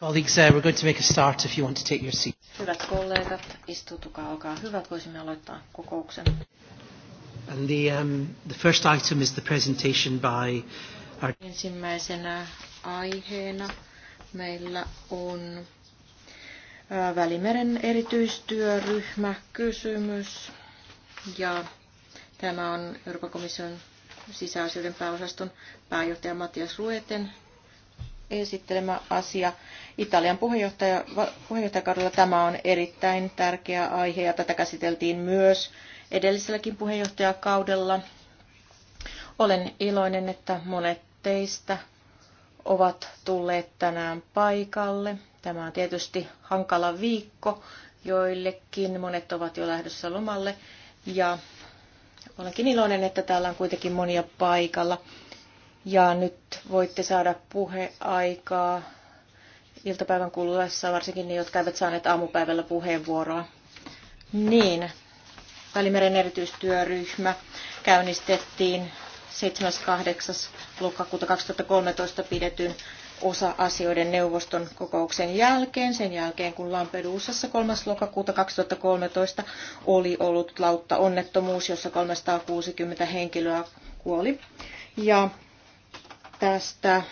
Colleagues, uh, we're going to make a start if you want to take your Hyvät kollegat, istutukaa, olkaa hyvät, voisimme aloittaa kokouksen. And the, um, the first item is the presentation by our... Ensimmäisenä aiheena meillä on uh, Välimeren erityistyöryhmä kysymys. Ja tämä on Euroopan komission sisäasioiden pääosaston pääjohtaja Matias Rueten esittelemä asia. Italian puheenjohtaja, puheenjohtajakaudella tämä on erittäin tärkeä aihe ja tätä käsiteltiin myös edelliselläkin puheenjohtajakaudella. Olen iloinen, että monet teistä ovat tulleet tänään paikalle. Tämä on tietysti hankala viikko joillekin. Monet ovat jo lähdössä lomalle ja olenkin iloinen, että täällä on kuitenkin monia paikalla. Ja nyt voitte saada puheaikaa iltapäivän kuluessa, varsinkin ne, jotka eivät saaneet aamupäivällä puheenvuoroa. Niin, Välimeren erityistyöryhmä käynnistettiin 7.8. lokakuuta 2013 pidetyn osa-asioiden neuvoston kokouksen jälkeen, sen jälkeen kun Lampedusassa 3. lokakuuta 2013 oli ollut lautta onnettomuus, jossa 360 henkilöä kuoli. Ja tästä.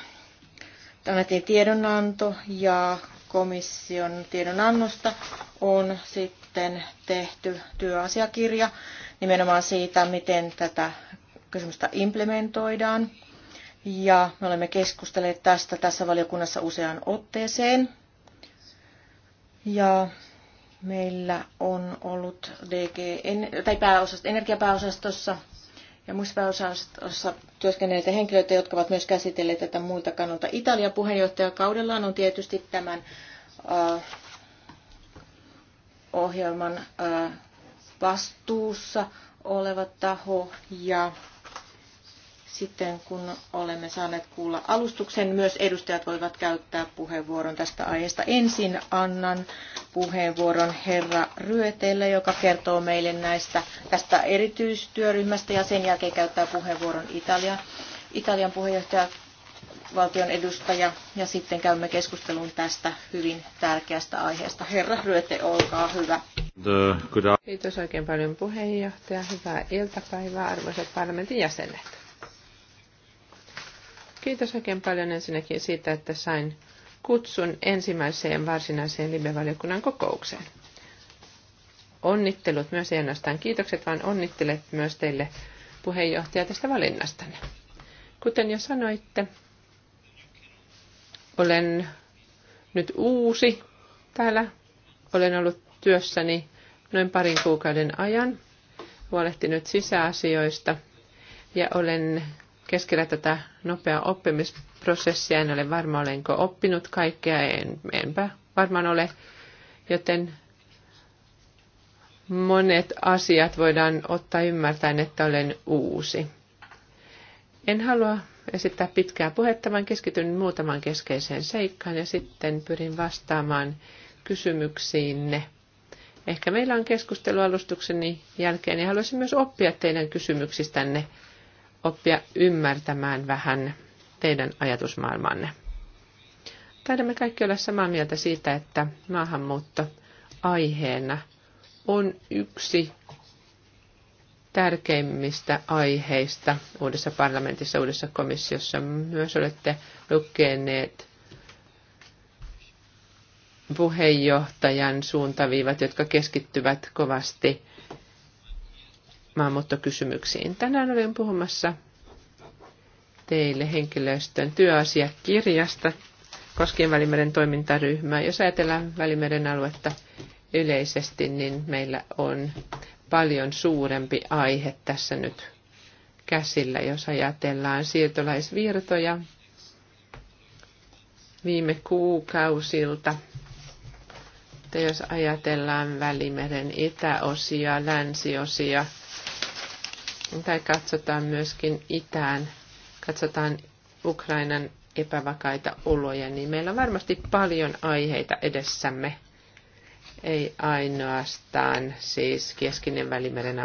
Annettiin tiedonanto ja komission tiedonannosta on sitten tehty työasiakirja nimenomaan siitä, miten tätä kysymystä implementoidaan. Ja me olemme keskustelleet tästä tässä valiokunnassa useaan otteeseen. Ja meillä on ollut DG, tai pääosast, energiapääosastossa ja muissa pääosassa työskennelleitä henkilöitä, jotka ovat myös käsitelleet tätä muilta kannalta. Italian puheenjohtajakaudellaan on tietysti tämän äh, ohjelman äh, vastuussa oleva taho ja sitten kun olemme saaneet kuulla alustuksen, myös edustajat voivat käyttää puheenvuoron tästä aiheesta. Ensin annan puheenvuoron herra Ryöteille, joka kertoo meille näistä, tästä erityistyöryhmästä ja sen jälkeen käyttää puheenvuoron Italia, Italian puheenjohtaja valtion edustaja ja sitten käymme keskustelun tästä hyvin tärkeästä aiheesta. Herra Ryöte, olkaa hyvä. Kiitos oikein paljon puheenjohtaja. Hyvää iltapäivää arvoisat parlamentin jäsenet. Kiitos oikein paljon ensinnäkin siitä, että sain kutsun ensimmäiseen varsinaiseen live-valiokunnan kokoukseen. Onnittelut myös ei ainoastaan kiitokset, vaan onnittelet myös teille puheenjohtaja tästä valinnastanne. Kuten jo sanoitte, olen nyt uusi täällä. Olen ollut työssäni noin parin kuukauden ajan, huolehtinut sisäasioista ja olen keskellä tätä nopeaa oppimisprosessia. En ole varma, olenko oppinut kaikkea, en, enpä varmaan ole, joten monet asiat voidaan ottaa ymmärtäen, että olen uusi. En halua esittää pitkää puhetta, vaan keskityn muutamaan keskeiseen seikkaan ja sitten pyrin vastaamaan kysymyksiinne. Ehkä meillä on keskustelu alustukseni jälkeen ja haluaisin myös oppia teidän kysymyksistänne oppia ymmärtämään vähän teidän ajatusmaailmanne. Taidamme kaikki olla samaa mieltä siitä, että maahanmuutto aiheena on yksi tärkeimmistä aiheista uudessa parlamentissa, uudessa komissiossa. Myös olette lukeneet puheenjohtajan suuntaviivat, jotka keskittyvät kovasti maahanmuuttokysymyksiin. Tänään olen puhumassa teille henkilöstön työasiakirjasta koskien Välimeren toimintaryhmää. Jos ajatellaan Välimeren aluetta yleisesti, niin meillä on paljon suurempi aihe tässä nyt käsillä, jos ajatellaan siirtolaisvirtoja viime kuukausilta. Ja jos ajatellaan Välimeren itäosia, länsiosia, tai katsotaan myöskin itään, katsotaan Ukrainan epävakaita oloja, niin meillä on varmasti paljon aiheita edessämme. Ei ainoastaan siis keskinen välimeren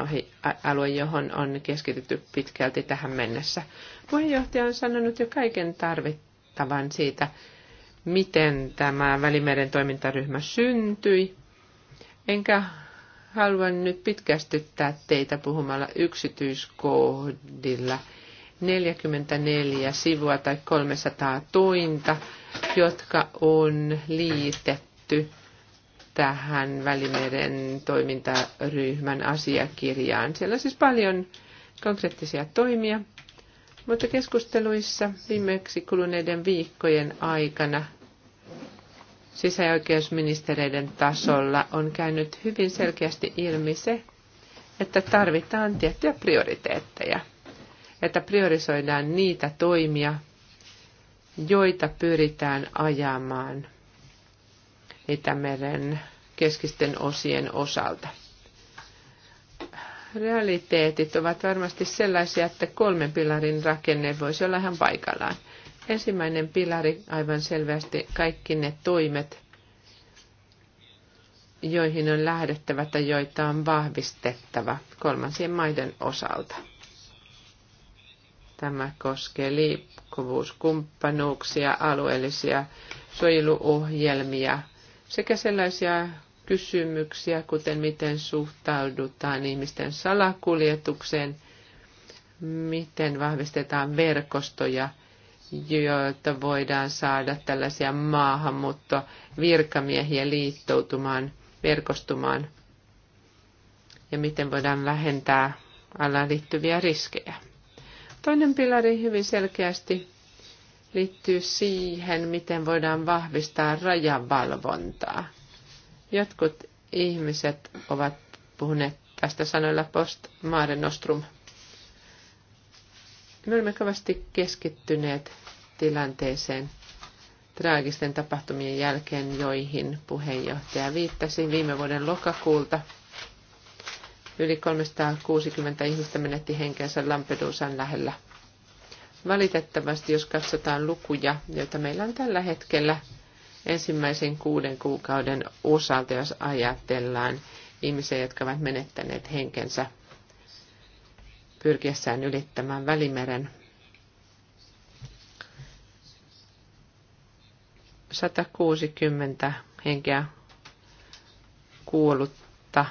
alue, johon on keskitytty pitkälti tähän mennessä. Puheenjohtaja on sanonut jo kaiken tarvittavan siitä, miten tämä välimeren toimintaryhmä syntyi. Enkä haluan nyt pitkästyttää teitä puhumalla yksityiskohdilla. 44 sivua tai 300 tointa, jotka on liitetty tähän Välimeren toimintaryhmän asiakirjaan. Siellä on siis paljon konkreettisia toimia, mutta keskusteluissa viimeksi kuluneiden viikkojen aikana – sisäoikeusministereiden tasolla on käynyt hyvin selkeästi ilmi se, että tarvitaan tiettyjä prioriteetteja, että priorisoidaan niitä toimia, joita pyritään ajamaan Itämeren keskisten osien osalta. Realiteetit ovat varmasti sellaisia, että kolmen pilarin rakenne voisi olla ihan paikallaan – Ensimmäinen pilari aivan selvästi kaikki ne toimet, joihin on lähdettävä tai joita on vahvistettava kolmansien maiden osalta. Tämä koskee liikkuvuuskumppanuuksia, alueellisia suojeluohjelmia sekä sellaisia kysymyksiä, kuten miten suhtaudutaan ihmisten salakuljetukseen, miten vahvistetaan verkostoja – joita voidaan saada tällaisia maahanmuuttovirkamiehiä liittoutumaan, verkostumaan ja miten voidaan vähentää alaan liittyviä riskejä. Toinen pilari hyvin selkeästi liittyy siihen, miten voidaan vahvistaa rajavalvontaa. Jotkut ihmiset ovat puhuneet tästä sanoilla post mare nostrum. Me olemme kovasti keskittyneet tilanteeseen traagisten tapahtumien jälkeen, joihin puheenjohtaja viittasi viime vuoden lokakuulta. Yli 360 ihmistä menetti henkensä Lampedusan lähellä. Valitettavasti, jos katsotaan lukuja, joita meillä on tällä hetkellä ensimmäisen kuuden kuukauden osalta, jos ajatellaan ihmisiä, jotka ovat menettäneet henkensä pyrkiessään ylittämään Välimeren 160 henkeä kuollutta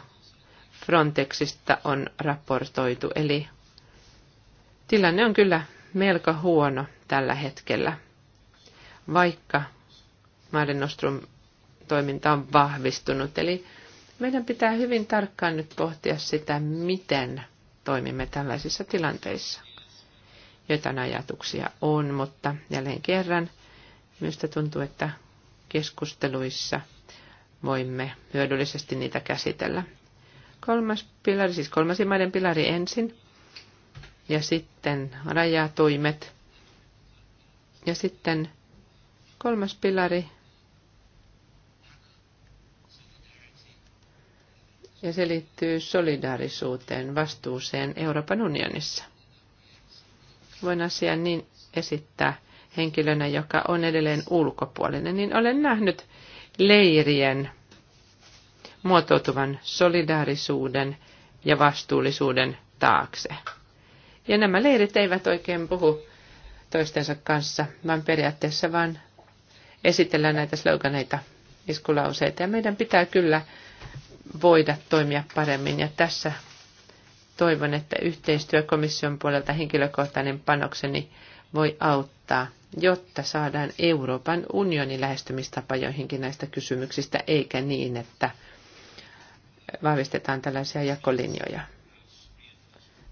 Frontexista on raportoitu, eli tilanne on kyllä melko huono tällä hetkellä, vaikka Mare Nostrum toiminta on vahvistunut. Eli meidän pitää hyvin tarkkaan nyt pohtia sitä, miten toimimme tällaisissa tilanteissa. Jotain ajatuksia on, mutta jälleen kerran Minusta tuntuu, että keskusteluissa voimme hyödyllisesti niitä käsitellä. Kolmas pilari, siis kolmasimainen pilari ensin, ja sitten rajatoimet, ja sitten kolmas pilari, ja se liittyy solidaarisuuteen, vastuuseen Euroopan unionissa. Voin asian niin esittää, henkilönä, joka on edelleen ulkopuolinen, niin olen nähnyt leirien muotoutuvan solidaarisuuden ja vastuullisuuden taakse. Ja nämä leirit eivät oikein puhu toistensa kanssa, vaan periaatteessa vaan esitellään näitä sloganeita, iskulauseita. Ja meidän pitää kyllä voida toimia paremmin. Ja tässä toivon, että yhteistyö komission puolelta henkilökohtainen panokseni voi auttaa – jotta saadaan Euroopan unionin lähestymistapa joihinkin näistä kysymyksistä, eikä niin, että vahvistetaan tällaisia jakolinjoja.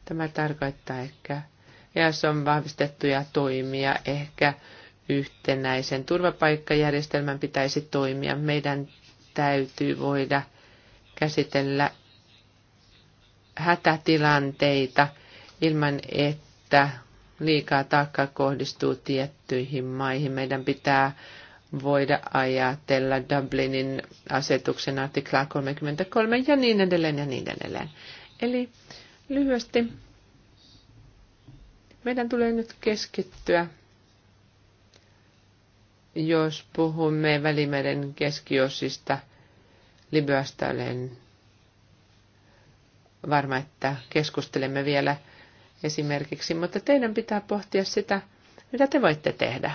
Tämä tarkoittaa ehkä EAS on vahvistettuja toimia, ehkä yhtenäisen turvapaikkajärjestelmän pitäisi toimia. Meidän täytyy voida käsitellä hätätilanteita ilman, että liikaa taakka kohdistuu tiettyihin maihin. Meidän pitää voida ajatella Dublinin asetuksen artiklaa 33 ja niin edelleen ja niin edelleen. Eli lyhyesti meidän tulee nyt keskittyä, jos puhumme Välimeren keskiosista, Libyasta olen varma, että keskustelemme vielä – esimerkiksi, mutta teidän pitää pohtia sitä, mitä te voitte tehdä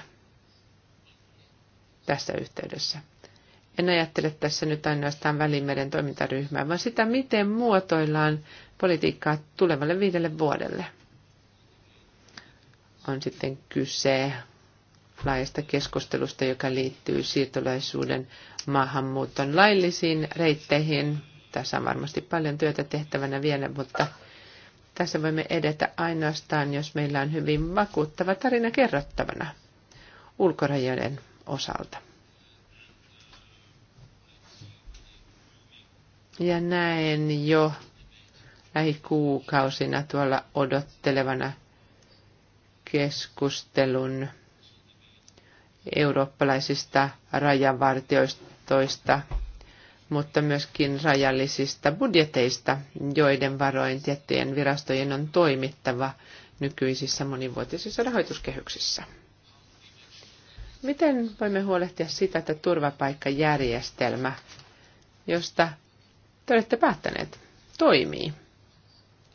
tässä yhteydessä. En ajattele tässä nyt ainoastaan välimeren toimintaryhmää, vaan sitä, miten muotoillaan politiikkaa tulevalle viidelle vuodelle. On sitten kyse laajasta keskustelusta, joka liittyy siirtolaisuuden maahanmuuton laillisiin reitteihin. Tässä on varmasti paljon työtä tehtävänä vielä, mutta tässä voimme edetä ainoastaan, jos meillä on hyvin vakuuttava tarina kerrottavana ulkorajojen osalta. Ja näen jo lähikuukausina tuolla odottelevana keskustelun eurooppalaisista rajavartioista mutta myöskin rajallisista budjeteista, joiden varoin tiettyjen virastojen on toimittava nykyisissä monivuotisissa rahoituskehyksissä. Miten voimme huolehtia sitä, että turvapaikkajärjestelmä, josta te olette päättäneet, toimii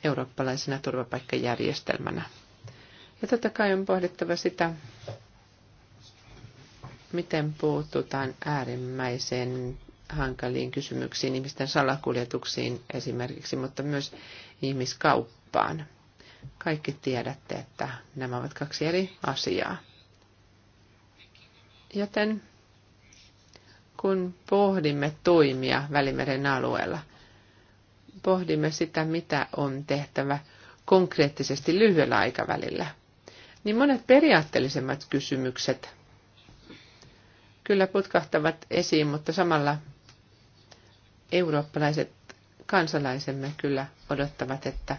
eurooppalaisena turvapaikkajärjestelmänä? Ja totta kai on pohdittava sitä, miten puututaan äärimmäiseen hankaliin kysymyksiin, ihmisten salakuljetuksiin esimerkiksi, mutta myös ihmiskauppaan. Kaikki tiedätte, että nämä ovat kaksi eri asiaa. Joten kun pohdimme toimia Välimeren alueella, pohdimme sitä, mitä on tehtävä konkreettisesti lyhyellä aikavälillä, niin monet periaatteellisemmat kysymykset kyllä putkahtavat esiin, mutta samalla eurooppalaiset kansalaisemme kyllä odottavat, että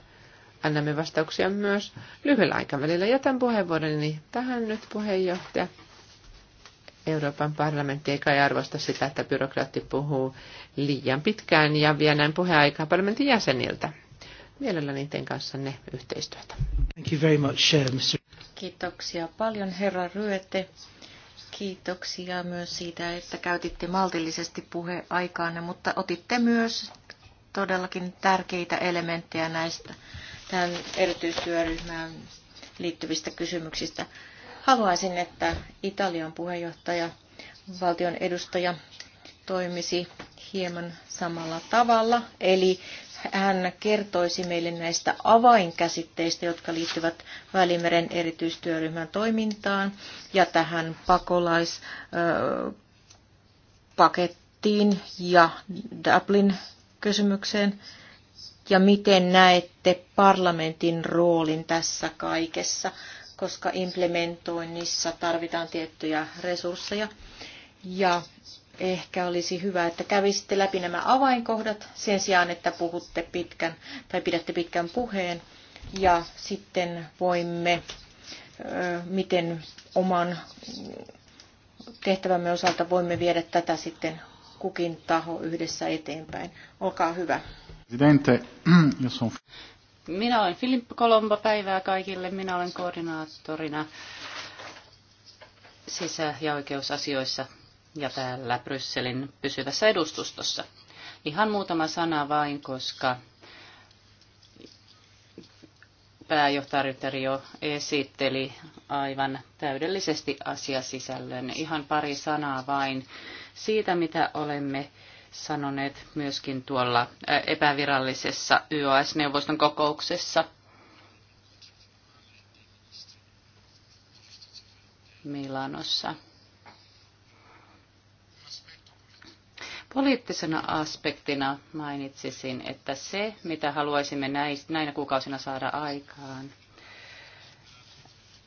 annamme vastauksia myös lyhyellä aikavälillä. Jätän puheenvuoroni tähän nyt puheenjohtaja. Euroopan parlamentti ei kai arvosta sitä, että byrokraatti puhuu liian pitkään ja vie näin puheaikaa parlamentin jäseniltä. Mielelläni kanssa ne yhteistyötä. Thank you very much, uh, Mr. Kiitoksia paljon, herra Ryöte. Kiitoksia myös siitä, että käytitte maltillisesti puheaikaanne, mutta otitte myös todellakin tärkeitä elementtejä näistä tämän erityistyöryhmään liittyvistä kysymyksistä. Haluaisin, että Italian puheenjohtaja, valtion edustaja toimisi hieman samalla tavalla, eli hän kertoisi meille näistä avainkäsitteistä, jotka liittyvät Välimeren erityistyöryhmän toimintaan ja tähän pakolaispakettiin ja Dublin-kysymykseen. Ja miten näette parlamentin roolin tässä kaikessa, koska implementoinnissa tarvitaan tiettyjä resursseja. Ja Ehkä olisi hyvä, että kävisitte läpi nämä avainkohdat sen sijaan, että puhutte pitkän tai pidätte pitkän puheen. Ja sitten voimme, miten oman tehtävämme osalta voimme viedä tätä sitten kukin taho yhdessä eteenpäin. Olkaa hyvä. Minä olen Filippo Kolomba, päivää kaikille. Minä olen koordinaattorina sisä- ja oikeusasioissa ja täällä Brysselin pysyvässä edustustossa. Ihan muutama sana vain, koska pääjohtaja jo esitteli aivan täydellisesti asiasisällön. Ihan pari sanaa vain siitä, mitä olemme sanoneet myöskin tuolla epävirallisessa YOS-neuvoston kokouksessa. Milanossa. Poliittisena aspektina mainitsisin, että se, mitä haluaisimme näinä kuukausina saada aikaan,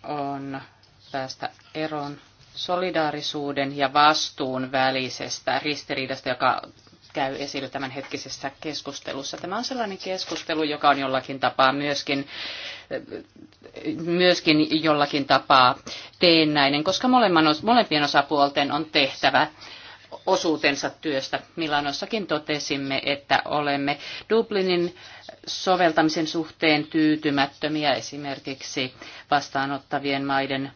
on päästä eroon solidaarisuuden ja vastuun välisestä ristiriidasta, joka käy esille tämänhetkisessä keskustelussa. Tämä on sellainen keskustelu, joka on jollakin tapaa myöskin, myöskin jollakin tapaa teennäinen, koska molempien osapuolten on tehtävä osuutensa työstä. Milanossakin totesimme, että olemme Dublinin soveltamisen suhteen tyytymättömiä esimerkiksi vastaanottavien maiden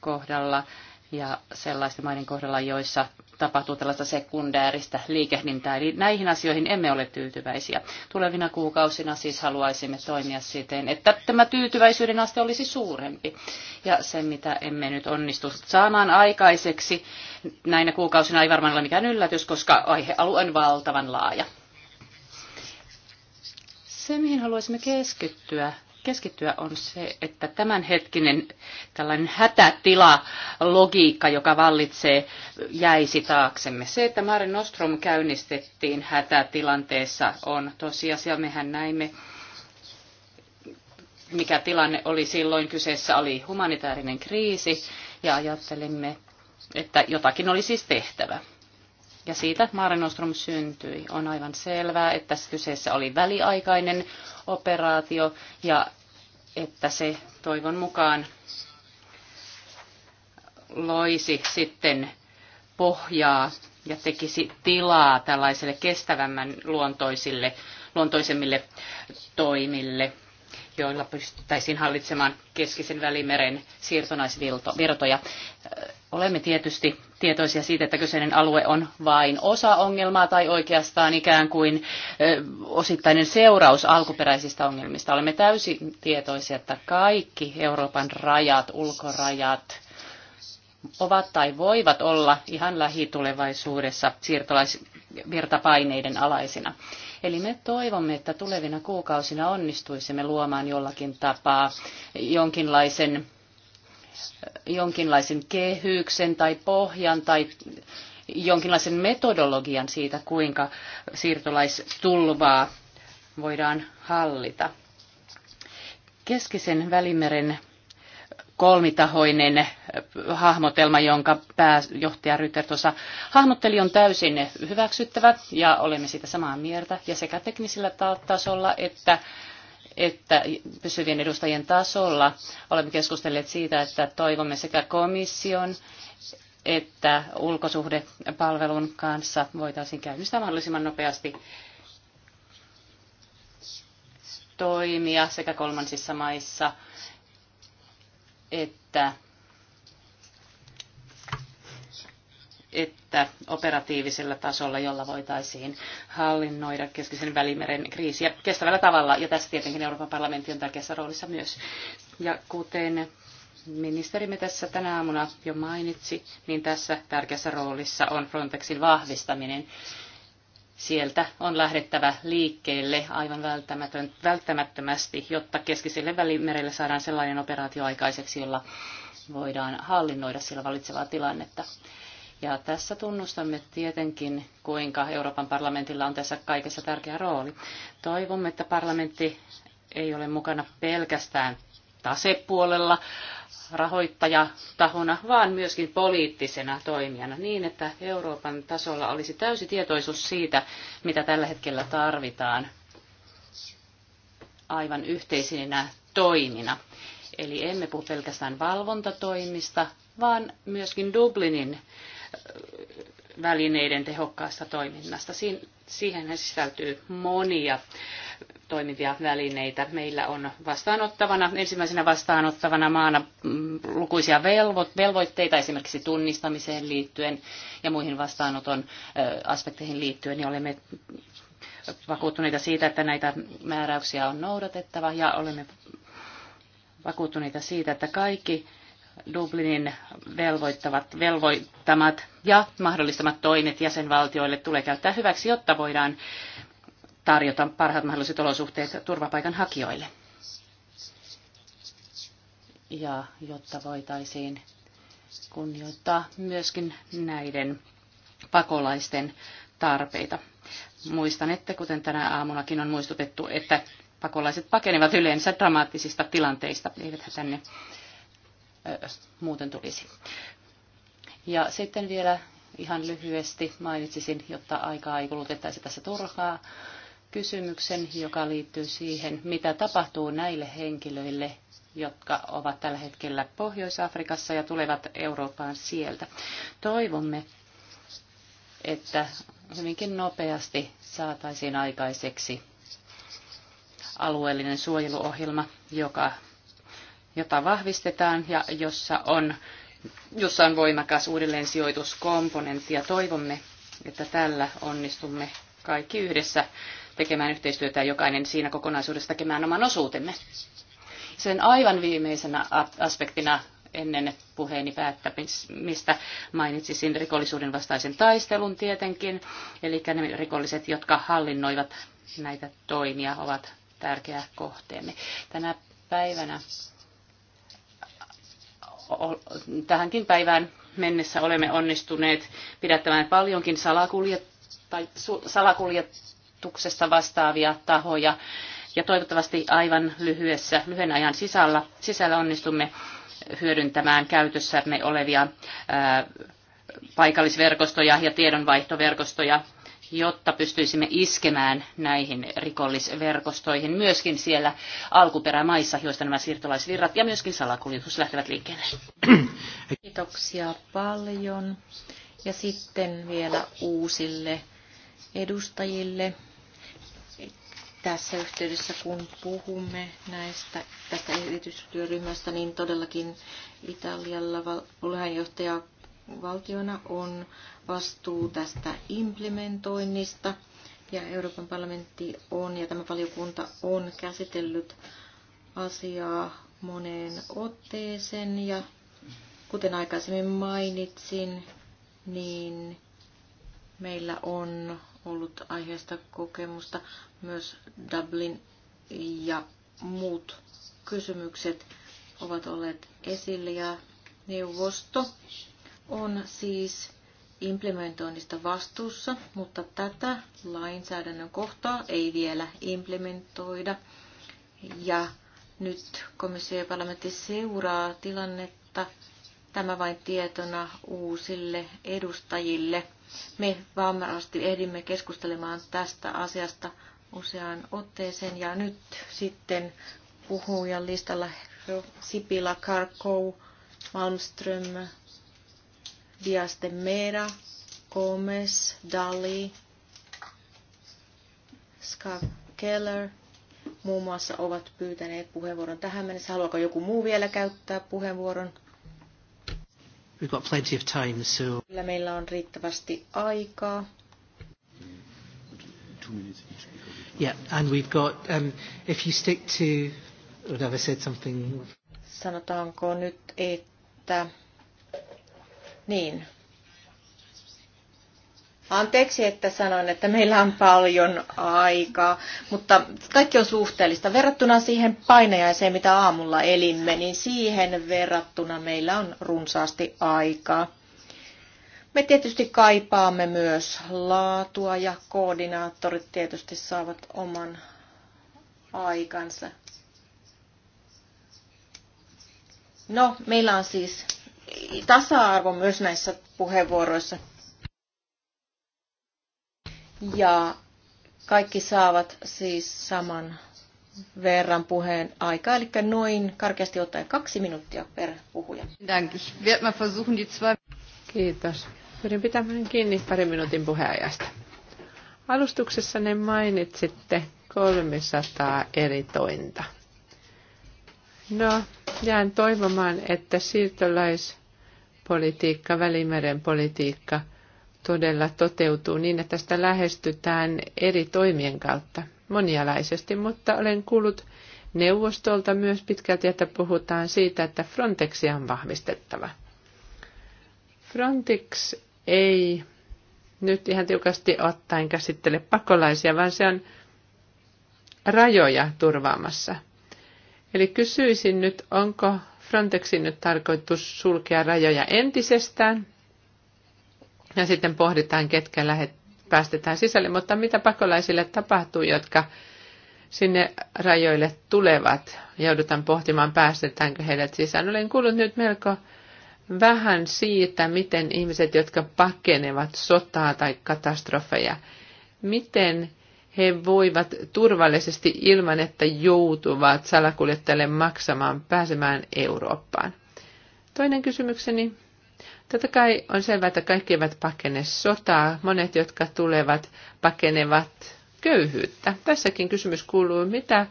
kohdalla ja sellaisten maiden kohdalla, joissa tapahtuu tällaista sekundääristä liikehdintää. Eli näihin asioihin emme ole tyytyväisiä. Tulevina kuukausina siis haluaisimme toimia siten, että tämä tyytyväisyyden aste olisi suurempi. Ja se, mitä emme nyt onnistu saamaan aikaiseksi näinä kuukausina, ei varmaan ole mikään yllätys, koska aihealue on valtavan laaja. Se, mihin haluaisimme keskittyä, keskittyä on se, että tämänhetkinen tällainen hätätilalogiikka, joka vallitsee, jäisi taaksemme. Se, että Mare Nostrom käynnistettiin hätätilanteessa, on tosiasia. Mehän näimme, mikä tilanne oli silloin. Kyseessä oli humanitaarinen kriisi ja ajattelimme, että jotakin oli siis tehtävä. Ja siitä Mare Nostrum syntyi. On aivan selvää, että kyseessä oli väliaikainen operaatio ja että se toivon mukaan loisi sitten pohjaa ja tekisi tilaa tällaiselle kestävämmän luontoisille, luontoisemmille toimille joilla pystyttäisiin hallitsemaan keskisen välimeren siirtonaisvirtoja. Olemme tietysti tietoisia siitä, että kyseinen alue on vain osa ongelmaa tai oikeastaan ikään kuin osittainen seuraus alkuperäisistä ongelmista. Olemme täysin tietoisia, että kaikki Euroopan rajat, ulkorajat, ovat tai voivat olla ihan lähitulevaisuudessa siirtolaisvirtapaineiden alaisina. Eli me toivomme, että tulevina kuukausina onnistuisimme luomaan jollakin tapaa jonkinlaisen, jonkinlaisen kehyksen tai pohjan tai jonkinlaisen metodologian siitä, kuinka siirtolaistulvaa voidaan hallita. Keskisen välimeren kolmitahoinen hahmotelma, jonka pääjohtaja Rytter tuossa hahmotteli, on täysin hyväksyttävä ja olemme siitä samaa mieltä. Ja sekä teknisellä tasolla että, että pysyvien edustajien tasolla olemme keskustelleet siitä, että toivomme sekä komission että ulkosuhdepalvelun kanssa voitaisiin käynnistää mahdollisimman nopeasti toimia sekä kolmansissa maissa että, että operatiivisella tasolla, jolla voitaisiin hallinnoida keskisen välimeren kriisiä kestävällä tavalla. Ja tässä tietenkin Euroopan parlamentti on tärkeässä roolissa myös. Ja kuten ministerimme tässä tänä aamuna jo mainitsi, niin tässä tärkeässä roolissa on Frontexin vahvistaminen sieltä on lähdettävä liikkeelle aivan välttämättömästi, jotta keskiselle välimerelle saadaan sellainen operaatio aikaiseksi, jolla voidaan hallinnoida sillä valitsevaa tilannetta. Ja tässä tunnustamme tietenkin, kuinka Euroopan parlamentilla on tässä kaikessa tärkeä rooli. Toivomme, että parlamentti ei ole mukana pelkästään tasepuolella, rahoittajatahona, vaan myöskin poliittisena toimijana niin, että Euroopan tasolla olisi täysi tietoisuus siitä, mitä tällä hetkellä tarvitaan aivan yhteisinä toimina. Eli emme puhu pelkästään valvontatoimista, vaan myöskin Dublinin välineiden tehokkaasta toiminnasta. Siihen sisältyy monia toimivia välineitä. Meillä on vastaanottavana, ensimmäisenä vastaanottavana maana mm, lukuisia velvo, velvoitteita esimerkiksi tunnistamiseen liittyen ja muihin vastaanoton aspekteihin liittyen, niin olemme vakuuttuneita siitä, että näitä määräyksiä on noudatettava ja olemme vakuuttuneita siitä, että kaikki Dublinin velvoittavat, velvoittamat ja mahdollistamat toimet jäsenvaltioille tulee käyttää hyväksi, jotta voidaan tarjota parhaat mahdolliset olosuhteet turvapaikanhakijoille. Ja jotta voitaisiin kunnioittaa myöskin näiden pakolaisten tarpeita. Muistan, että kuten tänä aamunakin on muistutettu, että pakolaiset pakenevat yleensä dramaattisista tilanteista, eivät he tänne muuten tulisi. Ja sitten vielä ihan lyhyesti mainitsisin, jotta aikaa ei kulutettaisi tässä turhaa, kysymyksen, joka liittyy siihen, mitä tapahtuu näille henkilöille, jotka ovat tällä hetkellä Pohjois-Afrikassa ja tulevat Eurooppaan sieltä. Toivomme, että hyvinkin nopeasti saataisiin aikaiseksi alueellinen suojeluohjelma, joka jota vahvistetaan ja jossa on, jossa on voimakas uudelleensijoituskomponentti ja toivomme, että tällä onnistumme kaikki yhdessä tekemään yhteistyötä ja jokainen siinä kokonaisuudessa tekemään oman osuutemme. Sen aivan viimeisenä aspektina ennen puheeni päättämistä mainitsisin rikollisuuden vastaisen taistelun tietenkin. Eli ne rikolliset, jotka hallinnoivat näitä toimia, ovat tärkeä kohteemme. Tänä päivänä tähänkin päivään mennessä olemme onnistuneet pidättämään paljonkin salakuljetuksesta vastaavia tahoja ja toivottavasti aivan lyhyessä, lyhyen ajan sisällä, sisällä onnistumme hyödyntämään käytössämme olevia ää, paikallisverkostoja ja tiedonvaihtoverkostoja jotta pystyisimme iskemään näihin rikollisverkostoihin myöskin siellä alkuperämaissa, joista nämä siirtolaisvirrat ja myöskin salakuljetus lähtevät liikkeelle. Kiitoksia paljon. Ja sitten vielä uusille edustajille tässä yhteydessä, kun puhumme näistä, tästä erityistyöryhmästä, niin todellakin Italialla puheenjohtaja valtiona on vastuu tästä implementoinnista ja Euroopan parlamentti on ja tämä valiokunta on käsitellyt asiaa moneen otteeseen ja kuten aikaisemmin mainitsin, niin meillä on ollut aiheesta kokemusta myös Dublin ja muut kysymykset ovat olleet esillä ja neuvosto on siis implementoinnista vastuussa, mutta tätä lainsäädännön kohtaa ei vielä implementoida. Ja nyt komissio ja parlamentti seuraa tilannetta. Tämä vain tietona uusille edustajille. Me varmasti ehdimme keskustelemaan tästä asiasta useaan otteeseen. Ja nyt sitten puhujan listalla Sipila, Karkou, Malmström, Dias de Mera, Gomez, Dali, Scott Keller muun muassa ovat pyytäneet puheenvuoron tähän mennessä. Haluaako joku muu vielä käyttää puheenvuoron? We've got plenty of time, so... Kyllä meillä on riittävästi aikaa. Yeah, and we've got, um, if you stick to, or said something? Sanotaanko nyt, että niin. Anteeksi, että sanoin, että meillä on paljon aikaa, mutta kaikki on suhteellista. Verrattuna siihen painajaiseen, mitä aamulla elimme, niin siihen verrattuna meillä on runsaasti aikaa. Me tietysti kaipaamme myös laatua ja koordinaattorit tietysti saavat oman aikansa. No, meillä on siis tasa-arvo myös näissä puheenvuoroissa. Ja kaikki saavat siis saman verran puheen aikaa, eli noin karkeasti ottaen kaksi minuuttia per puhuja. Kiitos. Pyrin pitämään kiinni parin minuutin puheajasta. ne mainitsitte 300 eri tointa. No, jään toivomaan, että siirtolais politiikka, välimeren politiikka todella toteutuu niin, että sitä lähestytään eri toimien kautta monialaisesti, mutta olen kuullut neuvostolta myös pitkälti, että puhutaan siitä, että Frontexia on vahvistettava. Frontex ei nyt ihan tiukasti ottaen käsittele pakolaisia, vaan se on rajoja turvaamassa. Eli kysyisin nyt, onko Frontexin nyt tarkoitus sulkea rajoja entisestään. Ja sitten pohditaan, ketkä lähet, päästetään sisälle. Mutta mitä pakolaisille tapahtuu, jotka sinne rajoille tulevat? Joudutaan pohtimaan, päästetäänkö heidät sisään. Olen kuullut nyt melko vähän siitä, miten ihmiset, jotka pakenevat sotaa tai katastrofeja, miten he voivat turvallisesti ilman, että joutuvat salakuljettajalle maksamaan pääsemään Eurooppaan. Toinen kysymykseni. Totta kai on selvää, että kaikki eivät pakene sotaa. Monet, jotka tulevat, pakenevat köyhyyttä. Tässäkin kysymys kuuluu, mitä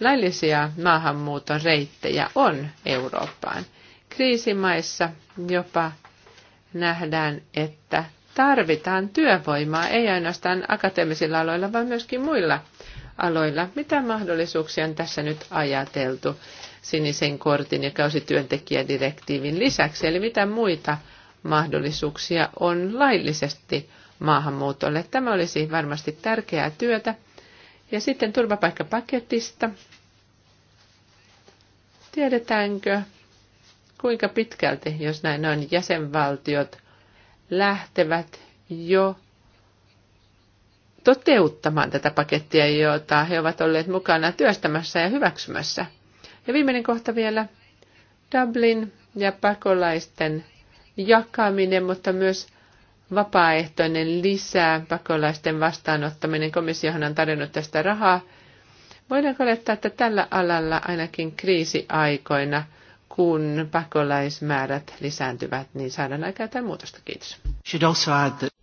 laillisia maahanmuuton reittejä on Eurooppaan. Kriisimaissa jopa nähdään, että tarvitaan työvoimaa, ei ainoastaan akateemisilla aloilla, vaan myöskin muilla aloilla. Mitä mahdollisuuksia on tässä nyt ajateltu sinisen kortin ja kausityöntekijädirektiivin lisäksi? Eli mitä muita mahdollisuuksia on laillisesti maahanmuutolle? Tämä olisi varmasti tärkeää työtä. Ja sitten turvapaikkapaketista. Tiedetäänkö, kuinka pitkälti, jos näin on, jäsenvaltiot – lähtevät jo toteuttamaan tätä pakettia, jota he ovat olleet mukana työstämässä ja hyväksymässä. Ja viimeinen kohta vielä, Dublin ja pakolaisten jakaminen, mutta myös vapaaehtoinen lisää pakolaisten vastaanottaminen. Komissiohan on tarjonnut tästä rahaa. Voidaanko olettaa, että tällä alalla ainakin kriisiaikoina – kun pakolaismäärät lisääntyvät, niin saadaan aikaa tämän muutosta. Kiitos.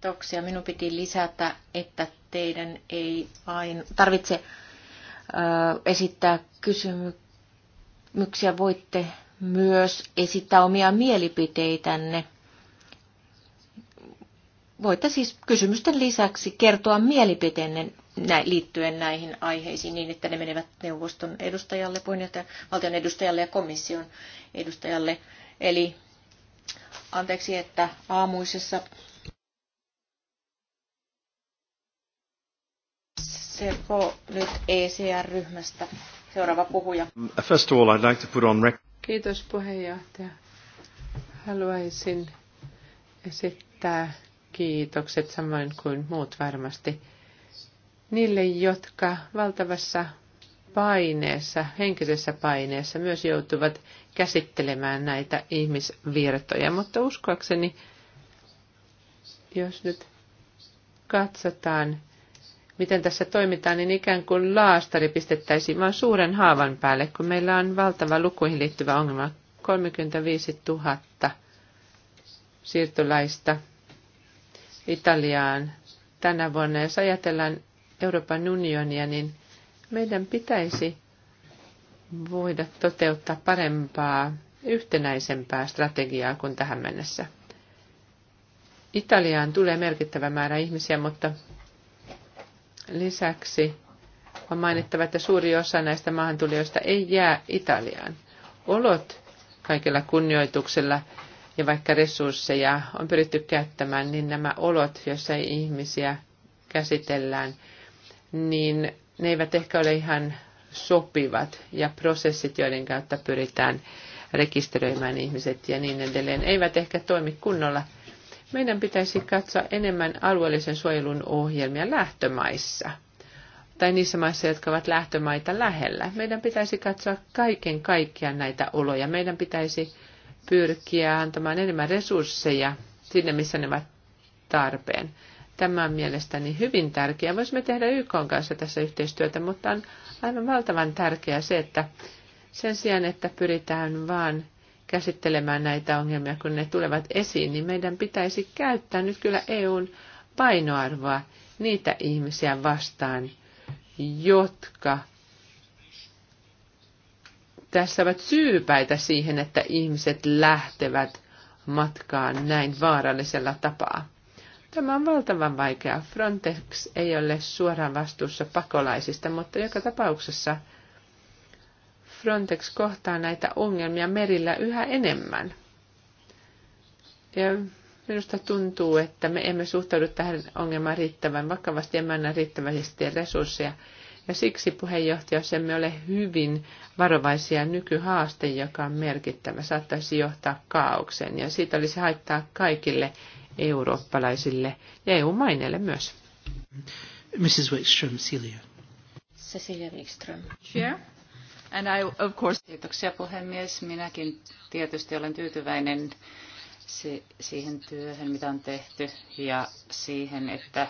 Kiitoksia. Minun piti lisätä, että teidän ei aina tarvitse äh, esittää kysymyksiä. Voitte myös esittää omia mielipiteitänne. Voitte siis kysymysten lisäksi kertoa mielipiteenne liittyen näihin aiheisiin niin, että ne menevät neuvoston edustajalle, puheenjohtajan, valtion edustajalle ja komission edustajalle. Eli anteeksi, että aamuisessa Seppo nyt ECR-ryhmästä. Seuraava puhuja. First of all, I'd like to put on record. Kiitos puheenjohtaja. Haluaisin esittää kiitokset samoin kuin muut varmasti niille, jotka valtavassa paineessa, henkisessä paineessa myös joutuvat käsittelemään näitä ihmisvirtoja. Mutta uskoakseni, jos nyt katsotaan, miten tässä toimitaan, niin ikään kuin laastari pistettäisiin vain suuren haavan päälle, kun meillä on valtava lukuihin liittyvä ongelma. 35 000 siirtolaista Italiaan tänä vuonna. Jos ajatellaan Euroopan unionia, niin meidän pitäisi voida toteuttaa parempaa, yhtenäisempää strategiaa kuin tähän mennessä. Italiaan tulee merkittävä määrä ihmisiä, mutta lisäksi on mainittava, että suuri osa näistä maahantulijoista ei jää Italiaan. Olot kaikilla kunnioituksella ja vaikka resursseja on pyritty käyttämään, niin nämä olot, joissa ihmisiä käsitellään, niin ne eivät ehkä ole ihan sopivat ja prosessit, joiden kautta pyritään rekisteröimään ihmiset ja niin edelleen, eivät ehkä toimi kunnolla. Meidän pitäisi katsoa enemmän alueellisen suojelun ohjelmia lähtömaissa tai niissä maissa, jotka ovat lähtömaita lähellä. Meidän pitäisi katsoa kaiken kaikkiaan näitä oloja. Meidän pitäisi pyrkiä antamaan enemmän resursseja sinne, missä ne ovat tarpeen. Tämä on mielestäni hyvin tärkeää. Voisimme tehdä YK kanssa tässä yhteistyötä, mutta on aivan valtavan tärkeää se, että sen sijaan, että pyritään vaan käsittelemään näitä ongelmia, kun ne tulevat esiin, niin meidän pitäisi käyttää nyt kyllä EUn painoarvoa niitä ihmisiä vastaan, jotka tässä ovat syypäitä siihen, että ihmiset lähtevät matkaan näin vaarallisella tapaa. Tämä on valtavan vaikeaa. Frontex ei ole suoraan vastuussa pakolaisista, mutta joka tapauksessa Frontex kohtaa näitä ongelmia merillä yhä enemmän. Ja minusta tuntuu, että me emme suhtaudu tähän ongelmaan riittävän vakavasti, emme anna riittävästi resursseja. Ja siksi puheenjohtaja, jos emme ole hyvin varovaisia nykyhaaste, joka on merkittävä, saattaisi johtaa kaaukseen. Ja siitä olisi haittaa kaikille eurooppalaisille ja EU-maineille myös. Mrs. Wickström, Celia. Cecilia Wickström. Chair. And I, of course... Kiitoksia puhemies. Minäkin tietysti olen tyytyväinen siihen työhön, mitä on tehty ja siihen, että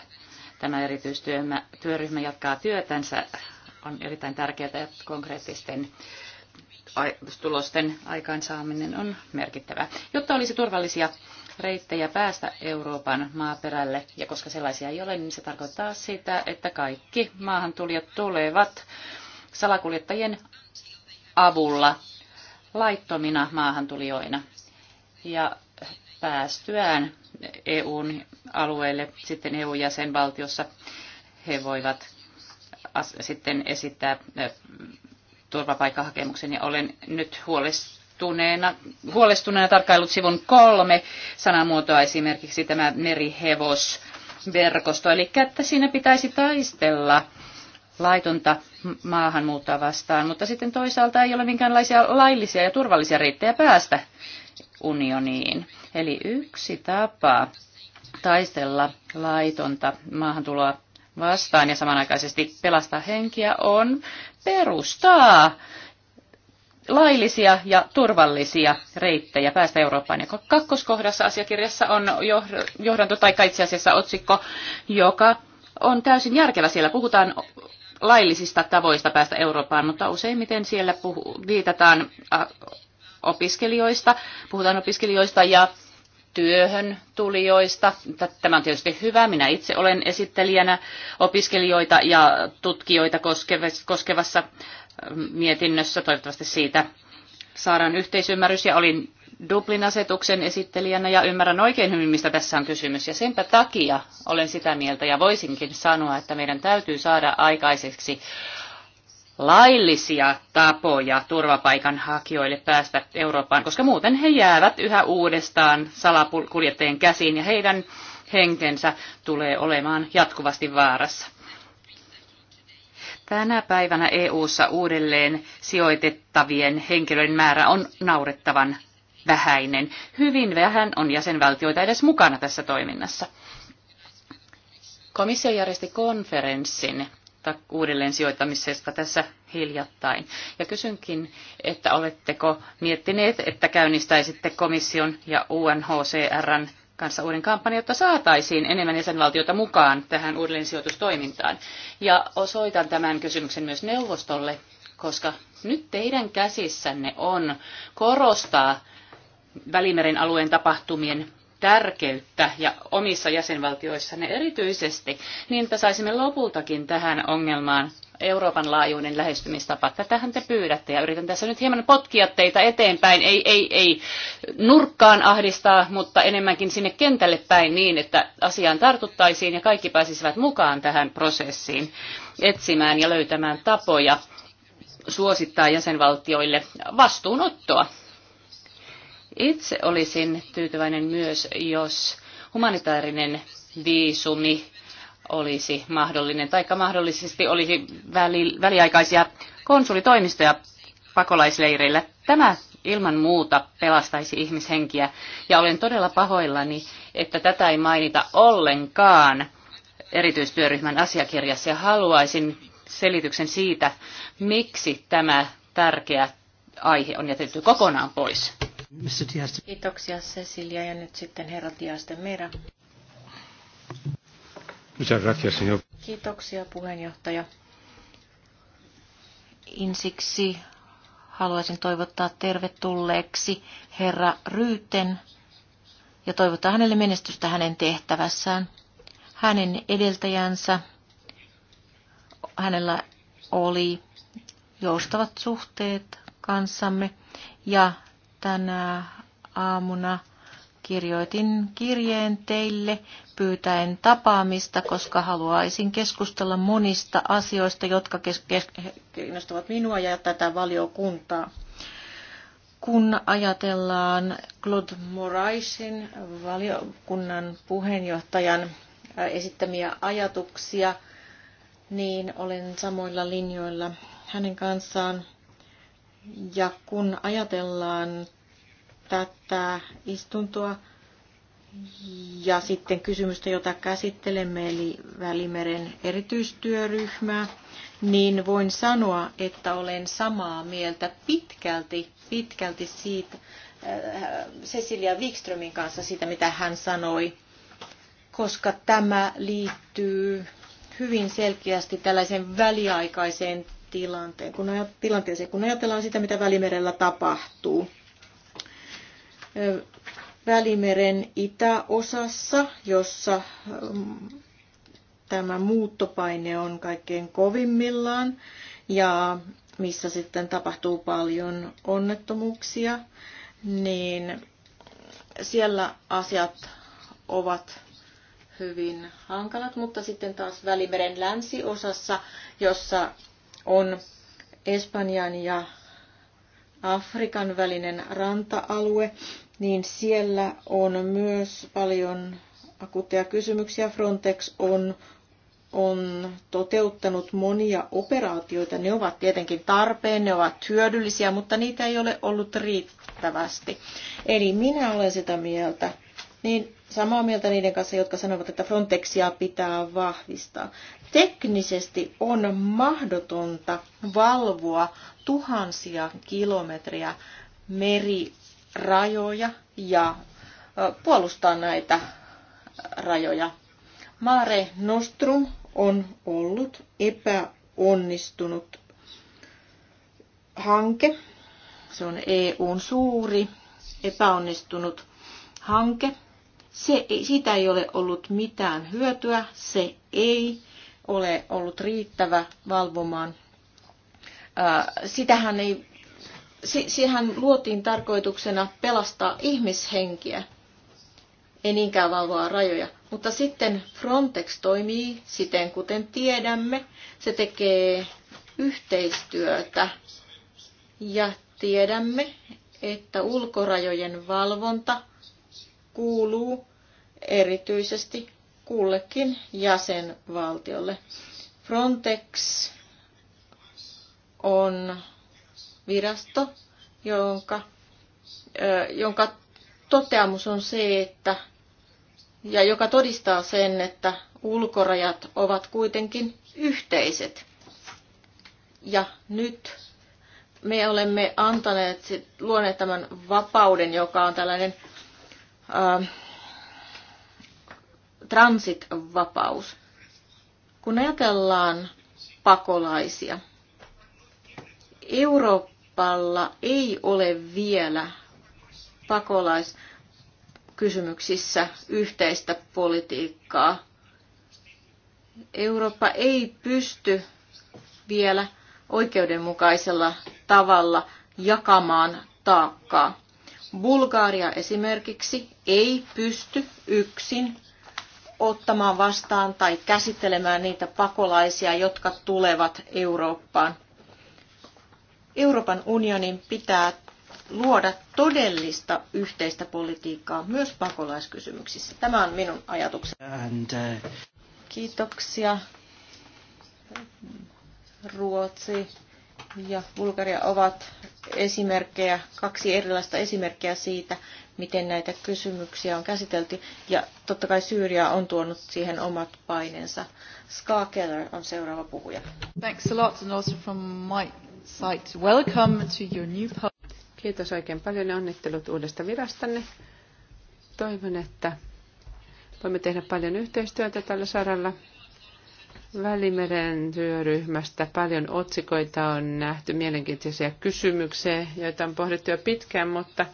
tämä erityistyöryhmä jatkaa työtänsä. On erittäin tärkeää, että konkreettisten tulosten aikaansaaminen on merkittävä. Jotta olisi turvallisia reittejä päästä Euroopan maaperälle, ja koska sellaisia ei ole, niin se tarkoittaa sitä, että kaikki maahantulijat tulevat salakuljettajien avulla laittomina maahantulijoina. Ja päästyään EUn alueelle sitten EU-jäsenvaltiossa he voivat sitten esittää turvapaikkahakemuksen ja olen nyt huolestunut huolestuneena, huolestuneena sivun kolme sanamuotoa esimerkiksi tämä merihevosverkosto. Eli että siinä pitäisi taistella laitonta maahanmuuttoa vastaan, mutta sitten toisaalta ei ole minkäänlaisia laillisia ja turvallisia reittejä päästä unioniin. Eli yksi tapa taistella laitonta maahantuloa vastaan ja samanaikaisesti pelastaa henkiä on perustaa laillisia ja turvallisia reittejä päästä Eurooppaan. Ja kakkoskohdassa asiakirjassa on johdanto tai itse asiassa otsikko, joka on täysin järkevä. Siellä puhutaan laillisista tavoista päästä Eurooppaan, mutta useimmiten siellä puhu, viitataan opiskelijoista, puhutaan opiskelijoista ja työhön tulijoista. Tämä on tietysti hyvä. Minä itse olen esittelijänä opiskelijoita ja tutkijoita koskevassa mietinnössä. Toivottavasti siitä saadaan yhteisymmärrys ja olin Dublin-asetuksen esittelijänä ja ymmärrän oikein hyvin, mistä tässä on kysymys. Ja senpä takia olen sitä mieltä ja voisinkin sanoa, että meidän täytyy saada aikaiseksi laillisia tapoja turvapaikanhakijoille päästä Eurooppaan, koska muuten he jäävät yhä uudestaan salakuljettajien käsiin ja heidän henkensä tulee olemaan jatkuvasti vaarassa. Tänä päivänä EU:ssa uudelleen sijoitettavien henkilöiden määrä on naurettavan vähäinen. Hyvin vähän on jäsenvaltioita edes mukana tässä toiminnassa. Komissio järjesti konferenssin uudelleen sijoittamisesta tässä hiljattain. Ja kysynkin, että oletteko miettineet, että käynnistäisitte komission ja UNHCRn kanssa uuden kampanjan, jotta saataisiin enemmän jäsenvaltiota mukaan tähän uudelleensijoitustoimintaan. Ja osoitan tämän kysymyksen myös neuvostolle, koska nyt teidän käsissänne on korostaa Välimeren alueen tapahtumien tärkeyttä ja omissa jäsenvaltioissanne erityisesti, niin että saisimme lopultakin tähän ongelmaan Euroopan laajuinen lähestymistapa. Tätähän te pyydätte ja yritän tässä nyt hieman potkia teitä eteenpäin, ei, ei, ei nurkkaan ahdistaa, mutta enemmänkin sinne kentälle päin niin, että asiaan tartuttaisiin ja kaikki pääsisivät mukaan tähän prosessiin etsimään ja löytämään tapoja suosittaa jäsenvaltioille vastuunottoa itse olisin tyytyväinen myös, jos humanitaarinen viisumi olisi mahdollinen, tai mahdollisesti olisi väli, väliaikaisia konsulitoimistoja pakolaisleireillä. Tämä ilman muuta pelastaisi ihmishenkiä, ja olen todella pahoillani, että tätä ei mainita ollenkaan erityistyöryhmän asiakirjassa, ja haluaisin selityksen siitä, miksi tämä tärkeä aihe on jätetty kokonaan pois. Kiitoksia Cecilia ja nyt sitten herra Diaste Mera. Kiitoksia puheenjohtaja. Insiksi haluaisin toivottaa tervetulleeksi herra Ryyten ja toivottaa hänelle menestystä hänen tehtävässään. Hänen edeltäjänsä, hänellä oli joustavat suhteet kanssamme ja tänä aamuna kirjoitin kirjeen teille pyytäen tapaamista, koska haluaisin keskustella monista asioista, jotka kiinnostavat minua ja tätä valiokuntaa. Kun ajatellaan Claude Moraisin valiokunnan puheenjohtajan äh, esittämiä ajatuksia, niin olen samoilla linjoilla hänen kanssaan ja kun ajatellaan tätä istuntoa ja sitten kysymystä, jota käsittelemme, eli Välimeren erityistyöryhmää, niin voin sanoa, että olen samaa mieltä pitkälti, pitkälti siitä, äh, Cecilia Wikströmin kanssa siitä, mitä hän sanoi, koska tämä liittyy hyvin selkeästi tällaiseen väliaikaiseen tilanteen, kun ajat, tilanteeseen, kun ajatellaan sitä, mitä Välimerellä tapahtuu. Välimeren itäosassa, jossa mm, tämä muuttopaine on kaikkein kovimmillaan ja missä sitten tapahtuu paljon onnettomuuksia, niin siellä asiat ovat hyvin hankalat, mutta sitten taas Välimeren länsiosassa, jossa on Espanjan ja Afrikan välinen ranta-alue, niin siellä on myös paljon akuutteja kysymyksiä. Frontex on, on toteuttanut monia operaatioita. Ne ovat tietenkin tarpeen, ne ovat hyödyllisiä, mutta niitä ei ole ollut riittävästi. Eli minä olen sitä mieltä, niin samaa mieltä niiden kanssa, jotka sanovat, että Frontexia pitää vahvistaa. Teknisesti on mahdotonta valvoa tuhansia kilometriä merirajoja ja puolustaa näitä rajoja. Mare Nostrum on ollut epäonnistunut hanke. Se on EUn suuri epäonnistunut hanke se siitä ei ole ollut mitään hyötyä, se ei ole ollut riittävä valvomaan. sitähän ei, siihen luotiin tarkoituksena pelastaa ihmishenkiä, ei niinkään valvoa rajoja. Mutta sitten Frontex toimii siten, kuten tiedämme. Se tekee yhteistyötä ja tiedämme, että ulkorajojen valvonta kuuluu erityisesti kullekin jäsenvaltiolle. Frontex on virasto, jonka, jonka toteamus on se, että ja joka todistaa sen, että ulkorajat ovat kuitenkin yhteiset. Ja nyt me olemme antaneet, luoneet tämän vapauden, joka on tällainen Äh, transitvapaus. Kun ajatellaan pakolaisia, Euroopalla ei ole vielä pakolaiskysymyksissä yhteistä politiikkaa. Eurooppa ei pysty vielä oikeudenmukaisella tavalla jakamaan taakkaa. Bulgaria esimerkiksi ei pysty yksin ottamaan vastaan tai käsittelemään niitä pakolaisia, jotka tulevat Eurooppaan. Euroopan unionin pitää luoda todellista yhteistä politiikkaa myös pakolaiskysymyksissä. Tämä on minun ajatukseni. Uh, Kiitoksia. Ruotsi ja Bulgaria ovat esimerkkejä, kaksi erilaista esimerkkiä siitä, miten näitä kysymyksiä on käsitelty. Ja totta kai Syyria on tuonut siihen omat paineensa. Ska Keller on seuraava puhuja. Thanks a lot and also from my side. Welcome to your new Kiitos oikein paljon ja onnittelut uudesta virastanne. Toivon, että voimme tehdä paljon yhteistyötä tällä saralla Välimeren työryhmästä paljon otsikoita on nähty, mielenkiintoisia kysymyksiä, joita on pohdittu jo pitkään, mutta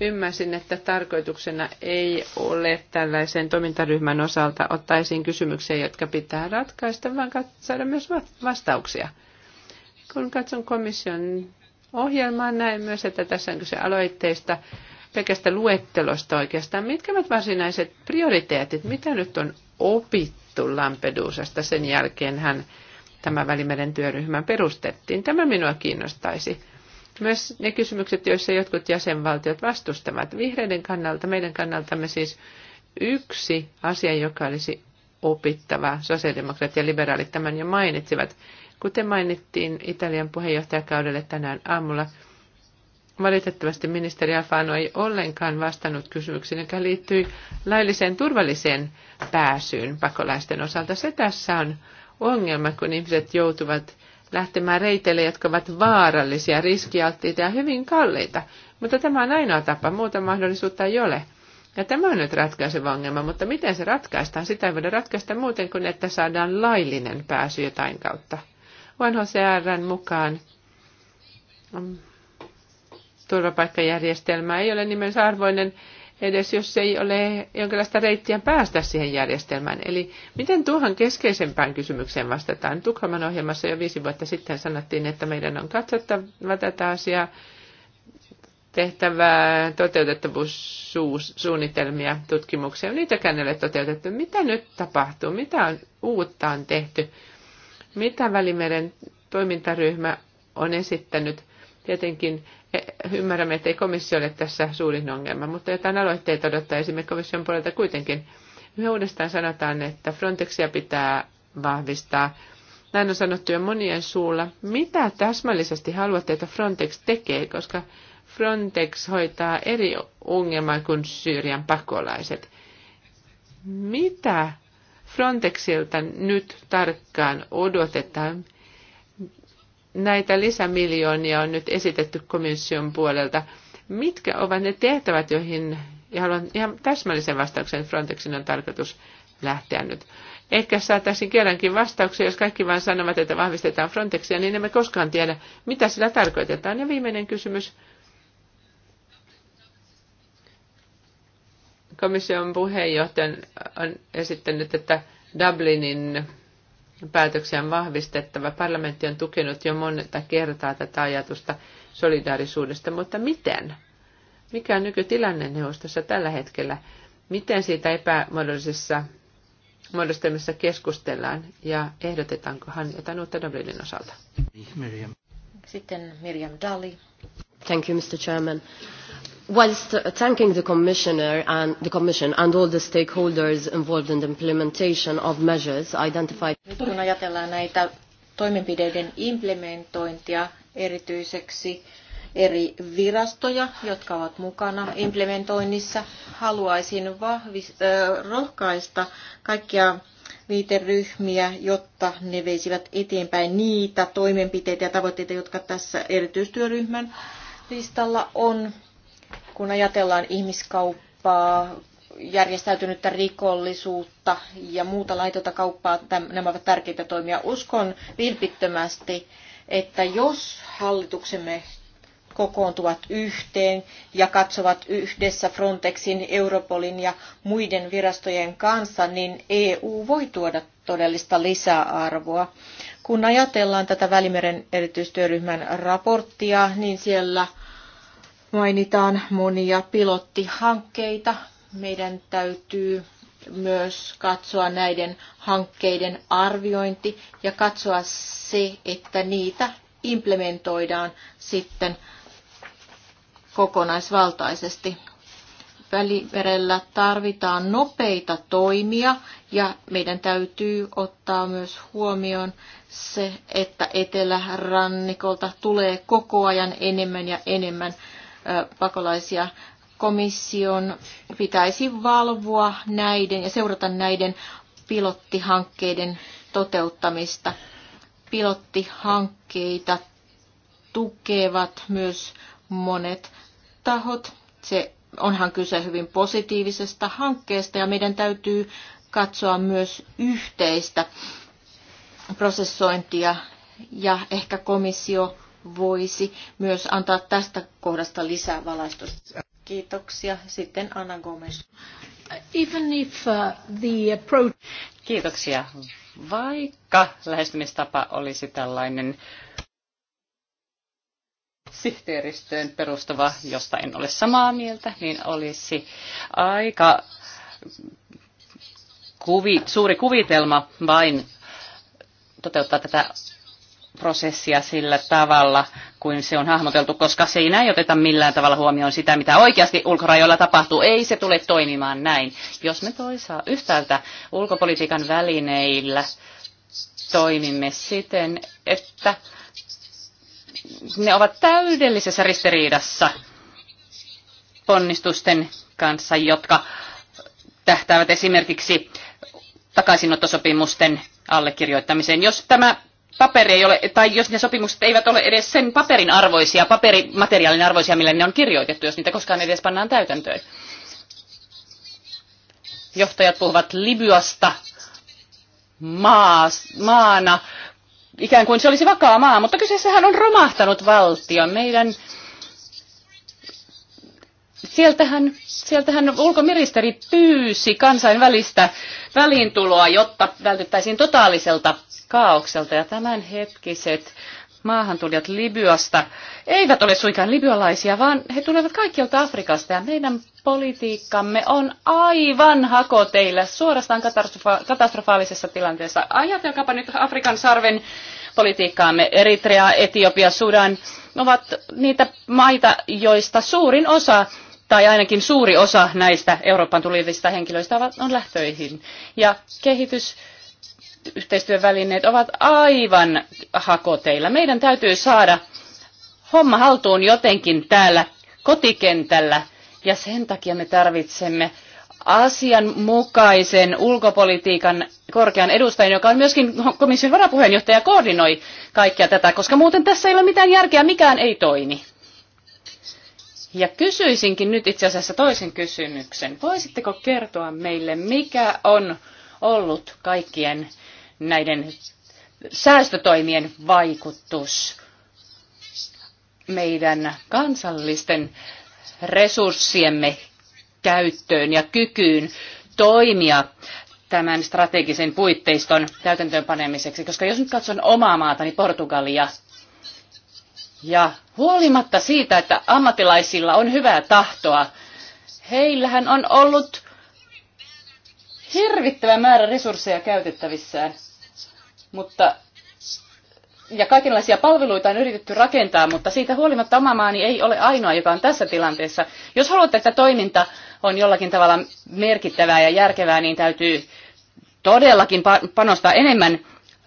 ymmärsin, että tarkoituksena ei ole tällaisen toimintaryhmän osalta ottaisiin kysymyksiä, jotka pitää ratkaista, vaan saada myös vastauksia. Kun katson komission ohjelmaa, näen myös, että tässä on kyse aloitteista, pelkästä luettelosta oikeastaan. Mitkä ovat varsinaiset prioriteetit, mitä nyt on opittu? palautettu Lampedusasta. Sen jälkeen hän tämä Välimeren työryhmä perustettiin. Tämä minua kiinnostaisi. Myös ne kysymykset, joissa jotkut jäsenvaltiot vastustavat. Vihreiden kannalta, meidän kannaltamme siis yksi asia, joka olisi opittava. Sosiaalidemokraat ja liberaalit tämän jo mainitsivat. Kuten mainittiin Italian puheenjohtajakaudelle tänään aamulla, Valitettavasti ministeri Alfano ei ollenkaan vastannut kysymyksiin, joka liittyy lailliseen turvalliseen pääsyyn pakolaisten osalta. Se tässä on ongelma, kun ihmiset joutuvat lähtemään reiteille, jotka ovat vaarallisia, riskialttiita ja hyvin kalliita. Mutta tämä on ainoa tapa, muuta mahdollisuutta ei ole. Ja tämä on nyt ratkaiseva ongelma, mutta miten se ratkaistaan? Sitä ei voida ratkaista muuten kuin, että saadaan laillinen pääsy jotain kautta. UNHCRn mukaan turvapaikkajärjestelmä ei ole nimensä arvoinen edes, jos ei ole jonkinlaista reittiä päästä siihen järjestelmään. Eli miten tuohon keskeisempään kysymykseen vastataan? Tukholman ohjelmassa jo viisi vuotta sitten sanottiin, että meidän on katsottava tätä asiaa, tehtävää toteutettavuussuunnitelmia, tutkimuksia. Niitäkään ei ole toteutettu. Mitä nyt tapahtuu? Mitä on, uutta on tehty? Mitä Välimeren toimintaryhmä on esittänyt? Tietenkin Ymmärrämme, ettei komissio ole tässä suurin ongelma, mutta jotain aloitteita esimerkiksi komission puolelta kuitenkin. Me uudestaan sanotaan, että Frontexia pitää vahvistaa. Näin on sanottu jo monien suulla. Mitä täsmällisesti haluatte, että Frontex tekee, koska Frontex hoitaa eri ongelmaa kuin Syyrian pakolaiset. Mitä Frontexilta nyt tarkkaan odotetaan? näitä lisämiljoonia on nyt esitetty komission puolelta. Mitkä ovat ne tehtävät, joihin, ja haluan ihan täsmällisen vastauksen, Frontexin on tarkoitus lähteä nyt. Ehkä saataisiin kerrankin vastauksia, jos kaikki vain sanovat, että vahvistetaan Frontexia, niin emme koskaan tiedä, mitä sillä tarkoitetaan. Ja viimeinen kysymys. Komission puheenjohtaja on esittänyt, että Dublinin päätöksiä on vahvistettava. Parlamentti on tukenut jo monta kertaa tätä ajatusta solidaarisuudesta, mutta miten? Mikä on nykytilanne neuvostossa tällä hetkellä? Miten siitä epämuodollisessa muodostelmissa keskustellaan ja ehdotetaankohan jotain uutta Dublinin osalta? Niin, Sitten Miriam Dali. Thank you, Mr. Chairman whilst thanking the commissioner and the commission and all the stakeholders involved in the implementation of measures identified kun ajatellaan näitä toimenpideiden implementointia erityiseksi eri virastoja, jotka ovat mukana implementoinnissa. Haluaisin vahvist, äh, rohkaista kaikkia viiteryhmiä, jotta ne veisivät eteenpäin niitä toimenpiteitä ja tavoitteita, jotka tässä erityistyöryhmän listalla on kun ajatellaan ihmiskauppaa, järjestäytynyttä rikollisuutta ja muuta laitonta kauppaa, nämä ovat tärkeitä toimia. Uskon vilpittömästi, että jos hallituksemme kokoontuvat yhteen ja katsovat yhdessä Frontexin, Europolin ja muiden virastojen kanssa, niin EU voi tuoda todellista lisäarvoa. Kun ajatellaan tätä Välimeren erityistyöryhmän raporttia, niin siellä mainitaan monia pilottihankkeita. Meidän täytyy myös katsoa näiden hankkeiden arviointi ja katsoa se, että niitä implementoidaan sitten kokonaisvaltaisesti. Välimerellä tarvitaan nopeita toimia ja meidän täytyy ottaa myös huomioon se, että etelärannikolta tulee koko ajan enemmän ja enemmän pakolaisia. Komission pitäisi valvoa näiden ja seurata näiden pilottihankkeiden toteuttamista. Pilottihankkeita tukevat myös monet tahot. Se onhan kyse hyvin positiivisesta hankkeesta ja meidän täytyy katsoa myös yhteistä prosessointia ja ehkä komissio voisi myös antaa tästä kohdasta lisää valaistusta. Kiitoksia. Sitten Anna Gomes. Even if uh, the approach... Kiitoksia. Vaikka lähestymistapa olisi tällainen sihteeristöön perustuva, josta en ole samaa mieltä, niin olisi aika kuvi, suuri kuvitelma vain toteuttaa tätä prosessia sillä tavalla kuin se on hahmoteltu, koska se ei oteta millään tavalla huomioon sitä, mitä oikeasti ulkorajoilla tapahtuu. Ei se tule toimimaan näin. Jos me toisaa yhtäältä ulkopolitiikan välineillä toimimme siten, että ne ovat täydellisessä ristiriidassa ponnistusten kanssa, jotka tähtäävät esimerkiksi takaisinottosopimusten allekirjoittamiseen. Jos tämä paperi ei ole, tai jos ne sopimukset eivät ole edes sen paperin arvoisia, paperimateriaalin arvoisia, millä ne on kirjoitettu, jos niitä koskaan edes pannaan täytäntöön. Johtajat puhuvat Libyasta maas, maana, ikään kuin se olisi vakaa maa, mutta kyseessähän on romahtanut valtio. Meidän sieltähän, sieltähän ulkoministeri pyysi kansainvälistä väliintuloa, jotta vältyttäisiin totaaliselta kaaukselta ja tämänhetkiset maahantulijat Libyasta eivät ole suinkaan libyalaisia, vaan he tulevat kaikkialta Afrikasta ja meidän politiikkamme on aivan hakoteillä suorastaan katastrofa- katastrofaalisessa tilanteessa. Ajatelkaapa nyt Afrikan sarven politiikkaamme. Eritrea, Etiopia, Sudan ovat niitä maita, joista suurin osa tai ainakin suuri osa näistä Euroopan tulevista henkilöistä on lähtöihin. Ja kehitys yhteistyövälineet ovat aivan hakoteilla. Meidän täytyy saada homma haltuun jotenkin täällä kotikentällä ja sen takia me tarvitsemme asianmukaisen ulkopolitiikan korkean edustajan, joka on myöskin komission varapuheenjohtaja, koordinoi kaikkea tätä, koska muuten tässä ei ole mitään järkeä, mikään ei toimi. Ja kysyisinkin nyt itse asiassa toisen kysymyksen. Voisitteko kertoa meille, mikä on ollut kaikkien näiden säästötoimien vaikutus meidän kansallisten resurssiemme käyttöön ja kykyyn toimia tämän strategisen puitteiston täytäntöönpanemiseksi, koska jos nyt katson omaa maatani Portugalia, ja huolimatta siitä, että ammattilaisilla on hyvää tahtoa, heillähän on ollut hirvittävä määrä resursseja käytettävissään mutta ja kaikenlaisia palveluita on yritetty rakentaa, mutta siitä huolimatta oma maani ei ole ainoa, joka on tässä tilanteessa. Jos haluatte, että toiminta on jollakin tavalla merkittävää ja järkevää, niin täytyy todellakin panostaa enemmän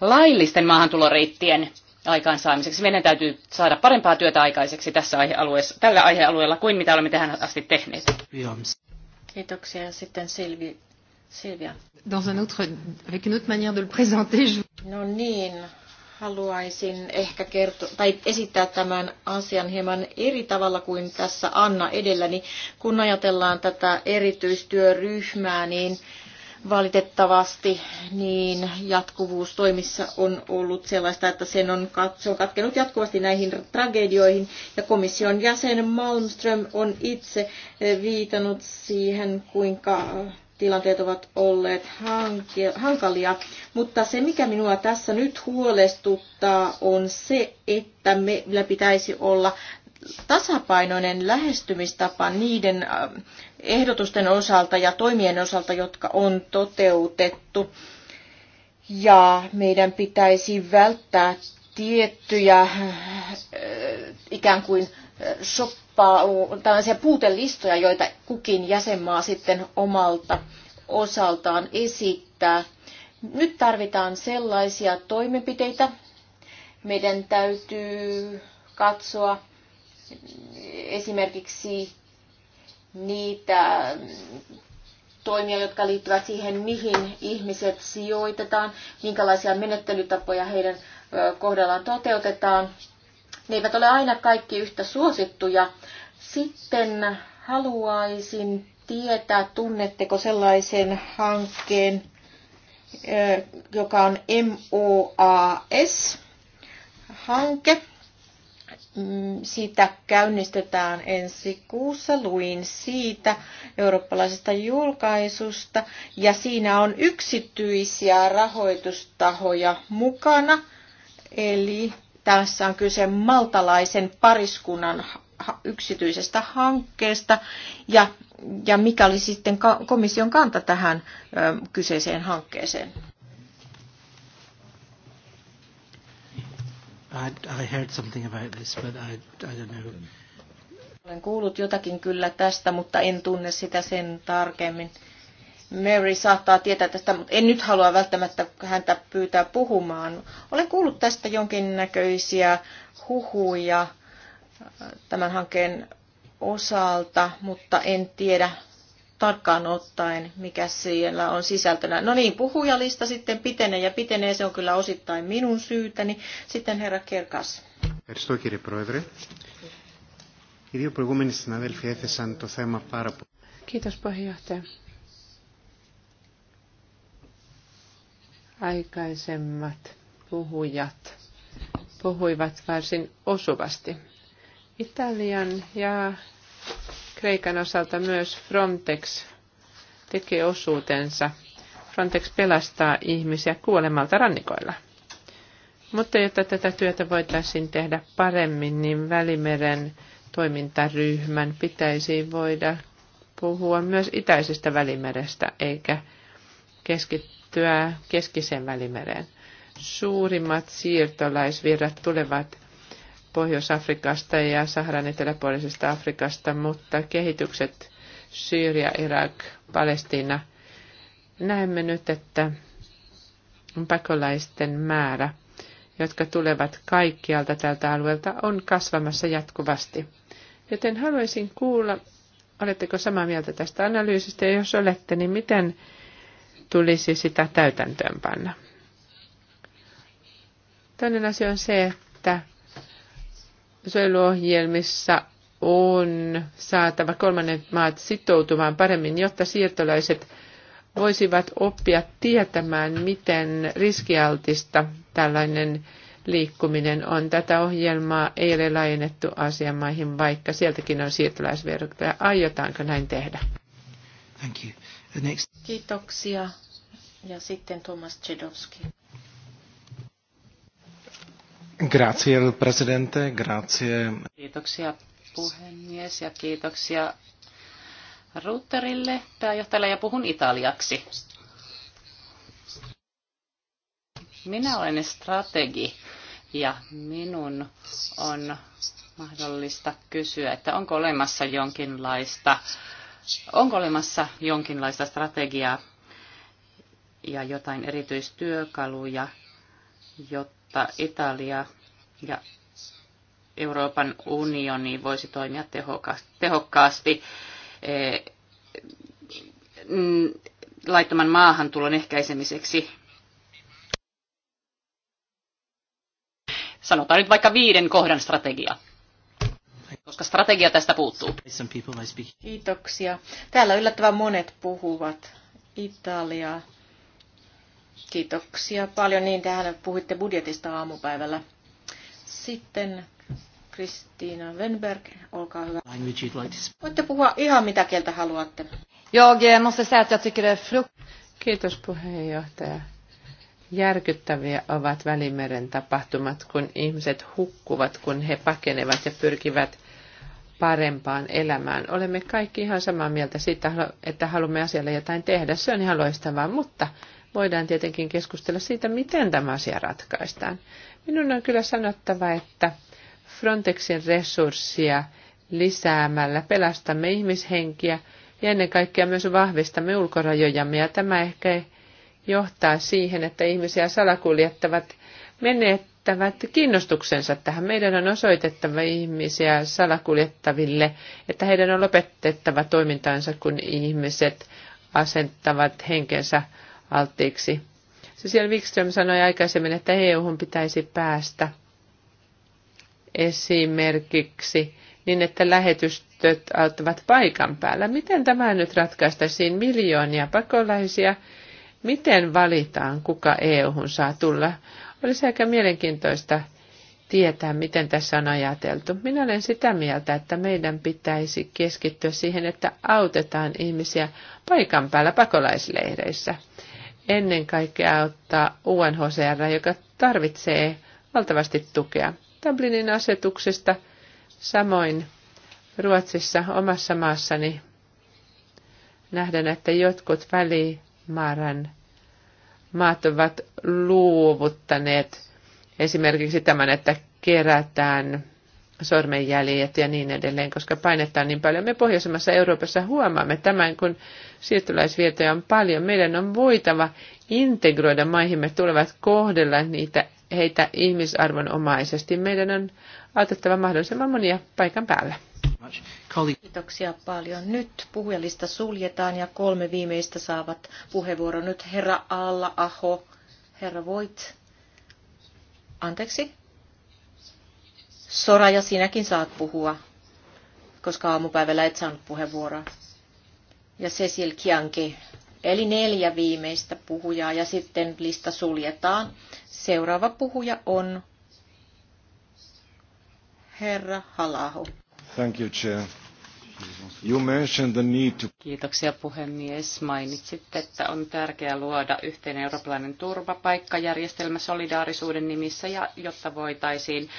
laillisten maahantuloreittien aikaansaamiseksi. Meidän täytyy saada parempaa työtä aikaiseksi tässä aihealueessa, tällä aihealueella kuin mitä olemme tähän asti tehneet. Kiitoksia. Sitten Silvi Silvia. Dans un autre, avec une autre manière de le présenter, je... No niin, haluaisin ehkä kertoa, tai esittää tämän asian hieman eri tavalla kuin tässä Anna edelläni. Kun ajatellaan tätä erityistyöryhmää, niin valitettavasti niin jatkuvuus toimissa on ollut sellaista, että sen on, se on katkenut jatkuvasti näihin tragedioihin. Ja komission jäsen Malmström on itse eh, viitannut siihen, kuinka tilanteet ovat olleet hankalia, mutta se mikä minua tässä nyt huolestuttaa on se, että meillä pitäisi olla tasapainoinen lähestymistapa niiden äh, ehdotusten osalta ja toimien osalta, jotka on toteutettu. Ja meidän pitäisi välttää tiettyjä äh, ikään kuin tällaisia puutelistoja, joita kukin jäsenmaa sitten omalta osaltaan esittää. Nyt tarvitaan sellaisia toimenpiteitä. Meidän täytyy katsoa esimerkiksi niitä toimia, jotka liittyvät siihen, mihin ihmiset sijoitetaan, minkälaisia menettelytapoja heidän kohdallaan toteutetaan. Ne eivät ole aina kaikki yhtä suosittuja. Sitten haluaisin tietää, tunnetteko sellaisen hankkeen, joka on MOAS-hanke. Mm, sitä käynnistetään ensi kuussa. Luin siitä eurooppalaisesta julkaisusta. Ja siinä on yksityisiä rahoitustahoja mukana. Eli tässä on kyse maltalaisen pariskunnan yksityisestä hankkeesta ja, ja mikä oli sitten komission kanta tähän ö, kyseiseen hankkeeseen? I, I heard something about this, but I, I don't know. Olen kuullut jotakin kyllä tästä, mutta en tunne sitä sen tarkemmin. Mary saattaa tietää tästä, mutta en nyt halua välttämättä häntä pyytää puhumaan. Olen kuullut tästä jonkinnäköisiä huhuja äh, tämän hankkeen osalta, mutta en tiedä tarkkaan ottaen, mikä siellä on sisältönä. No niin, puhujalista sitten pitenee ja pitenee, se on kyllä osittain minun syytäni. Sitten herra Kerkas. Ευχαριστώ κύριε Πρόεδρε. Οι δύο προηγούμενοι συναδέλφοι έθεσαν το θέμα πάρα πολύ. Kiitos puheenjohtaja. Aikaisemmat puhujat puhuivat varsin osuvasti. Italian ja Kreikan osalta myös Frontex tekee osuutensa. Frontex pelastaa ihmisiä kuolemalta rannikoilla. Mutta jotta tätä työtä voitaisiin tehdä paremmin, niin Välimeren toimintaryhmän pitäisi voida puhua myös itäisestä välimerestä, eikä keskittyä liittyä keskisen välimereen. Suurimmat siirtolaisvirrat tulevat Pohjois-Afrikasta ja Saharan eteläpuolisesta Afrikasta, mutta kehitykset Syyria, Irak, Palestiina. Näemme nyt, että pakolaisten määrä, jotka tulevat kaikkialta tältä alueelta, on kasvamassa jatkuvasti. Joten haluaisin kuulla, oletteko samaa mieltä tästä analyysistä, ja jos olette, niin miten tulisi sitä täytäntöönpanna. Toinen asia on se, että suojeluohjelmissa on saatava kolmannet maat sitoutumaan paremmin, jotta siirtolaiset voisivat oppia tietämään, miten riskialtista tällainen liikkuminen on. Tätä ohjelmaa ei ole laajennettu asiamaihin, vaikka sieltäkin on siirtolaisverkkoja. Aiotaanko näin tehdä? Thank you. The next. Kiitoksia. Ja sitten Thomas Cedowski. Grazie, presidente. Grazie. Kiitoksia puhemies ja kiitoksia Rutterille, pääjohtajalle ja puhun italiaksi. Minä olen strategi ja minun on mahdollista kysyä, että onko olemassa jonkinlaista äh, Onko olemassa jonkinlaista strategiaa ja jotain erityistyökaluja, jotta Italia ja Euroopan unioni voisi toimia tehokkaasti eh, laittoman maahantulon ehkäisemiseksi. Sanotaan nyt vaikka viiden kohdan strategia koska strategia tästä puuttuu. Kiitoksia. Täällä yllättävän monet puhuvat Italia. Kiitoksia paljon. Niin, tähän puhuitte budjetista aamupäivällä. Sitten Kristiina Wenberg, olkaa hyvä. Voitte puhua ihan mitä kieltä haluatte. Jag eh, måste säga att Kiitos puheenjohtaja. Järkyttäviä ovat Välimeren tapahtumat, kun ihmiset hukkuvat, kun he pakenevat ja pyrkivät parempaan elämään. Olemme kaikki ihan samaa mieltä siitä, että haluamme asialle jotain tehdä. Se on ihan loistavaa, mutta voidaan tietenkin keskustella siitä, miten tämä asia ratkaistaan. Minun on kyllä sanottava, että Frontexin resurssia lisäämällä pelastamme ihmishenkiä ja ennen kaikkea myös vahvistamme ulkorajojamme. Ja tämä ehkä johtaa siihen, että ihmisiä salakuljettavat menettävät menettävät kiinnostuksensa tähän. Meidän on osoitettava ihmisiä salakuljettaville, että heidän on lopetettava toimintaansa, kun ihmiset asentavat henkensä alttiiksi. Cecil Wikström sanoi aikaisemmin, että EU-hun pitäisi päästä esimerkiksi niin, että lähetystöt auttavat paikan päällä. Miten tämä nyt ratkaistaisiin miljoonia pakolaisia? Miten valitaan, kuka EU-hun saa tulla? Olisi aika mielenkiintoista tietää, miten tässä on ajateltu. Minä olen sitä mieltä, että meidän pitäisi keskittyä siihen, että autetaan ihmisiä paikan päällä pakolaisleireissä. Ennen kaikkea auttaa UNHCR, joka tarvitsee valtavasti tukea. Dublinin asetuksesta samoin Ruotsissa omassa maassani nähdään, että jotkut välimaaran maat ovat luovuttaneet esimerkiksi tämän, että kerätään sormenjäljet ja niin edelleen, koska painetta on niin paljon. Me pohjoisemmassa Euroopassa huomaamme tämän, kun siirtolaisvietoja on paljon. Meidän on voitava integroida maihimme tulevat kohdella niitä, heitä ihmisarvon omaisesti. Meidän on autettava mahdollisimman monia paikan päällä. Kiitoksia paljon. Nyt puhujalista suljetaan ja kolme viimeistä saavat puheenvuoron. Nyt herra Alla Aho, herra Voit. Anteeksi? Sora ja sinäkin saat puhua, koska aamupäivällä et saanut puheenvuoroa. Ja Cecil Kianke, Eli neljä viimeistä puhujaa ja sitten lista suljetaan. Seuraava puhuja on herra Halaho. Thank you, Chair. You mentioned the need to... Kiitoksia puhemies. Mainitsitte, että on tärkeää luoda yhteinen eurooppalainen turvapaikkajärjestelmä solidaarisuuden nimissä, ja jotta voitaisiin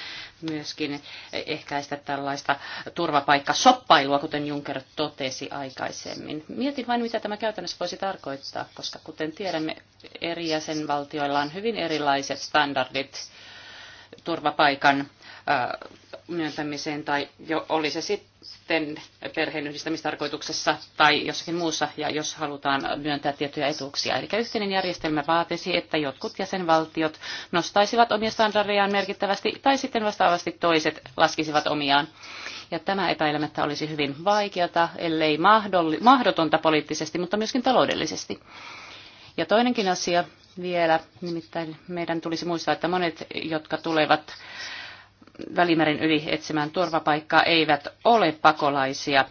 myöskin ehkäistä tällaista turvapaikkasoppailua, kuten Juncker totesi aikaisemmin. Mietin vain, mitä tämä käytännössä voisi tarkoittaa, koska kuten tiedämme, eri jäsenvaltioilla on hyvin erilaiset standardit turvapaikan myöntämiseen tai jo, oli se sitten perheenyhdistämistarkoituksessa tai jossakin muussa, ja jos halutaan myöntää tiettyjä etuuksia. Eli yhteinen järjestelmä vaatisi, että jotkut jäsenvaltiot nostaisivat omia standardejaan merkittävästi, tai sitten vastaavasti toiset laskisivat omiaan. Ja tämä epäilemättä olisi hyvin vaikeata, ellei mahdotonta poliittisesti, mutta myöskin taloudellisesti. Ja toinenkin asia vielä, nimittäin meidän tulisi muistaa, että monet, jotka tulevat Välimeren yli etsimään turvapaikkaa eivät ole pakolaisia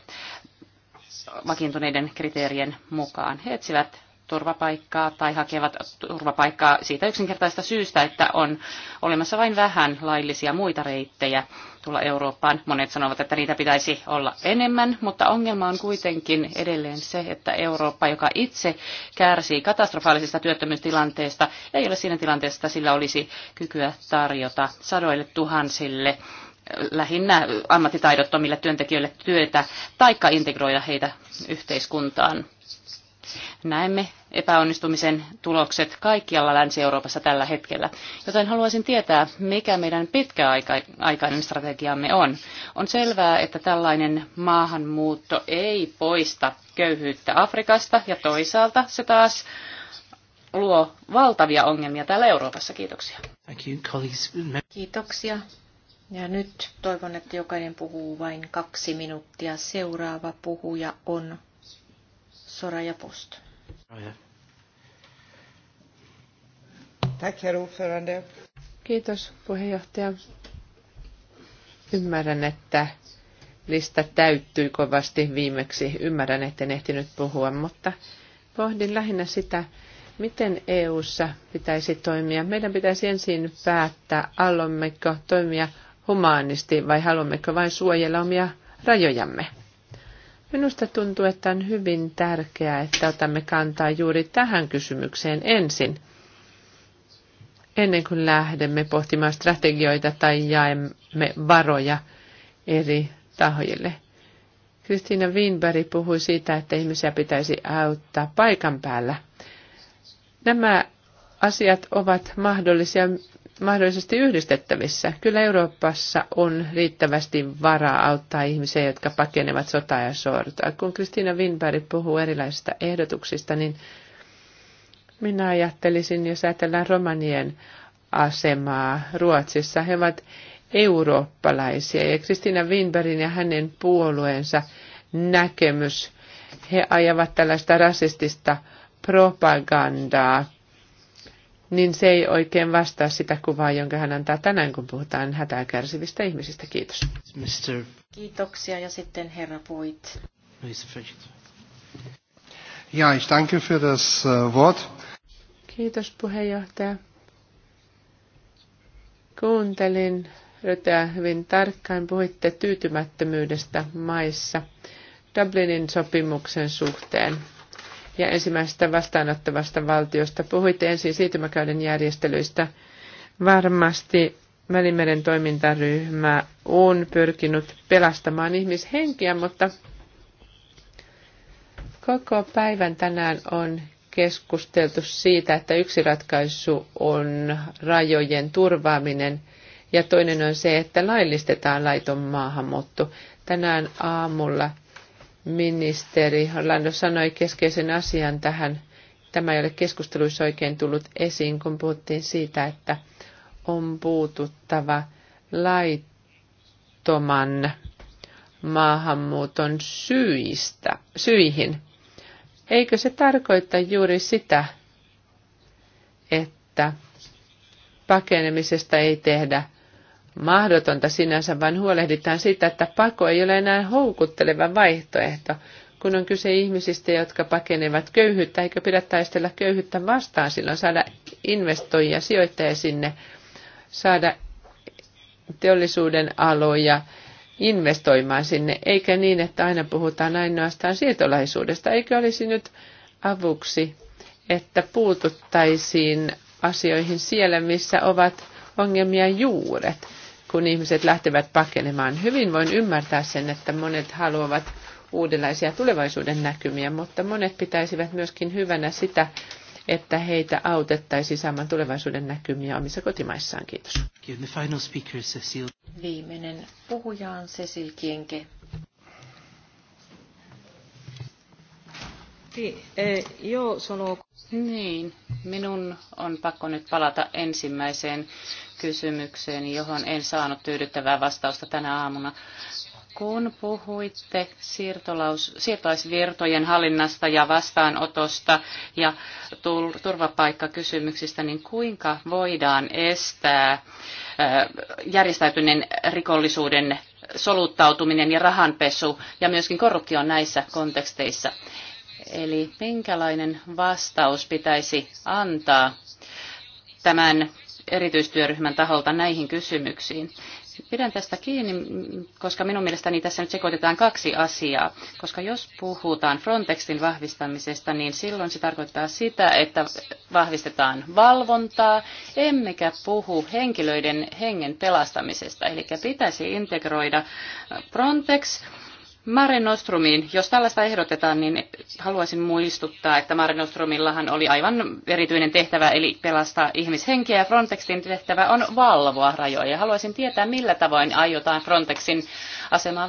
vakiintuneiden kriteerien mukaan. He etsivät turvapaikkaa tai hakevat turvapaikkaa siitä yksinkertaista syystä, että on olemassa vain vähän laillisia muita reittejä tulla Eurooppaan. Monet sanovat, että niitä pitäisi olla enemmän, mutta ongelma on kuitenkin edelleen se, että Eurooppa, joka itse kärsii katastrofaalisesta työttömyystilanteesta, ei ole siinä tilanteessa, että sillä olisi kykyä tarjota sadoille tuhansille lähinnä ammattitaidottomille työntekijöille työtä, taikka integroida heitä yhteiskuntaan Näemme epäonnistumisen tulokset kaikkialla Länsi-Euroopassa tällä hetkellä, joten haluaisin tietää, mikä meidän pitkäaikainen strategiamme on. On selvää, että tällainen maahanmuutto ei poista köyhyyttä Afrikasta ja toisaalta se taas luo valtavia ongelmia täällä Euroopassa. Kiitoksia. Kiitoksia. Ja nyt toivon, että jokainen puhuu vain kaksi minuuttia. Seuraava puhuja on Soraya Post. Tack, herr ordförande. Kiitos, puheenjohtaja. Ymmärrän, että lista täyttyi kovasti viimeksi. Ymmärrän, en ehtinyt puhua, mutta pohdin lähinnä sitä, miten EU:ssa pitäisi toimia. Meidän pitäisi ensin päättää, haluammeko toimia humaanisti vai haluammeko vain suojella omia rajojamme. Minusta tuntuu, että on hyvin tärkeää, että otamme kantaa juuri tähän kysymykseen ensin, ennen kuin lähdemme pohtimaan strategioita tai jaemme varoja eri tahoille. Kristiina Winberg puhui siitä, että ihmisiä pitäisi auttaa paikan päällä. Nämä asiat ovat mahdollisia mahdollisesti yhdistettävissä. Kyllä Euroopassa on riittävästi varaa auttaa ihmisiä, jotka pakenevat sotaa ja sortaa. Kun Kristiina Winberg puhuu erilaisista ehdotuksista, niin minä ajattelisin, jos ajatellaan romanien asemaa Ruotsissa, he ovat eurooppalaisia. Ja Kristiina Winbergin ja hänen puolueensa näkemys, he ajavat tällaista rasistista propagandaa niin se ei oikein vastaa sitä kuvaa, jonka hän antaa tänään, kun puhutaan hätää kärsivistä ihmisistä. Kiitos. Mr. Kiitoksia ja sitten herra Voit. Ja, ich danke für das äh, Wort. Kiitos puheenjohtaja. Kuuntelin Röteä hyvin tarkkaan. Puhuitte tyytymättömyydestä maissa Dublinin sopimuksen suhteen ja ensimmäisestä vastaanottavasta valtiosta. Puhuitte ensin siirtymäkauden järjestelyistä. Varmasti Välimeren toimintaryhmä on pyrkinyt pelastamaan ihmishenkiä, mutta koko päivän tänään on keskusteltu siitä, että yksi ratkaisu on rajojen turvaaminen ja toinen on se, että laillistetaan laiton maahanmuutto. Tänään aamulla ministeri Orlando sanoi keskeisen asian tähän. Tämä ei ole keskusteluissa oikein tullut esiin, kun puhuttiin siitä, että on puututtava laittoman maahanmuuton syistä, syihin. Eikö se tarkoita juuri sitä, että pakenemisesta ei tehdä mahdotonta sinänsä, vaan huolehditaan siitä, että pako ei ole enää houkutteleva vaihtoehto, kun on kyse ihmisistä, jotka pakenevat köyhyyttä, eikö pidä taistella köyhyyttä vastaan silloin, saada investoijia, sijoittajia sinne, saada teollisuuden aloja investoimaan sinne, eikä niin, että aina puhutaan ainoastaan siirtolaisuudesta, eikö olisi nyt avuksi, että puututtaisiin asioihin siellä, missä ovat ongelmia juuret kun ihmiset lähtevät pakenemaan. Hyvin voin ymmärtää sen, että monet haluavat uudenlaisia tulevaisuuden näkymiä, mutta monet pitäisivät myöskin hyvänä sitä, että heitä autettaisiin saamaan tulevaisuuden näkymiä omissa kotimaissaan. Kiitos. Viimeinen puhuja on Cecil Kienke. E, joo, sanoo. Niin, minun on pakko nyt palata ensimmäiseen kysymykseen, johon en saanut tyydyttävää vastausta tänä aamuna. Kun puhuitte siirtolaus, siirtolaisvirtojen hallinnasta ja vastaanotosta ja turvapaikkakysymyksistä, niin kuinka voidaan estää äh, järjestäytyneen rikollisuuden soluttautuminen ja rahanpesu ja myöskin korruptio näissä konteksteissa? Eli minkälainen vastaus pitäisi antaa tämän erityistyöryhmän taholta näihin kysymyksiin. Pidän tästä kiinni, koska minun mielestäni tässä nyt sekoitetaan kaksi asiaa. Koska jos puhutaan Frontexin vahvistamisesta, niin silloin se tarkoittaa sitä, että vahvistetaan valvontaa, emmekä puhu henkilöiden hengen pelastamisesta. Eli pitäisi integroida Frontex Mare Nostrumiin, jos tällaista ehdotetaan, niin haluaisin muistuttaa, että Mare Nostrumillahan oli aivan erityinen tehtävä, eli pelastaa ihmishenkiä, Frontexin tehtävä on valvoa rajoja. Haluaisin tietää, millä tavoin aiotaan Frontexin asemaa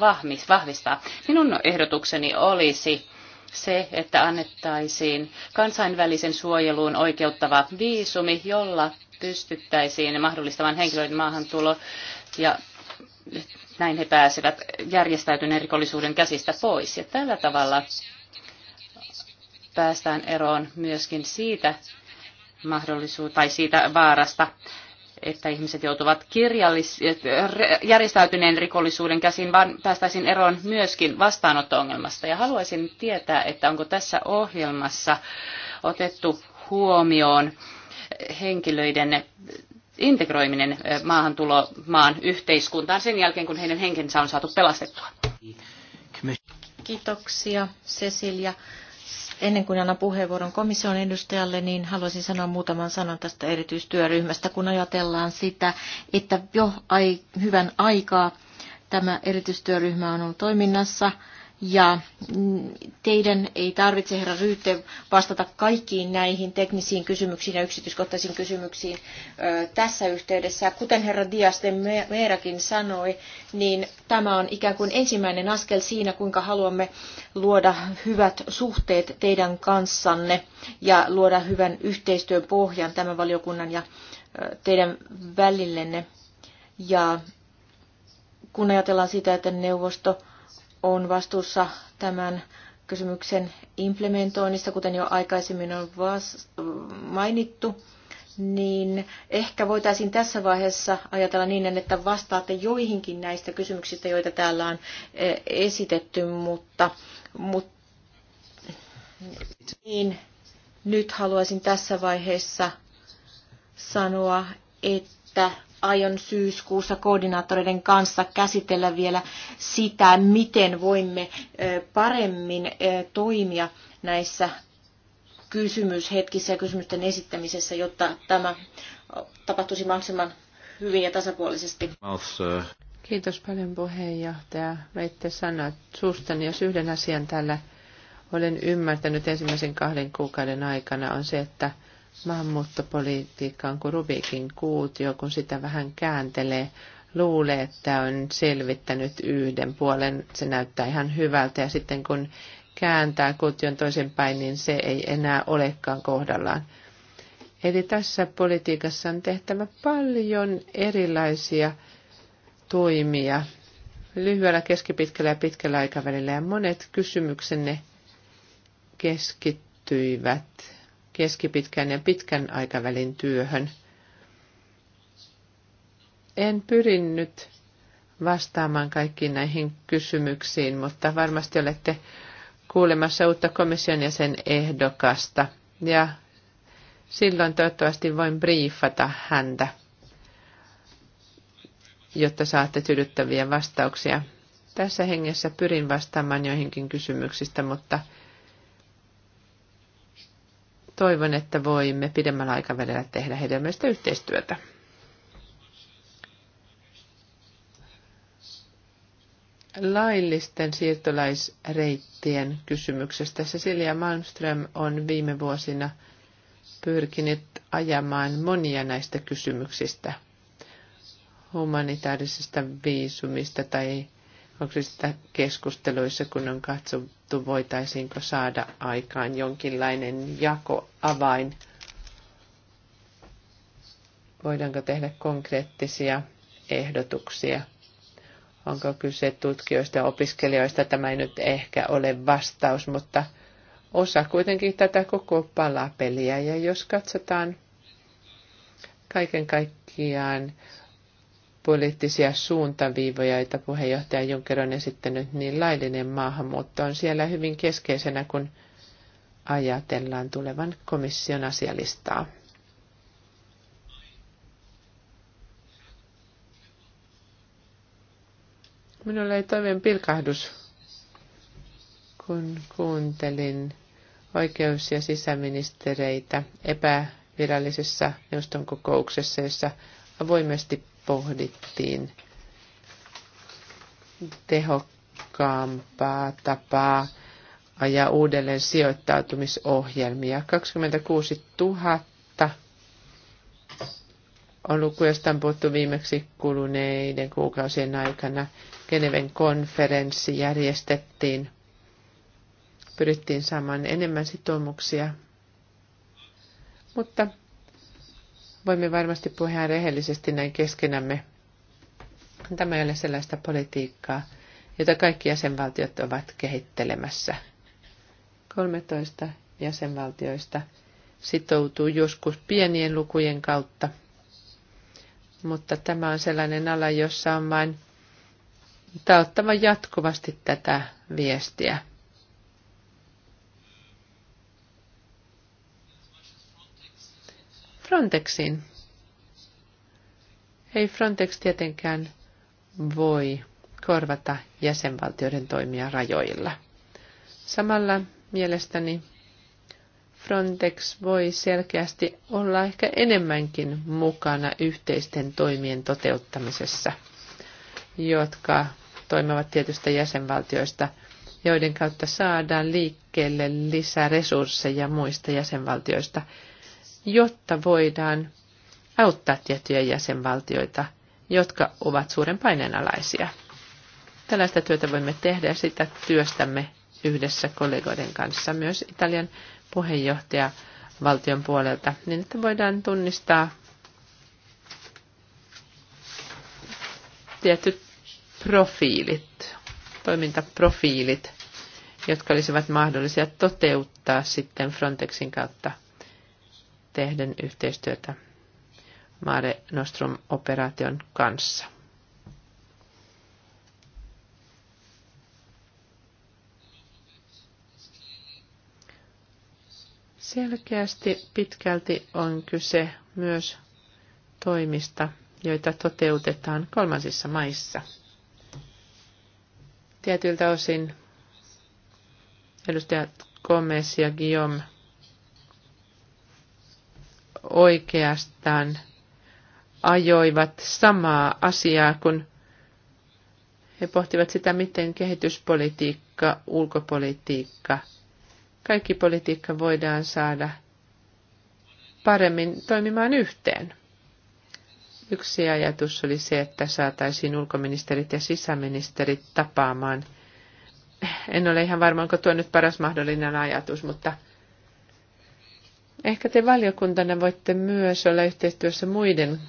vahvistaa. Minun ehdotukseni olisi se, että annettaisiin kansainvälisen suojeluun oikeuttava viisumi, jolla pystyttäisiin mahdollistamaan henkilöiden maahantulo ja näin he pääsevät järjestäytyneen rikollisuuden käsistä pois. Ja tällä tavalla päästään eroon myöskin siitä mahdollisuutta tai siitä vaarasta, että ihmiset joutuvat kirjallis- järjestäytyneen rikollisuuden käsiin, vaan päästäisiin eroon myöskin vastaanotto-ongelmasta. Ja haluaisin tietää, että onko tässä ohjelmassa otettu huomioon henkilöiden integroiminen maahantulomaan yhteiskuntaan sen jälkeen, kun heidän henkensä on saatu pelastettua. Kiitoksia Cecilia. Ennen kuin annan puheenvuoron komission edustajalle, niin haluaisin sanoa muutaman sanan tästä erityistyöryhmästä, kun ajatellaan sitä, että jo ai, hyvän aikaa tämä erityistyöryhmä on ollut toiminnassa ja mm, teidän ei tarvitse, herra Ryytte, vastata kaikkiin näihin teknisiin kysymyksiin ja yksityiskohtaisiin kysymyksiin ö, tässä yhteydessä. Kuten herra Dias Meerakin sanoi, niin tämä on ikään kuin ensimmäinen askel siinä, kuinka haluamme luoda hyvät suhteet teidän kanssanne ja luoda hyvän yhteistyön pohjan tämän valiokunnan ja ö, teidän välillenne. Ja kun ajatellaan sitä, että neuvosto on vastuussa tämän kysymyksen implementoinnista, kuten jo aikaisemmin on mainittu, niin ehkä voitaisiin tässä vaiheessa ajatella niin, että vastaatte joihinkin näistä kysymyksistä, joita täällä on e, esitetty, mutta, mutta niin, nyt haluaisin tässä vaiheessa sanoa, että aion syyskuussa koordinaattoreiden kanssa käsitellä vielä sitä, miten voimme paremmin toimia näissä kysymyshetkissä ja kysymysten esittämisessä, jotta tämä tapahtuisi mahdollisimman hyvin ja tasapuolisesti. Kiitos paljon puheenjohtaja. Veitte sanat suustani, jos yhden asian täällä olen ymmärtänyt ensimmäisen kahden kuukauden aikana on se, että maahanmuuttopolitiikkaan kuin Rubikin kuutio, kun sitä vähän kääntelee. Luulee, että on selvittänyt yhden puolen, se näyttää ihan hyvältä ja sitten kun kääntää kuution toisen päin, niin se ei enää olekaan kohdallaan. Eli tässä politiikassa on tehtävä paljon erilaisia toimia lyhyellä, keskipitkällä ja pitkällä aikavälillä ja monet kysymyksenne keskittyivät keskipitkän ja pitkän aikavälin työhön. En pyr'in nyt vastaamaan kaikkiin näihin kysymyksiin, mutta varmasti olette kuulemassa uutta komission ja sen ehdokasta. Ja silloin toivottavasti voin briefata häntä, jotta saatte tyydyttäviä vastauksia. Tässä hengessä pyrin vastaamaan joihinkin kysymyksistä, mutta Toivon, että voimme pidemmällä aikavälillä tehdä hedelmällistä yhteistyötä. laillisten siirtolaisreittien kysymyksestä. Cecilia Malmström on viime vuosina pyrkinyt ajamaan monia näistä kysymyksistä, humanitaarisesta viisumista tai sitä keskusteluissa, kun on katsottu, voitaisiinko saada aikaan jonkinlainen jakoavain. Voidaanko tehdä konkreettisia ehdotuksia? Onko kyse tutkijoista ja opiskelijoista? Tämä ei nyt ehkä ole vastaus, mutta osa kuitenkin tätä koko palapeliä. Ja jos katsotaan kaiken kaikkiaan poliittisia suuntaviivoja, joita puheenjohtaja Juncker on esittänyt, niin laillinen maahanmuutto on siellä hyvin keskeisenä, kun ajatellaan tulevan komission asialistaa. Minulla ei toiveen pilkahdus, kun kuuntelin oikeus- ja sisäministereitä epävirallisessa neuvoston kokouksessa, jossa avoimesti pohdittiin tehokkaampaa tapaa ajaa uudelleen sijoittautumisohjelmia. 26 000 on luku, josta on puhuttu viimeksi kuluneiden kuukausien aikana. Geneven konferenssi järjestettiin. Pyrittiin saamaan enemmän sitoumuksia, mutta voimme varmasti puhua rehellisesti näin keskenämme. Tämä ei ole sellaista politiikkaa, jota kaikki jäsenvaltiot ovat kehittelemässä. 13 jäsenvaltioista sitoutuu joskus pienien lukujen kautta, mutta tämä on sellainen ala, jossa on vain taottava jatkuvasti tätä viestiä. Frontexiin. Ei Frontex tietenkään voi korvata jäsenvaltioiden toimia rajoilla. Samalla mielestäni Frontex voi selkeästi olla ehkä enemmänkin mukana yhteisten toimien toteuttamisessa, jotka toimivat tietystä jäsenvaltioista, joiden kautta saadaan liikkeelle lisää resursseja muista jäsenvaltioista – jotta voidaan auttaa tiettyjä jäsenvaltioita, jotka ovat suuren paineen alaisia. Tällaista työtä voimme tehdä ja sitä työstämme yhdessä kollegoiden kanssa myös Italian puheenjohtaja valtion puolelta, niin että voidaan tunnistaa tietyt profiilit, toimintaprofiilit, jotka olisivat mahdollisia toteuttaa sitten Frontexin kautta – tehden yhteistyötä Mare Nostrum-operaation kanssa. Selkeästi pitkälti on kyse myös toimista, joita toteutetaan kolmansissa maissa. Tietyiltä osin edustajat Gomez ja Guillaume oikeastaan ajoivat samaa asiaa, kun he pohtivat sitä, miten kehityspolitiikka, ulkopolitiikka, kaikki politiikka voidaan saada paremmin toimimaan yhteen. Yksi ajatus oli se, että saataisiin ulkoministerit ja sisäministerit tapaamaan. En ole ihan varma, onko tuo nyt paras mahdollinen ajatus, mutta – Ehkä te valiokuntana voitte myös olla yhteistyössä muiden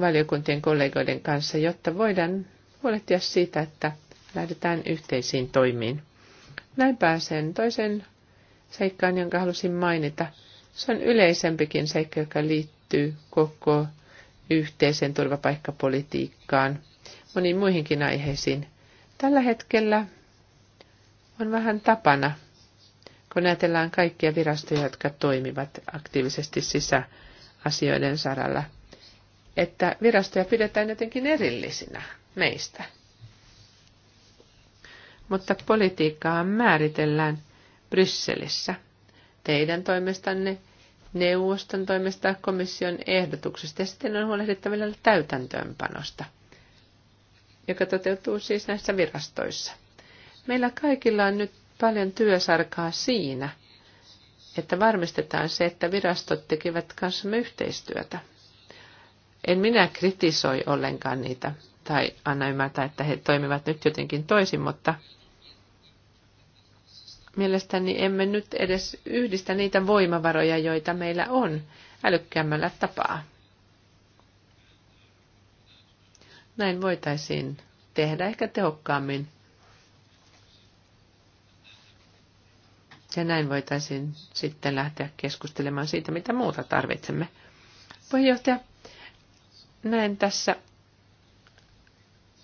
valiokuntien kollegoiden kanssa, jotta voidaan huolehtia siitä, että lähdetään yhteisiin toimiin. Näin pääsen toisen seikkaan, jonka halusin mainita. Se on yleisempikin seikka, joka liittyy koko yhteiseen turvapaikkapolitiikkaan, moniin muihinkin aiheisiin. Tällä hetkellä on vähän tapana, kun ajatellaan kaikkia virastoja, jotka toimivat aktiivisesti sisäasioiden saralla, että virastoja pidetään jotenkin erillisinä meistä. Mutta politiikkaa määritellään Brysselissä teidän toimestanne, neuvoston toimesta, komission ehdotuksesta ja sitten on huolehdittava vielä täytäntöönpanosta, joka toteutuu siis näissä virastoissa. Meillä kaikilla on nyt paljon työsarkaa siinä, että varmistetaan se, että virastot tekevät kanssamme yhteistyötä. En minä kritisoi ollenkaan niitä tai anna ymmärtää, että he toimivat nyt jotenkin toisin, mutta mielestäni emme nyt edes yhdistä niitä voimavaroja, joita meillä on älykkäämmällä tapaa. Näin voitaisiin tehdä ehkä tehokkaammin Ja näin voitaisiin sitten lähteä keskustelemaan siitä, mitä muuta tarvitsemme. Puheenjohtaja, näen tässä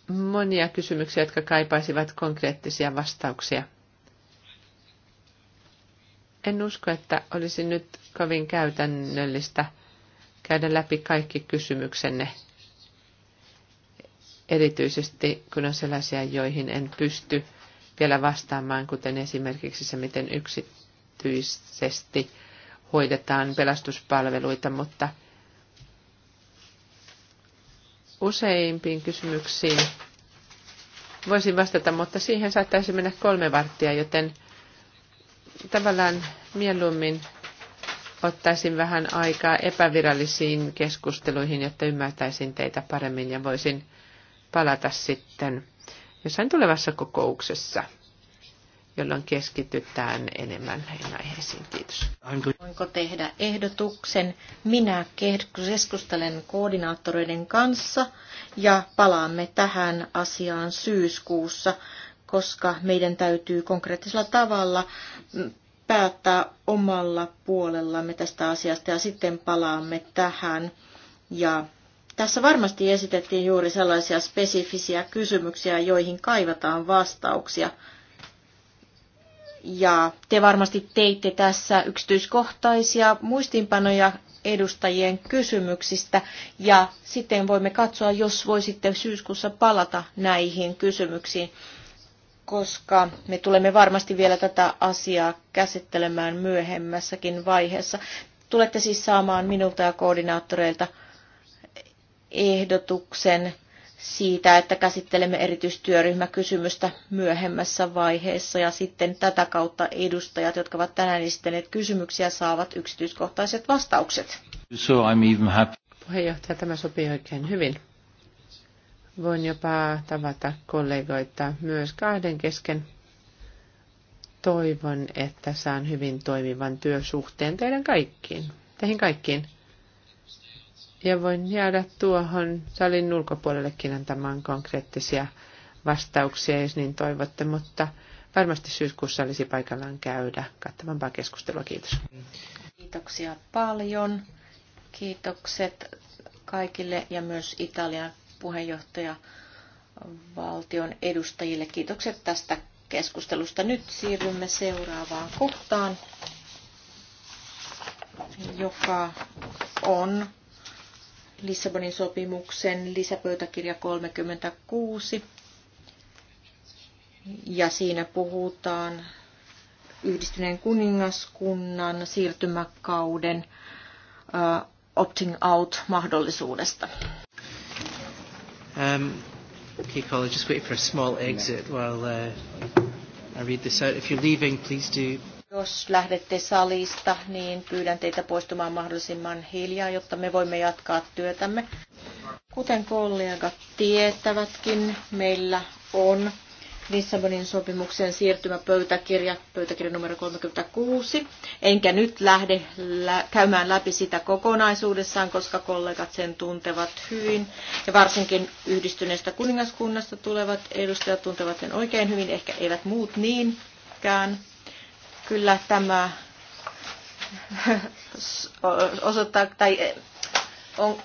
monia kysymyksiä, jotka kaipaisivat konkreettisia vastauksia. En usko, että olisi nyt kovin käytännöllistä käydä läpi kaikki kysymyksenne, erityisesti kun on sellaisia, joihin en pysty – vielä vastaamaan, kuten esimerkiksi se, miten yksityisesti hoidetaan pelastuspalveluita, mutta useimpiin kysymyksiin voisin vastata, mutta siihen saattaisi mennä kolme varttia, joten tavallaan mieluummin ottaisin vähän aikaa epävirallisiin keskusteluihin, jotta ymmärtäisin teitä paremmin ja voisin palata sitten jossain tulevassa kokouksessa, jolloin keskitytään enemmän näihin aiheisiin. Kiitos. Voinko tehdä ehdotuksen? Minä keskustelen koordinaattoreiden kanssa ja palaamme tähän asiaan syyskuussa, koska meidän täytyy konkreettisella tavalla päättää omalla puolellamme tästä asiasta ja sitten palaamme tähän ja tässä varmasti esitettiin juuri sellaisia spesifisiä kysymyksiä, joihin kaivataan vastauksia. Ja te varmasti teitte tässä yksityiskohtaisia muistiinpanoja edustajien kysymyksistä ja sitten voimme katsoa, jos voisitte syyskuussa palata näihin kysymyksiin, koska me tulemme varmasti vielä tätä asiaa käsittelemään myöhemmässäkin vaiheessa. Tulette siis saamaan minulta ja koordinaattoreilta ehdotuksen siitä, että käsittelemme erityistyöryhmäkysymystä myöhemmässä vaiheessa ja sitten tätä kautta edustajat, jotka ovat tänään esittäneet kysymyksiä, saavat yksityiskohtaiset vastaukset. So I'm even happy. Puheenjohtaja, tämä sopii oikein hyvin. Voin jopa tavata kollegoita myös kahden kesken. Toivon, että saan hyvin toimivan työsuhteen teidän kaikkiin, teihin kaikkiin. Ja voin jäädä tuohon salin ulkopuolellekin antamaan konkreettisia vastauksia, jos niin toivotte, mutta varmasti syyskuussa olisi paikallaan käydä kattavampaa keskustelua. Kiitos. Kiitoksia paljon. Kiitokset kaikille ja myös Italian puheenjohtaja valtion edustajille. Kiitokset tästä keskustelusta. Nyt siirrymme seuraavaan kohtaan, joka on Lissabonin sopimuksen lisäpöytäkirja 36. Ja siinä puhutaan yhdistyneen kuningaskunnan siirtymäkauden uh, opting out-mahdollisuudesta. Um, okay, Colin, just wait for a small exit while uh, I read this out. If you're leaving, please do jos lähdette salista, niin pyydän teitä poistumaan mahdollisimman hiljaa, jotta me voimme jatkaa työtämme. Kuten kollegat tietävätkin, meillä on Lissabonin sopimuksen siirtymäpöytäkirja, pöytäkirja numero 36. Enkä nyt lähde käymään läpi sitä kokonaisuudessaan, koska kollegat sen tuntevat hyvin. Ja varsinkin yhdistyneestä kuningaskunnasta tulevat edustajat tuntevat sen oikein hyvin, ehkä eivät muut niinkään kyllä tämä osoittaa, tai eh, on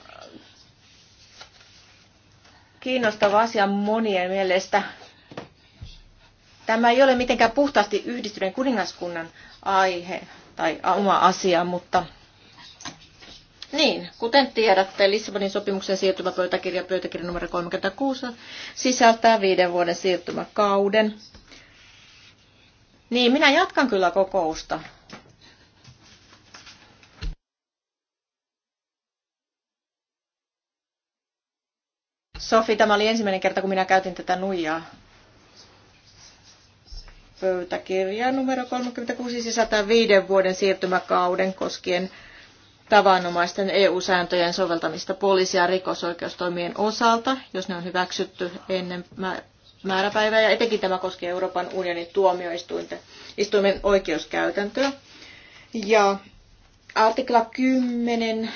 kiinnostava asia monien mielestä. Tämä ei ole mitenkään puhtaasti yhdistyneen kuningaskunnan aihe tai oma asia, mutta niin, kuten tiedätte, Lissabonin sopimuksen siirtymäpöytäkirja, pöytäkirja numero 36, sisältää viiden vuoden siirtymäkauden niin, minä jatkan kyllä kokousta. Sofi, tämä oli ensimmäinen kerta, kun minä käytin tätä nuijaa. Pöytäkirja numero 36 sisältää viiden vuoden siirtymäkauden koskien tavanomaisten EU-sääntöjen soveltamista poliisia ja rikosoikeustoimien osalta, jos ne on hyväksytty ennen määräpäivää ja etenkin tämä koskee Euroopan unionin tuomioistuimen oikeuskäytäntöä. Ja artikla 10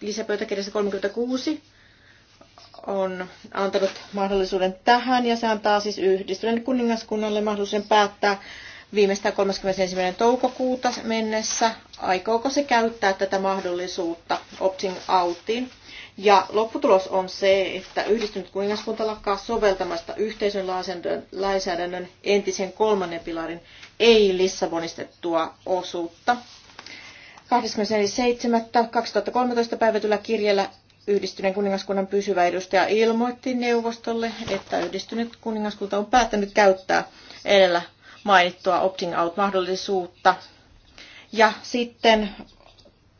lisäpöytäkirjassa 36 on antanut mahdollisuuden tähän ja se antaa siis yhdistyneen kuningaskunnalle mahdollisuuden päättää viimeistään 31. toukokuuta mennessä, aikooko se käyttää tätä mahdollisuutta opting outiin ja lopputulos on se, että yhdistynyt kuningaskunta lakkaa soveltamasta yhteisön lainsäädännön entisen kolmannen pilarin ei-Lissabonistettua osuutta. 24.7.2013 päivätyllä kirjellä yhdistyneen kuningaskunnan pysyvä edustaja ilmoitti neuvostolle, että yhdistynyt kuningaskunta on päättänyt käyttää edellä mainittua opting out-mahdollisuutta. Ja sitten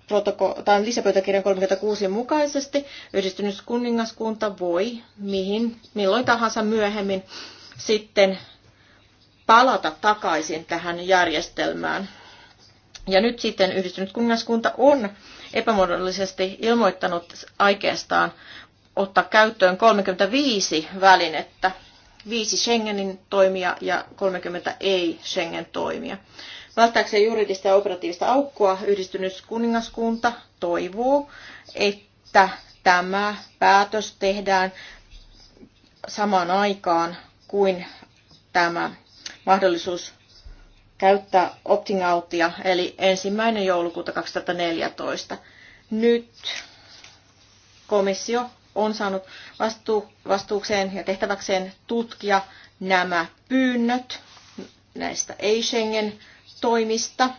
protoko- tai lisäpöytäkirjan 36 mukaisesti yhdistynyt kuningaskunta voi mihin, milloin tahansa myöhemmin sitten palata takaisin tähän järjestelmään. Ja nyt sitten yhdistynyt kuningaskunta on epämuodollisesti ilmoittanut aikeestaan ottaa käyttöön 35 välinettä, viisi Schengenin toimia ja 30 ei-Schengen toimia. Välttääkseen juridista ja operatiivista aukkoa yhdistynyt kuningaskunta toivoo, että tämä päätös tehdään samaan aikaan kuin tämä mahdollisuus käyttää opting outia, eli ensimmäinen joulukuuta 2014. Nyt komissio on saanut vastu, vastuukseen ja tehtäväkseen tutkia nämä pyynnöt näistä ei-Schengen toimista.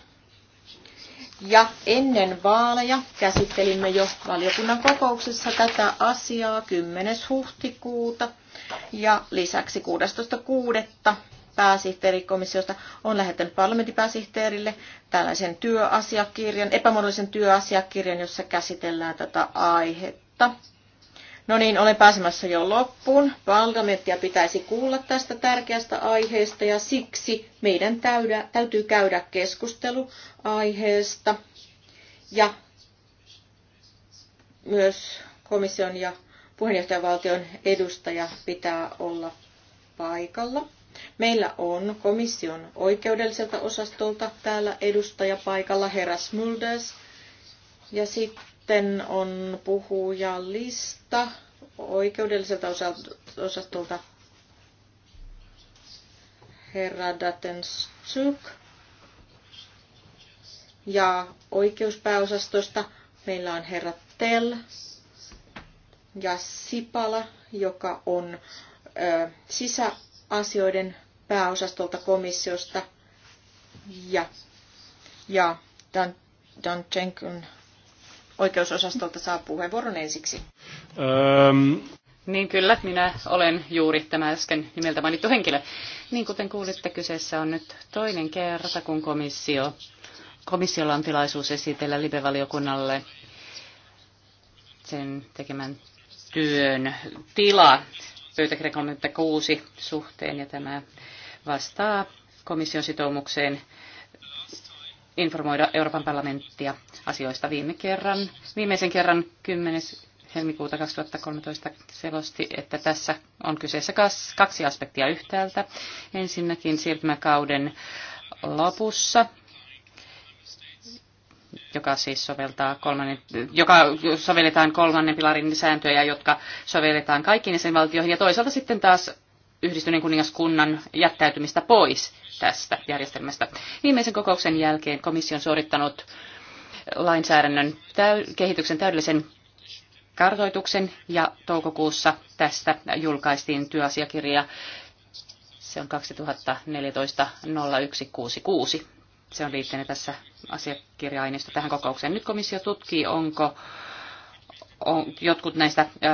Ja ennen vaaleja käsittelimme jo valiokunnan kokouksessa tätä asiaa 10. huhtikuuta ja lisäksi 16.6. pääsihteerikomissiosta on lähettänyt parlamentin tällaisen työasiakirjan, epämuodollisen työasiakirjan, jossa käsitellään tätä aihetta. No niin, olen pääsemässä jo loppuun. Parlamenttia pitäisi kuulla tästä tärkeästä aiheesta ja siksi meidän täydä, täytyy käydä keskustelu aiheesta. Ja myös komission ja puheenjohtajavaltion edustaja pitää olla paikalla. Meillä on komission oikeudelliselta osastolta täällä edustaja paikalla, herra Smulders. Ja sitten sitten on puhujalista oikeudelliselta osastolta herra Datenschuk ja oikeuspääosastosta meillä on herra Tell ja Sipala, joka on ö, sisäasioiden pääosastolta komissiosta ja, ja Dan, Dan Jenkins oikeusosastolta saa puheenvuoron ensiksi. Ähm. Niin kyllä, minä olen juuri tämä äsken nimeltä mainittu henkilö. Niin kuten kuulitte, kyseessä on nyt toinen kerta, kun komissio, komissiolla on tilaisuus esitellä libevaliokunnalle sen tekemän työn tila pöytäkirja 36 suhteen, ja tämä vastaa komission sitoumukseen informoida Euroopan parlamenttia asioista viime kerran. Viimeisen kerran 10. helmikuuta 2013 selosti, että tässä on kyseessä kaksi aspektia yhtäältä. Ensinnäkin siirtymäkauden lopussa joka siis soveltaa kolmannen, joka sovelletaan kolmannen pilarin sääntöjä, jotka sovelletaan kaikkiin sen valtioihin ja toisaalta sitten taas yhdistyneen kuningaskunnan jättäytymistä pois tästä järjestelmästä. Viimeisen kokouksen jälkeen komissio on suorittanut lainsäädännön täy- kehityksen täydellisen kartoituksen ja toukokuussa tästä julkaistiin työasiakirja. Se on 2014-0166. Se on liitteenä tässä asiakirja-aineisto tähän kokoukseen. Nyt komissio tutkii, onko on jotkut näistä ö,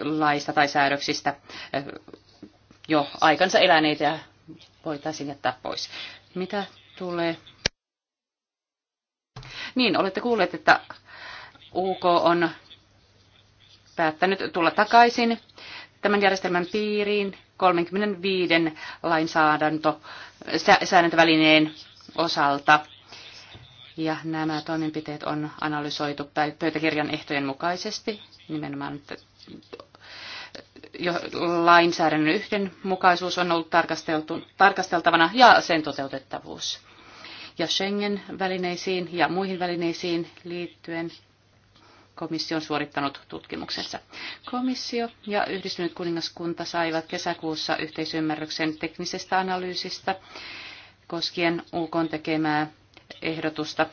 laista tai säädöksistä ö, jo aikansa eläneitä ja voitaisiin jättää pois. Mitä tulee? Niin, olette kuulleet, että UK on päättänyt tulla takaisin tämän järjestelmän piiriin 35 lainsäädäntö, säädäntövälineen osalta. Ja nämä toimenpiteet on analysoitu pöytäkirjan ehtojen mukaisesti, nimenomaan lainsäädännön yhdenmukaisuus on ollut tarkasteltu, tarkasteltavana ja sen toteutettavuus. Ja Schengen-välineisiin ja muihin välineisiin liittyen komissio on suorittanut tutkimuksensa. Komissio ja yhdistynyt kuningaskunta saivat kesäkuussa yhteisymmärryksen teknisestä analyysistä koskien UK tekemää ehdotusta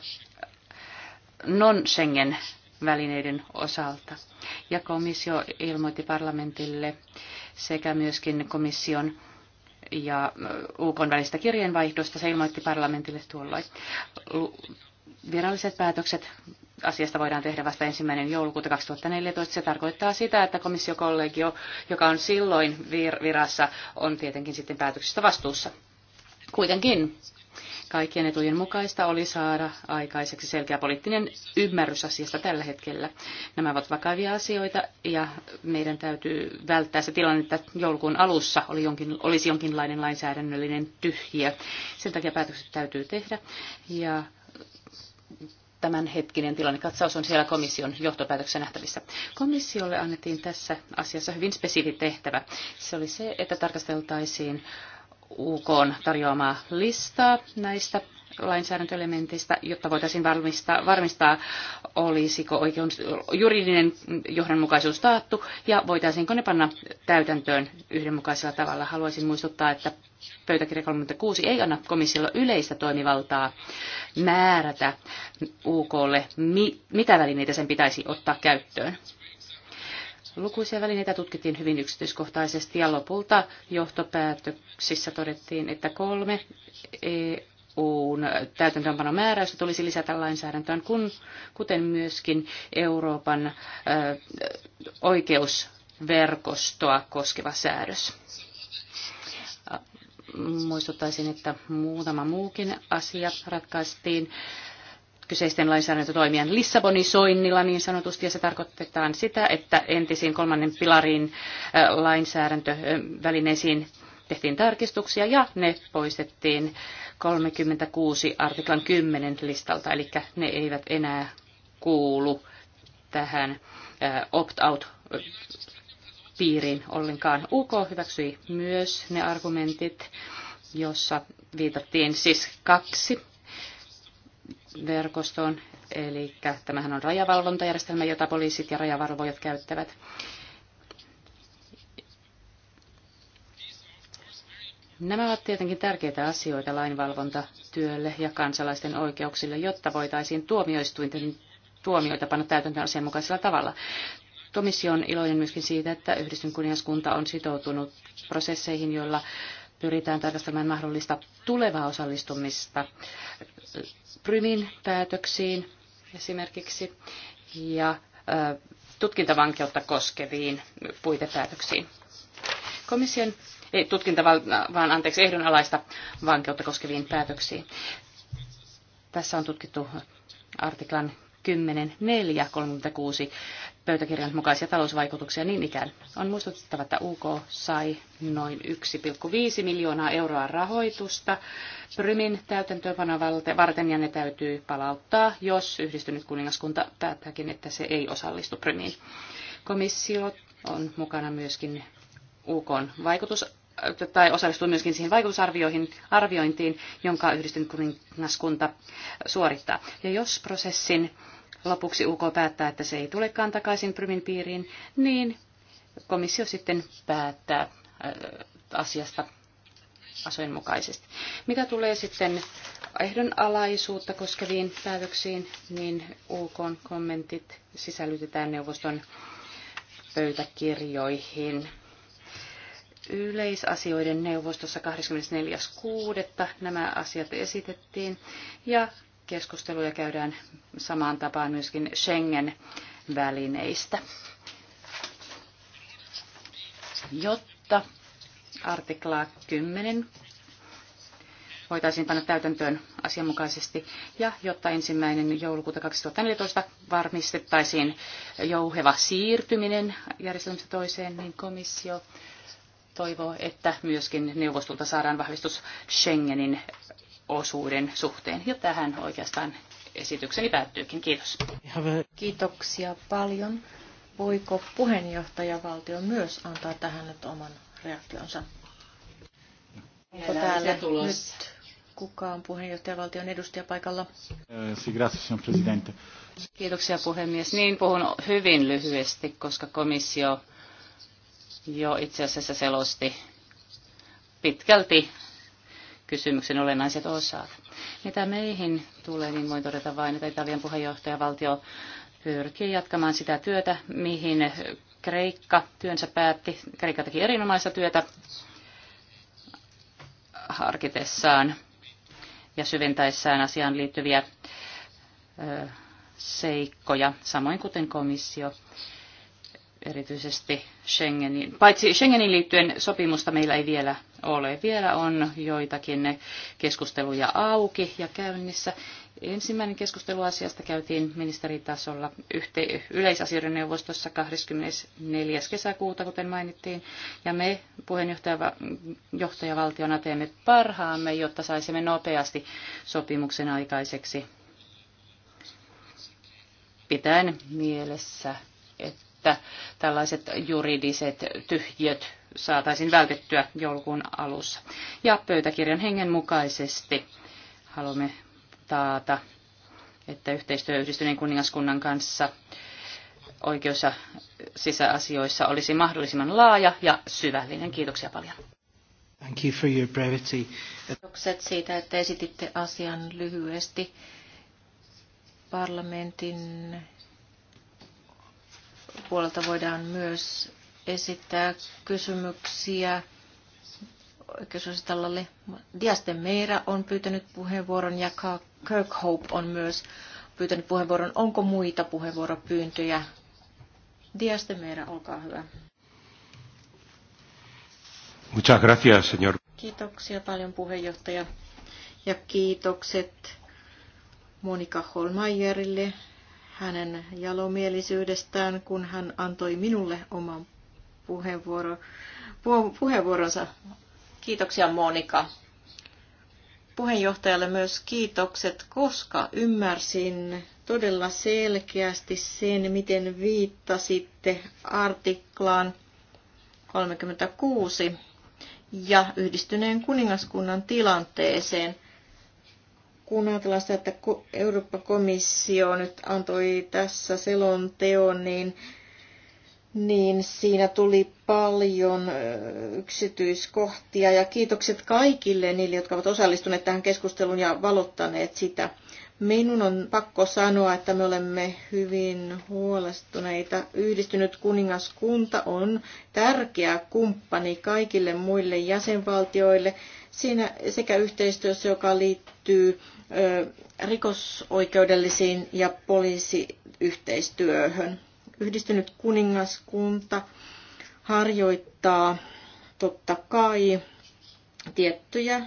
non-Schengen välineiden osalta. Ja komissio ilmoitti parlamentille sekä myöskin komission ja UK välistä kirjeenvaihdosta. Se ilmoitti parlamentille tuolloin. Viralliset päätökset asiasta voidaan tehdä vasta ensimmäinen joulukuuta 2014. Se tarkoittaa sitä, että komissiokollegio, joka on silloin virassa, on tietenkin sitten päätöksistä vastuussa. Kuitenkin Kaikkien etujen mukaista oli saada aikaiseksi selkeä poliittinen ymmärrys asiasta tällä hetkellä. Nämä ovat vakavia asioita ja meidän täytyy välttää se tilanne, että joulukuun alussa oli jonkin, olisi jonkinlainen lainsäädännöllinen tyhjiö. Sen takia päätökset täytyy tehdä ja tämänhetkinen tilannekatsaus on siellä komission johtopäätöksessä nähtävissä. Komissiolle annettiin tässä asiassa hyvin spesifi tehtävä. Se oli se, että tarkasteltaisiin UK tarjoamaa listaa näistä lainsäädäntöelementeistä, jotta voitaisiin varmistaa, varmistaa olisiko oikeus, juridinen johdonmukaisuus taattu ja voitaisiinko ne panna täytäntöön yhdenmukaisella tavalla. Haluaisin muistuttaa, että pöytäkirja 36 ei anna komissiolla yleistä toimivaltaa määrätä UKlle, mitä välineitä sen pitäisi ottaa käyttöön. Lukuisia välineitä tutkittiin hyvin yksityiskohtaisesti ja lopulta johtopäätöksissä todettiin, että kolme EUn määräystä tulisi lisätä lainsäädäntöön, kun, kuten myöskin Euroopan ö, oikeusverkostoa koskeva säädös. Muistuttaisin, että muutama muukin asia ratkaistiin kyseisten lainsäädäntötoimien Lissabonisoinnilla niin sanotusti, ja se tarkoitetaan sitä, että entisiin kolmannen pilarin lainsäädäntövälineisiin tehtiin tarkistuksia ja ne poistettiin 36 artiklan 10 listalta, eli ne eivät enää kuulu tähän opt-out piiriin ollenkaan. UK hyväksyi myös ne argumentit, jossa viitattiin siis kaksi verkostoon. Eli tämähän on rajavalvontajärjestelmä, jota poliisit ja rajavalvojat käyttävät. Nämä ovat tietenkin tärkeitä asioita lainvalvontatyölle ja kansalaisten oikeuksille, jotta voitaisiin tuomioistuinten tuomioita panna täytäntöön asianmukaisella tavalla. Komissio on iloinen myöskin siitä, että yhdistyn kuningaskunta on sitoutunut prosesseihin, joilla pyritään tarkastelemaan mahdollista tulevaa osallistumista Prymin päätöksiin esimerkiksi ja tutkintavankeutta koskeviin puitepäätöksiin. Komission, ei tutkinta, vaan anteeksi, ehdonalaista vankeutta koskeviin päätöksiin. Tässä on tutkittu artiklan 10.4.36 pöytäkirjan mukaisia talousvaikutuksia niin ikään. On muistutettava, että UK sai noin 1,5 miljoonaa euroa rahoitusta Prymin täytäntöönpanoa varten ja ne täytyy palauttaa, jos yhdistynyt kuningaskunta päättääkin, että se ei osallistu Prymiin. Komissio on mukana myöskin UK vaikutus tai osallistuu myöskin siihen vaikutusarvioihin arviointiin, jonka yhdistynyt kuningaskunta suorittaa. Ja jos prosessin lopuksi UK päättää, että se ei tulekaan takaisin Prymin piiriin, niin komissio sitten päättää äh, asiasta asianmukaisesti. Mitä tulee sitten ehdonalaisuutta koskeviin päätöksiin, niin UK-kommentit sisällytetään neuvoston pöytäkirjoihin. Yleisasioiden neuvostossa 24.6. nämä asiat esitettiin ja keskusteluja käydään samaan tapaan myöskin Schengen-välineistä. Jotta artiklaa 10 voitaisiin panna täytäntöön asianmukaisesti ja jotta ensimmäinen joulukuuta 2014 varmistettaisiin jouheva siirtyminen järjestelmästä toiseen, niin komissio toivoo, että myöskin neuvostolta saadaan vahvistus Schengenin osuuden suhteen. Ja tähän oikeastaan esitykseni päättyykin. Kiitos. Kiitoksia paljon. Voiko puheenjohtajavaltio myös antaa tähän nyt oman reaktionsa? Onko täällä nyt kukaan puheenjohtajavaltion edustaja paikalla? Eh, Kiitoksia puhemies. Niin puhun hyvin lyhyesti, koska komissio jo itse asiassa selosti pitkälti kysymyksen olennaiset osat. Mitä meihin tulee, niin voin todeta vain, että Italian puheenjohtajavaltio pyrkii jatkamaan sitä työtä, mihin Kreikka työnsä päätti. Kreikka teki erinomaista työtä harkitessaan ja syventäessään asiaan liittyviä seikkoja, samoin kuten komissio erityisesti Schengenin, paitsi Schengenin liittyen sopimusta meillä ei vielä ole. Vielä on joitakin keskusteluja auki ja käynnissä. Ensimmäinen keskustelu asiasta käytiin ministeritasolla yhte- yleisasioiden neuvostossa 24. kesäkuuta, kuten mainittiin. Ja me puheenjohtajavaltiona teemme parhaamme, jotta saisimme nopeasti sopimuksen aikaiseksi. Pitäen mielessä, että että tällaiset juridiset tyhjiöt saataisiin vältettyä joulukuun alussa. Ja pöytäkirjan hengen mukaisesti haluamme taata, että yhteistyö yhdistyneen kuningaskunnan kanssa oikeus- ja sisäasioissa olisi mahdollisimman laaja ja syvällinen. Kiitoksia paljon. Thank you for your brevity. Kiitokset siitä, että esititte asian lyhyesti. Parlamentin puolelta voidaan myös esittää kysymyksiä oikeusositallalle. Diaste Meira on pyytänyt puheenvuoron ja Hope on myös pyytänyt puheenvuoron. Onko muita puheenvuoropyyntöjä? Diaste Meira, olkaa hyvä. Muchas gracias, señor. Kiitoksia paljon puheenjohtaja ja kiitokset Monika Holmajerille hänen jalomielisyydestään, kun hän antoi minulle oman puheenvuoro, pu, puheenvuoronsa. Kiitoksia Monika. Puheenjohtajalle myös kiitokset, koska ymmärsin todella selkeästi sen, miten viittasitte artiklaan 36 ja yhdistyneen kuningaskunnan tilanteeseen – kun ajatellaan sitä, että Eurooppa-komissio nyt antoi tässä selonteon, niin, niin siinä tuli paljon yksityiskohtia. Ja kiitokset kaikille niille, jotka ovat osallistuneet tähän keskusteluun ja valottaneet sitä. Minun on pakko sanoa, että me olemme hyvin huolestuneita. Yhdistynyt kuningaskunta on tärkeä kumppani kaikille muille jäsenvaltioille – siinä sekä yhteistyössä, joka liittyy rikosoikeudellisiin ja poliisiyhteistyöhön. Yhdistynyt kuningaskunta harjoittaa totta kai tiettyjä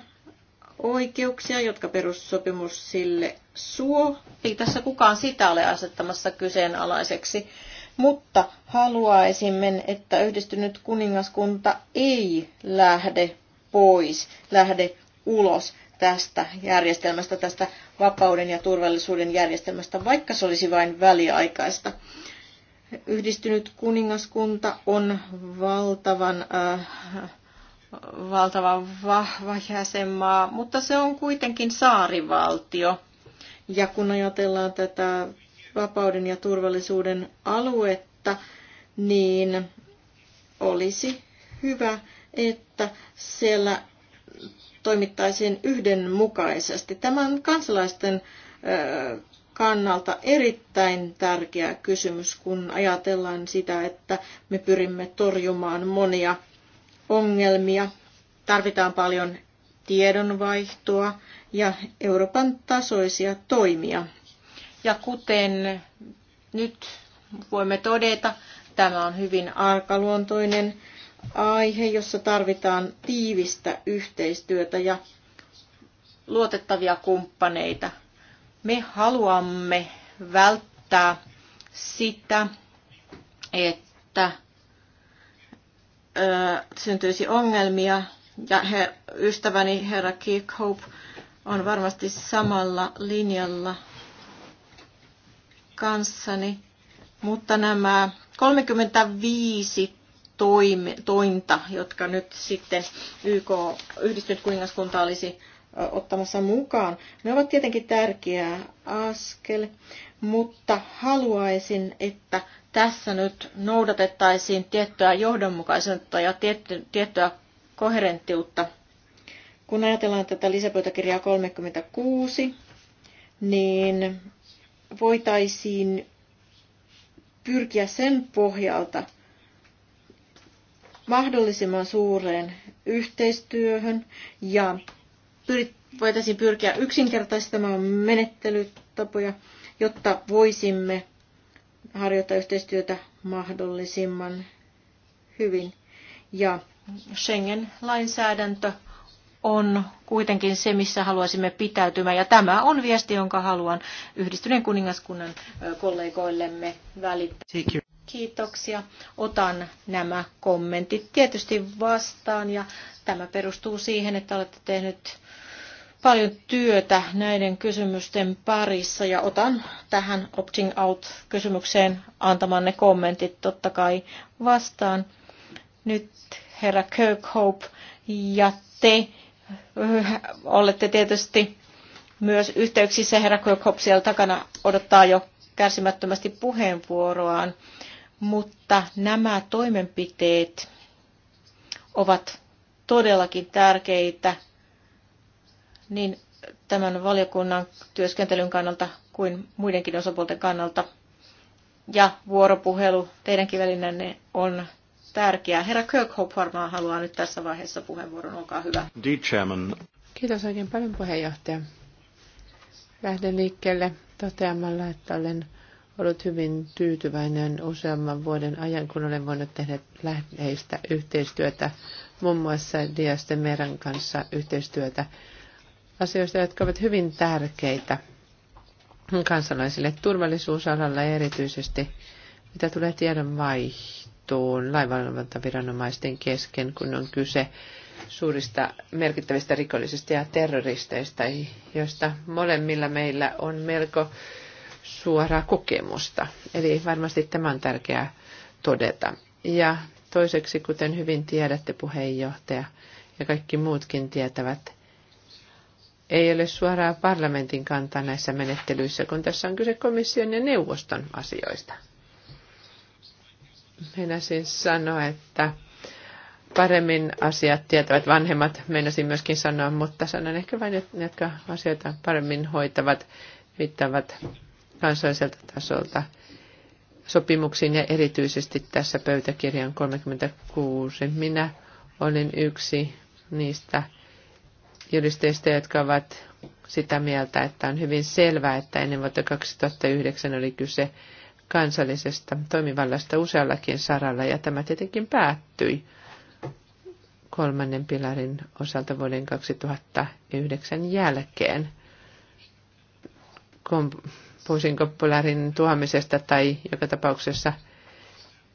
oikeuksia, jotka perussopimus sille suo. Ei tässä kukaan sitä ole asettamassa kyseenalaiseksi, mutta haluaisimme, että yhdistynyt kuningaskunta ei lähde pois, lähde ulos tästä järjestelmästä, tästä vapauden ja turvallisuuden järjestelmästä, vaikka se olisi vain väliaikaista. Yhdistynyt kuningaskunta on valtavan, äh, valtavan vahva jäsenmaa, mutta se on kuitenkin saarivaltio. Ja kun ajatellaan tätä vapauden ja turvallisuuden aluetta, niin olisi hyvä, että siellä toimittaisiin yhdenmukaisesti. Tämä on kansalaisten kannalta erittäin tärkeä kysymys, kun ajatellaan sitä, että me pyrimme torjumaan monia ongelmia. Tarvitaan paljon tiedonvaihtoa ja Euroopan tasoisia toimia. Ja kuten nyt voimme todeta, tämä on hyvin arkaluontoinen aihe, jossa tarvitaan tiivistä yhteistyötä ja luotettavia kumppaneita. Me haluamme välttää sitä, että ö, syntyisi ongelmia. Ja he, ystäväni herra Kirkhope on varmasti samalla linjalla kanssani. Mutta nämä 35 tointa, jotka nyt sitten YK, yhdistynyt kuningaskunta olisi ottamassa mukaan. Ne ovat tietenkin tärkeä askel, mutta haluaisin, että tässä nyt noudatettaisiin tiettyä johdonmukaisuutta ja tietty, tiettyä koherenttiutta. Kun ajatellaan tätä lisäpöytäkirjaa 36, niin voitaisiin pyrkiä sen pohjalta mahdollisimman suureen yhteistyöhön ja pyrit, voitaisiin pyrkiä yksinkertaistamaan menettelytapoja, jotta voisimme harjoittaa yhteistyötä mahdollisimman hyvin. Ja Schengen-lainsäädäntö on kuitenkin se, missä haluaisimme pitäytymään. Ja tämä on viesti, jonka haluan yhdistyneen kuningaskunnan kollegoillemme välittää. Kiitoksia. Otan nämä kommentit tietysti vastaan ja tämä perustuu siihen, että olette tehnyt paljon työtä näiden kysymysten parissa ja otan tähän opting out-kysymykseen antamanne kommentit totta kai vastaan. Nyt herra Kirkhope ja te eh, olette tietysti myös yhteyksissä. Herra Kirkhope siellä takana odottaa jo kärsimättömästi puheenvuoroaan mutta nämä toimenpiteet ovat todellakin tärkeitä niin tämän valiokunnan työskentelyn kannalta kuin muidenkin osapuolten kannalta. Ja vuoropuhelu teidänkin välinenne on tärkeää. Herra Kirkhope varmaan haluaa nyt tässä vaiheessa puheenvuoron. Olkaa hyvä. Kiitos oikein paljon puheenjohtaja. Lähden liikkeelle toteamalla, että olen ollut hyvin tyytyväinen useamman vuoden ajan, kun olen voinut tehdä läheistä yhteistyötä muun muassa Diaste Meran kanssa yhteistyötä asioista, jotka ovat hyvin tärkeitä kansalaisille turvallisuusalalla ja erityisesti mitä tulee tiedon vaihtoon laivanvalvontaviranomaisten kesken, kun on kyse suurista merkittävistä rikollisista ja terroristeista, joista molemmilla meillä on melko suoraa kokemusta. Eli varmasti tämä on tärkeää todeta. Ja toiseksi, kuten hyvin tiedätte puheenjohtaja ja kaikki muutkin tietävät, ei ole suoraa parlamentin kantaa näissä menettelyissä, kun tässä on kyse komission ja neuvoston asioista. Meinasin sanoa, että paremmin asiat tietävät vanhemmat, meinasin myöskin sanoa, mutta sanon ehkä vain, että ne, jotka asioita paremmin hoitavat, viittavat kansalliselta tasolta sopimuksiin ja erityisesti tässä pöytäkirjan 36. Minä olen yksi niistä julisteista, jotka ovat sitä mieltä, että on hyvin selvää, että ennen vuotta 2009 oli kyse kansallisesta toimivallasta useallakin saralla, ja tämä tietenkin päättyi kolmannen pilarin osalta vuoden 2009 jälkeen puhuisinko polarin tuhoamisesta tai joka tapauksessa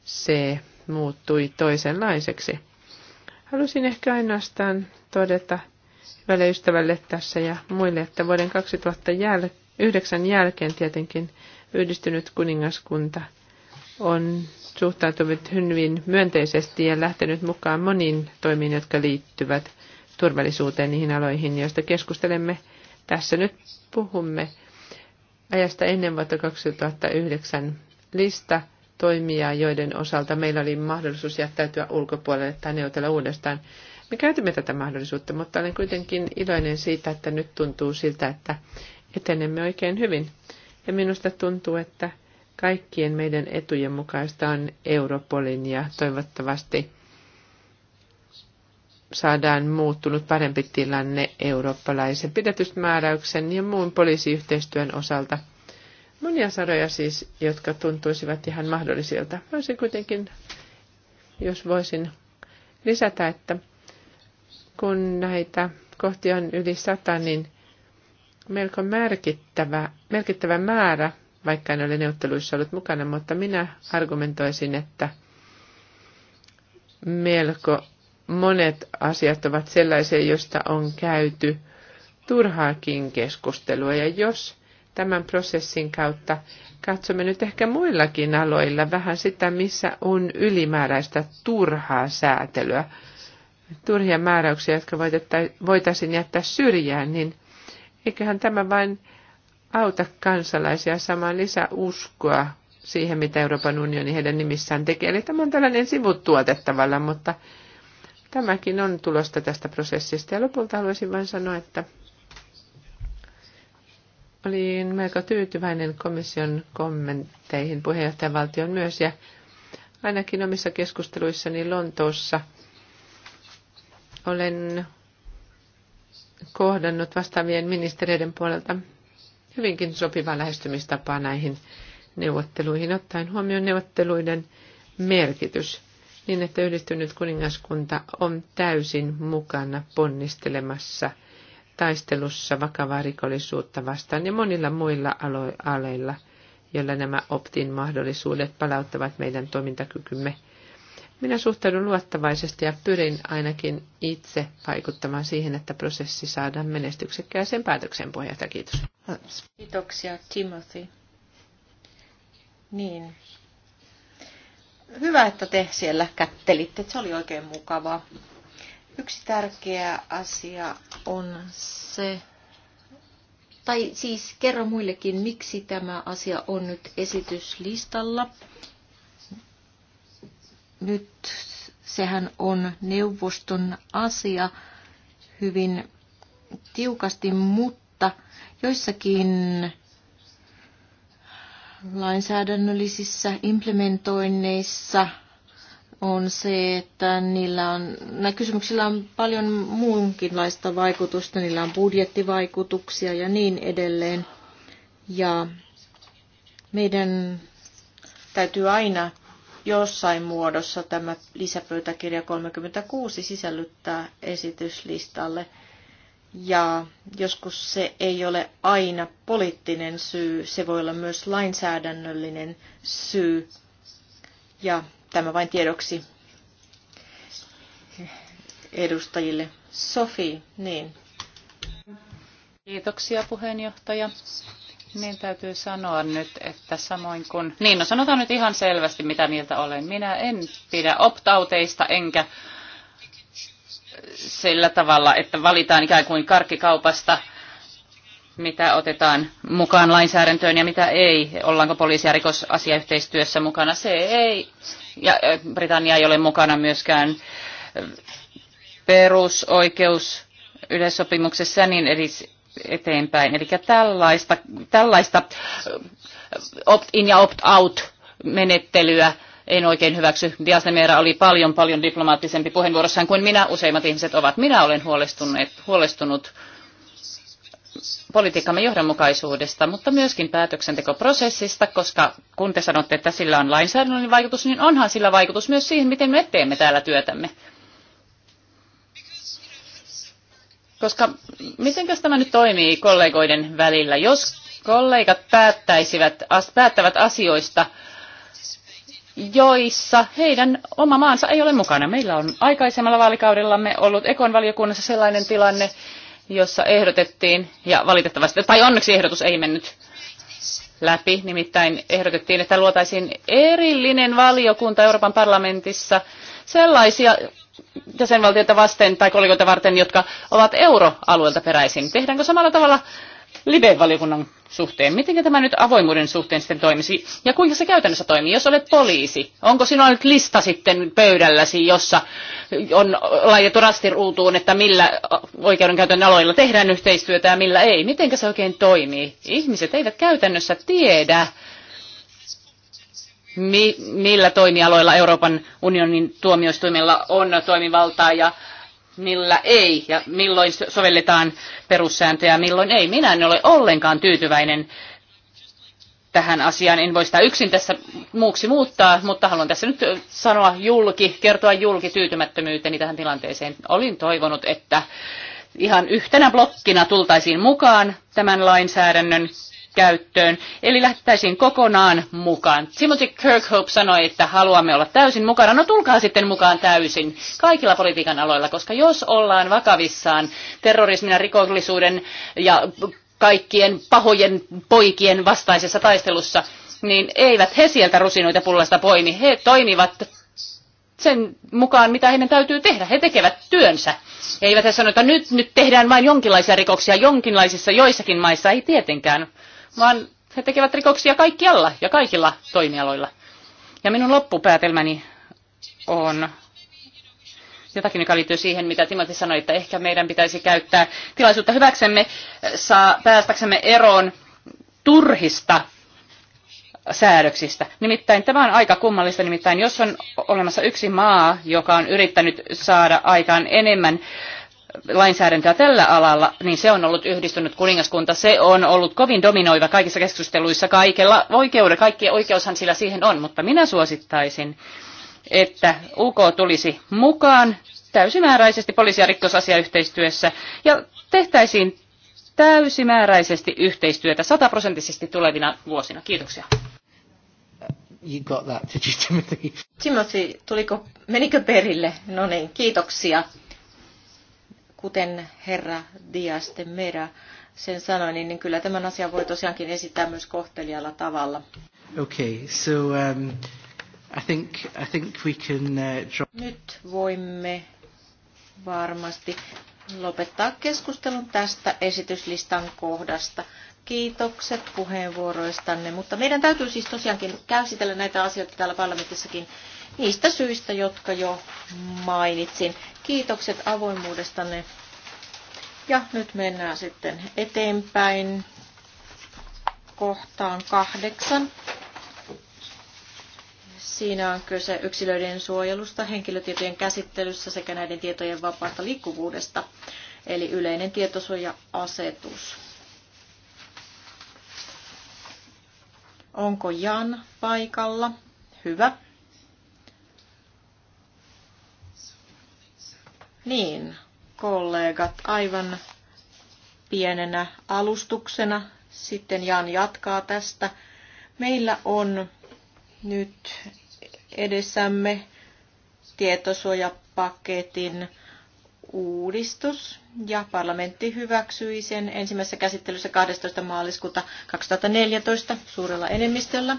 se muuttui toisenlaiseksi. Halusin ehkä ainoastaan todeta hyvälle ystävälle tässä ja muille, että vuoden 2009 jälkeen tietenkin yhdistynyt kuningaskunta on suhtautunut hyvin myönteisesti ja lähtenyt mukaan moniin toimiin, jotka liittyvät turvallisuuteen niihin aloihin, joista keskustelemme tässä nyt puhumme ajasta ennen vuotta 2009 lista toimia, joiden osalta meillä oli mahdollisuus jättäytyä ulkopuolelle tai neuvotella uudestaan. Me käytimme tätä mahdollisuutta, mutta olen kuitenkin iloinen siitä, että nyt tuntuu siltä, että etenemme oikein hyvin. Ja minusta tuntuu, että kaikkien meidän etujen mukaista on Europolin ja toivottavasti saadaan muuttunut parempi tilanne eurooppalaisen pidätysmääräyksen ja muun poliisiyhteistyön osalta. Monia saroja siis, jotka tuntuisivat ihan mahdollisilta. Voisin kuitenkin, jos voisin lisätä, että kun näitä kohtia on yli sata, niin melko merkittävä, merkittävä määrä, vaikka en ole neuvotteluissa ollut mukana, mutta minä argumentoisin, että melko monet asiat ovat sellaisia, joista on käyty turhaakin keskustelua. Ja jos tämän prosessin kautta katsomme nyt ehkä muillakin aloilla vähän sitä, missä on ylimääräistä turhaa säätelyä, turhia määräyksiä, jotka voitaisiin jättää syrjään, niin eiköhän tämä vain auta kansalaisia saamaan lisää uskoa siihen, mitä Euroopan unioni heidän nimissään tekee. Eli tämä on tällainen sivutuote tavallaan, mutta tämäkin on tulosta tästä prosessista. Ja lopulta haluaisin vain sanoa, että olin melko tyytyväinen komission kommentteihin puheenjohtajavaltion myös ja ainakin omissa keskusteluissani Lontoossa olen kohdannut vastaavien ministeriöiden puolelta hyvinkin sopivaa lähestymistapaa näihin neuvotteluihin, ottaen huomioon neuvotteluiden merkitys niin että yhdistynyt kuningaskunta on täysin mukana ponnistelemassa taistelussa vakavaa rikollisuutta vastaan ja monilla muilla aloilla, joilla nämä optin mahdollisuudet palauttavat meidän toimintakykymme. Minä suhtaudun luottavaisesti ja pyrin ainakin itse vaikuttamaan siihen, että prosessi saadaan menestyksekkääseen päätöksen pohjalta. Kiitos. Kiitoksia, Timothy. Niin, hyvä, että te siellä kättelitte. Se oli oikein mukavaa. Yksi tärkeä asia on se, tai siis kerro muillekin, miksi tämä asia on nyt esityslistalla. Nyt sehän on neuvoston asia hyvin tiukasti, mutta joissakin lainsäädännöllisissä implementoinneissa on se, että niillä on, näillä kysymyksillä on paljon muunkinlaista vaikutusta, niillä on budjettivaikutuksia ja niin edelleen. Ja meidän täytyy aina jossain muodossa tämä lisäpöytäkirja 36 sisällyttää esityslistalle – ja joskus se ei ole aina poliittinen syy, se voi olla myös lainsäädännöllinen syy. Ja tämä vain tiedoksi edustajille. Sofi, niin. Kiitoksia puheenjohtaja. Niin täytyy sanoa nyt, että samoin kuin... Niin, no sanotaan nyt ihan selvästi, mitä mieltä olen. Minä en pidä optauteista enkä sillä tavalla, että valitaan ikään kuin karkkikaupasta, mitä otetaan mukaan lainsäädäntöön ja mitä ei. Ollaanko poliisi- ja rikosasiayhteistyössä mukana? Se ei. Ja Britannia ei ole mukana myöskään perusoikeus yleissopimuksessa niin edes eteenpäin. Eli tällaista, tällaista opt-in ja opt-out menettelyä en oikein hyväksy. Dias de Mera oli paljon, paljon diplomaattisempi puheenvuorossaan kuin minä. Useimmat ihmiset ovat. Minä olen huolestunut, huolestunut politiikkamme johdonmukaisuudesta, mutta myöskin päätöksentekoprosessista, koska kun te sanotte, että sillä on lainsäädännöllinen vaikutus, niin onhan sillä vaikutus myös siihen, miten me teemme täällä työtämme. Koska miten tämä nyt toimii kollegoiden välillä? Jos kollegat päättäisivät, päättävät asioista, joissa heidän oma maansa ei ole mukana. Meillä on aikaisemmalla vaalikaudellamme ollut Ekon valiokunnassa sellainen tilanne, jossa ehdotettiin, ja valitettavasti, tai onneksi ehdotus ei mennyt läpi, nimittäin ehdotettiin, että luotaisiin erillinen valiokunta Euroopan parlamentissa sellaisia jäsenvaltioita vasten tai kolikoita varten, jotka ovat euroalueelta peräisin. Tehdäänkö samalla tavalla Libe-valiokunnan suhteen. Miten tämä nyt avoimuuden suhteen sitten toimisi ja kuinka se käytännössä toimii, jos olet poliisi? Onko sinulla nyt lista sitten pöydälläsi, jossa on laitettu rastiruutuun, että millä oikeudenkäytön aloilla tehdään yhteistyötä ja millä ei? Miten se oikein toimii? Ihmiset eivät käytännössä tiedä, mi- millä toimialoilla Euroopan unionin tuomioistuimella on toimivaltaa ja millä ei ja milloin sovelletaan perussääntöjä ja milloin ei. Minä en ole ollenkaan tyytyväinen tähän asiaan. En voi sitä yksin tässä muuksi muuttaa, mutta haluan tässä nyt sanoa julki, kertoa julki tyytymättömyyteni tähän tilanteeseen. Olin toivonut, että ihan yhtenä blokkina tultaisiin mukaan tämän lainsäädännön käyttöön, eli lähtäisiin kokonaan mukaan. Timothy Kirkhope sanoi, että haluamme olla täysin mukana. No tulkaa sitten mukaan täysin kaikilla politiikan aloilla, koska jos ollaan vakavissaan terrorismin ja rikollisuuden ja kaikkien pahojen poikien vastaisessa taistelussa, niin eivät he sieltä rusinoita pullasta poimi. He toimivat sen mukaan, mitä heidän täytyy tehdä. He tekevät työnsä. Eivät he sano, että nyt, nyt tehdään vain jonkinlaisia rikoksia jonkinlaisissa joissakin maissa. Ei tietenkään vaan he tekevät rikoksia kaikkialla ja kaikilla toimialoilla. Ja minun loppupäätelmäni on jotakin, joka liittyy siihen, mitä Timothy sanoi, että ehkä meidän pitäisi käyttää tilaisuutta hyväksemme, saa, päästäksemme eroon turhista säädöksistä. Nimittäin tämä on aika kummallista, nimittäin jos on olemassa yksi maa, joka on yrittänyt saada aikaan enemmän äh, lainsäädäntöä tällä alalla, niin se on ollut yhdistynyt kuningaskunta. Se on ollut kovin dominoiva kaikissa keskusteluissa kaikella oikeuden. Kaikki oikeushan sillä siihen on, mutta minä suosittaisin, että UK tulisi mukaan täysimääräisesti poliisi- ja rikkosasiayhteistyössä ja tehtäisiin täysimääräisesti yhteistyötä sataprosenttisesti tulevina vuosina. Kiitoksia. You got that, did you, Timothy? Timothy, tuliko, menikö perille? No niin, kiitoksia kuten herra Dias de Mera sen sanoi, niin, niin kyllä tämän asian voi tosiaankin esittää myös kohtelijalla tavalla. Okay, so, um, I think, I think we can, uh, drop... Nyt voimme varmasti lopettaa keskustelun tästä esityslistan kohdasta. Kiitokset puheenvuoroistanne, mutta meidän täytyy siis tosiaankin käsitellä näitä asioita täällä parlamentissakin niistä syistä, jotka jo mainitsin. Kiitokset avoimuudestanne. Ja nyt mennään sitten eteenpäin kohtaan kahdeksan. Siinä on kyse yksilöiden suojelusta, henkilötietojen käsittelyssä sekä näiden tietojen vapaasta liikkuvuudesta, eli yleinen tietosuoja-asetus. Onko Jan paikalla? Hyvä. Niin, kollegat, aivan pienenä alustuksena. Sitten Jan jatkaa tästä. Meillä on nyt edessämme tietosuojapaketin uudistus ja parlamentti hyväksyi sen ensimmäisessä käsittelyssä 12. maaliskuuta 2014 suurella enemmistöllä.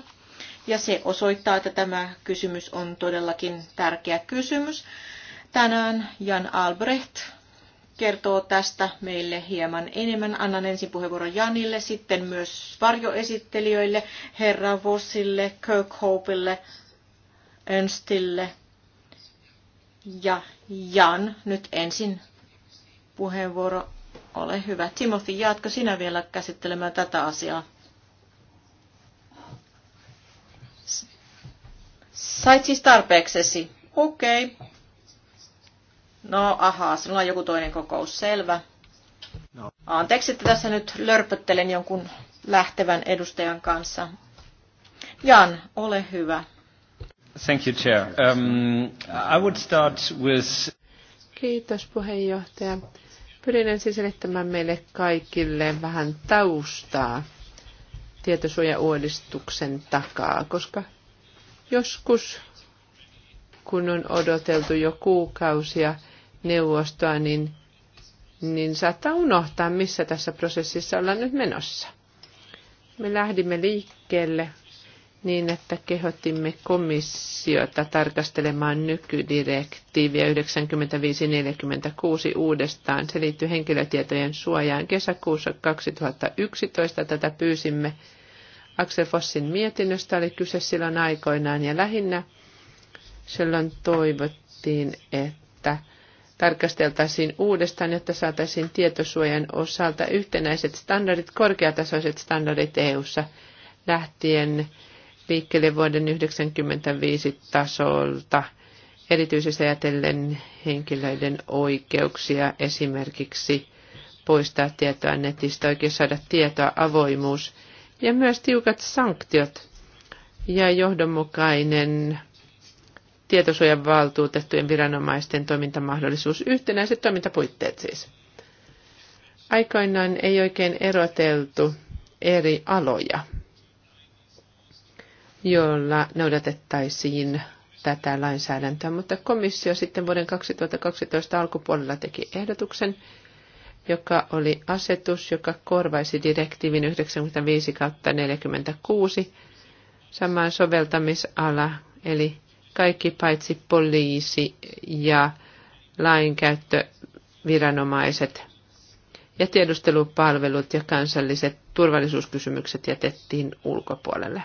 Ja se osoittaa, että tämä kysymys on todellakin tärkeä kysymys. Tänään Jan Albrecht kertoo tästä meille hieman enemmän. Annan ensin puheenvuoron Janille, sitten myös varjoesittelijöille, Herra Vossille, Kirkhopelle, Ernstille ja Jan nyt ensin puheenvuoro. Ole hyvä. Timothy, jaatko sinä vielä käsittelemään tätä asiaa? Sait siis tarpeeksesi. Okei, okay. No ahaa, sinulla on joku toinen kokous, selvä. No. Anteeksi, että tässä nyt lörpöttelen jonkun lähtevän edustajan kanssa. Jan, ole hyvä. Thank you, Chair. Um, I would start with... Kiitos puheenjohtaja. Pyrin ensin selittämään meille kaikille vähän taustaa tietosuojauudistuksen takaa, koska joskus kun on odoteltu jo kuukausia – neuvostoa, niin, niin saattaa unohtaa, missä tässä prosessissa ollaan nyt menossa. Me lähdimme liikkeelle niin, että kehotimme komissiota tarkastelemaan nykydirektiiviä 9546 uudestaan. Se liittyy henkilötietojen suojaan. Kesäkuussa 2011 tätä pyysimme. Axel Fossin mietinnöstä oli kyse silloin aikoinaan ja lähinnä silloin toivottiin, että tarkasteltaisiin uudestaan, jotta saataisiin tietosuojan osalta yhtenäiset standardit, korkeatasoiset standardit EU-ssa lähtien liikkeelle vuoden 1995 tasolta, erityisesti ajatellen henkilöiden oikeuksia esimerkiksi poistaa tietoa netistä, oikeus saada tietoa, avoimuus ja myös tiukat sanktiot ja johdonmukainen tietosuojan valtuutettujen viranomaisten toimintamahdollisuus, yhtenäiset toimintapuitteet siis. Aikoinaan ei oikein eroteltu eri aloja, joilla noudatettaisiin tätä lainsäädäntöä, mutta komissio sitten vuoden 2012 alkupuolella teki ehdotuksen, joka oli asetus, joka korvaisi direktiivin 95-46 samaan soveltamisala, eli kaikki paitsi poliisi ja lainkäyttöviranomaiset ja tiedustelupalvelut ja kansalliset turvallisuuskysymykset jätettiin ulkopuolelle.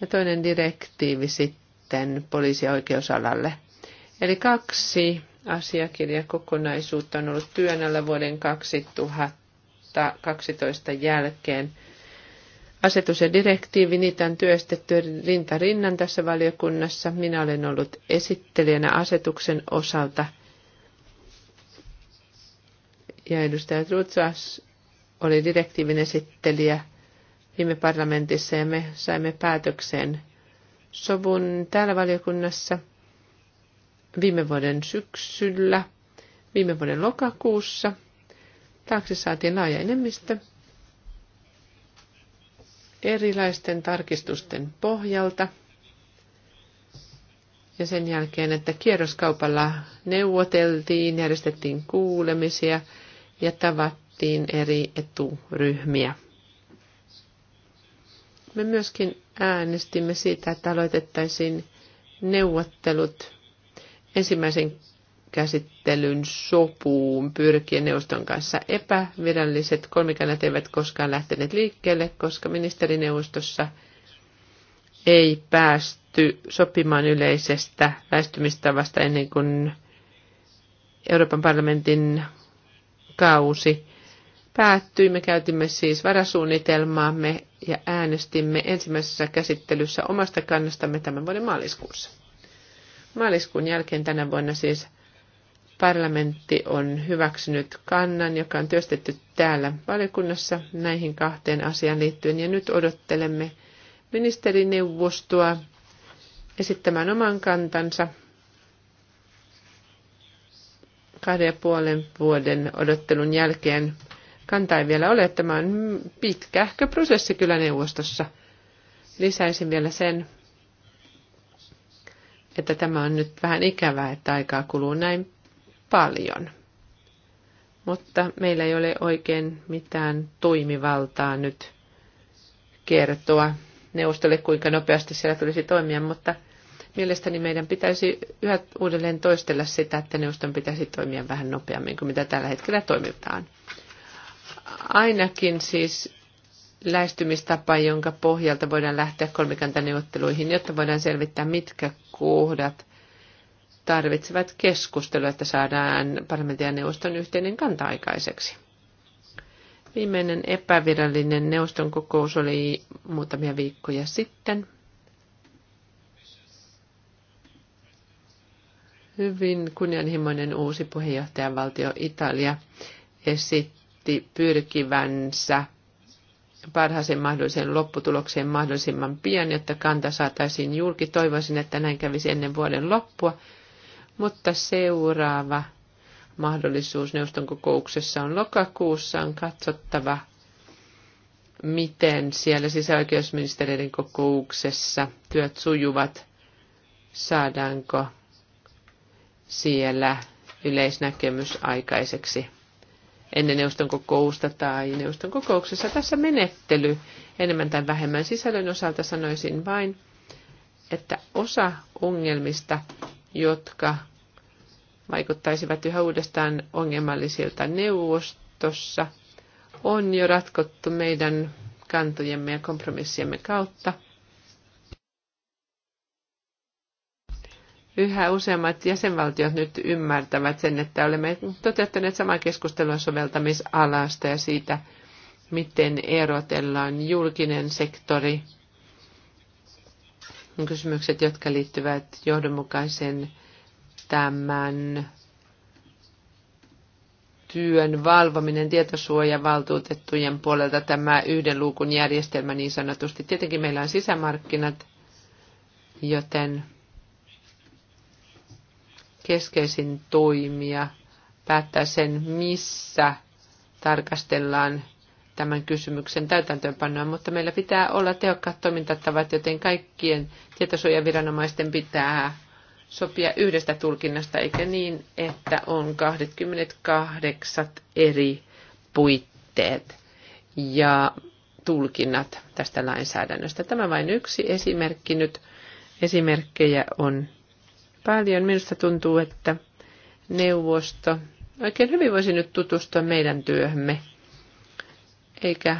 Ja toinen direktiivi sitten poliisi- ja oikeusalalle. Eli kaksi asiakirjakokonaisuutta on ollut työn alla vuoden 2012 jälkeen – Asetus ja direktiivi, niitä on työstetty rinta rinnan tässä valiokunnassa. Minä olen ollut esittelijänä asetuksen osalta. Ja edustaja Trutsas oli direktiivin esittelijä viime parlamentissa ja me saimme päätökseen sovun täällä valiokunnassa viime vuoden syksyllä, viime vuoden lokakuussa. Taakse saatiin laaja enemmistö erilaisten tarkistusten pohjalta ja sen jälkeen, että kierroskaupalla neuvoteltiin, järjestettiin kuulemisia ja tavattiin eri eturyhmiä. Me myöskin äänestimme siitä, että aloitettaisiin neuvottelut ensimmäisen käsittelyn sopuun pyrkiä neuvoston kanssa. Epäviralliset kolmikannat eivät koskaan lähteneet liikkeelle, koska ministerineuvostossa ei päästy sopimaan yleisestä väistymistavasta ennen kuin Euroopan parlamentin kausi päättyi. Me käytimme siis varasuunnitelmaamme ja äänestimme ensimmäisessä käsittelyssä omasta kannastamme tämän vuoden maaliskuussa. Maaliskuun jälkeen tänä vuonna siis Parlamentti on hyväksynyt kannan, joka on työstetty täällä valiokunnassa näihin kahteen asiaan liittyen. Ja nyt odottelemme ministerineuvostoa esittämään oman kantansa kahden ja puolen vuoden odottelun jälkeen. Kanta ei vielä ole, tämä on pitkähkö prosessi kyllä neuvostossa. Lisäisin vielä sen, että tämä on nyt vähän ikävää, että aikaa kuluu näin paljon. Mutta meillä ei ole oikein mitään toimivaltaa nyt kertoa neuvostolle, kuinka nopeasti siellä tulisi toimia, mutta mielestäni meidän pitäisi yhä uudelleen toistella sitä, että neuvoston pitäisi toimia vähän nopeammin kuin mitä tällä hetkellä toimitaan. Ainakin siis lähestymistapa, jonka pohjalta voidaan lähteä kolmikantaneuvotteluihin, jotta voidaan selvittää, mitkä kohdat tarvitsevat keskustelua, että saadaan parlamentin ja neuvoston yhteinen kanta aikaiseksi. Viimeinen epävirallinen neuvoston kokous oli muutamia viikkoja sitten. Hyvin kunnianhimoinen uusi puheenjohtajavaltio Italia esitti pyrkivänsä parhaaseen mahdolliseen lopputulokseen mahdollisimman pian, jotta kanta saataisiin julki. Toivoisin, että näin kävisi ennen vuoden loppua mutta seuraava mahdollisuus neuvoston kokouksessa on lokakuussa, on katsottava, miten siellä sisäoikeusministeriöiden kokouksessa työt sujuvat, saadaanko siellä yleisnäkemys aikaiseksi ennen neuvoston kokousta tai neuvoston kokouksessa. Tässä menettely enemmän tai vähemmän sisällön osalta sanoisin vain, että osa ongelmista, jotka vaikuttaisivat yhä uudestaan ongelmallisilta neuvostossa, on jo ratkottu meidän kantojemme ja kompromissiemme kautta. Yhä useammat jäsenvaltiot nyt ymmärtävät sen, että olemme toteuttaneet samaa keskustelua soveltamisalasta ja siitä, miten erotellaan julkinen sektori, kysymykset, jotka liittyvät johdonmukaisen tämän työn valvominen tietosuojavaltuutettujen puolelta, tämä yhden luukun järjestelmä niin sanotusti. Tietenkin meillä on sisämarkkinat, joten keskeisin toimija päättää sen, missä tarkastellaan tämän kysymyksen täytäntöönpanoa, mutta meillä pitää olla tehokkaat toimintatavat, joten kaikkien tietosuojaviranomaisten pitää sopia yhdestä tulkinnasta, eikä niin, että on 28 eri puitteet ja tulkinnat tästä lainsäädännöstä. Tämä vain yksi esimerkki nyt. Esimerkkejä on paljon. Minusta tuntuu, että neuvosto oikein hyvin voisi nyt tutustua meidän työhömme, eikä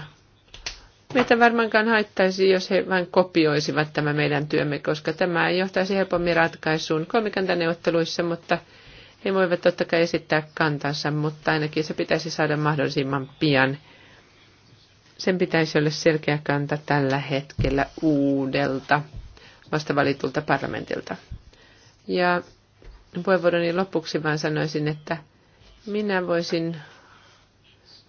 Meitä varmaankaan haittaisi, jos he vain kopioisivat tämä meidän työmme, koska tämä ei johtaisi helpommin ratkaisuun kolmikantaneuvotteluissa, mutta he voivat totta kai esittää kantansa, mutta ainakin se pitäisi saada mahdollisimman pian. Sen pitäisi olla selkeä kanta tällä hetkellä uudelta vastavalitulta parlamentilta. Ja puheenvuoroni lopuksi vaan sanoisin, että minä voisin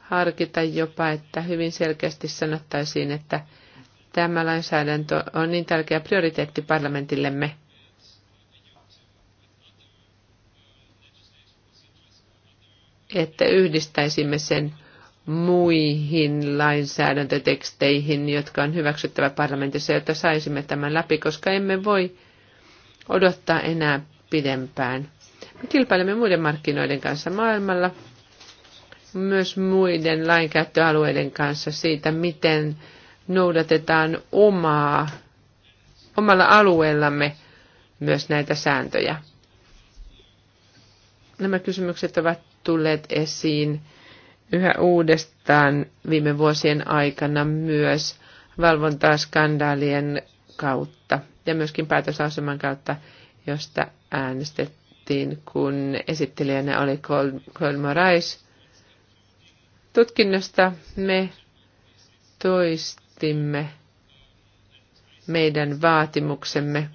harkita jopa, että hyvin selkeästi sanottaisiin, että tämä lainsäädäntö on niin tärkeä prioriteetti parlamentillemme, että yhdistäisimme sen muihin lainsäädäntöteksteihin, jotka on hyväksyttävä parlamentissa, jotta saisimme tämän läpi, koska emme voi odottaa enää pidempään. Me kilpailemme muiden markkinoiden kanssa maailmalla myös muiden lainkäyttöalueiden kanssa siitä, miten noudatetaan omaa, omalla alueellamme myös näitä sääntöjä. Nämä kysymykset ovat tulleet esiin yhä uudestaan viime vuosien aikana myös valvontaskandaalien kautta ja myöskin päätösaseman kautta, josta äänestettiin, kun esittelijänä oli Colmo Rice – Tutkinnosta me toistimme meidän vaatimuksemme.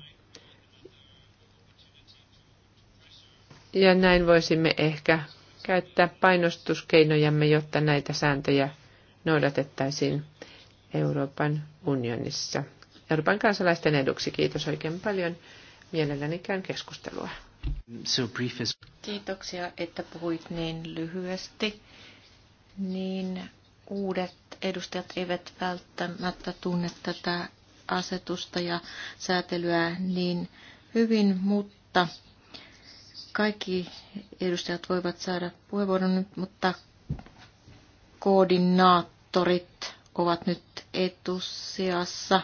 Ja näin voisimme ehkä käyttää painostuskeinojamme, jotta näitä sääntöjä noudatettaisiin Euroopan unionissa. Euroopan kansalaisten eduksi. Kiitos oikein paljon. Mielelläni käyn keskustelua. Kiitoksia, että puhuit niin lyhyesti niin uudet edustajat eivät välttämättä tunne tätä asetusta ja säätelyä niin hyvin, mutta kaikki edustajat voivat saada puheenvuoron nyt, mutta koordinaattorit ovat nyt etusijassa.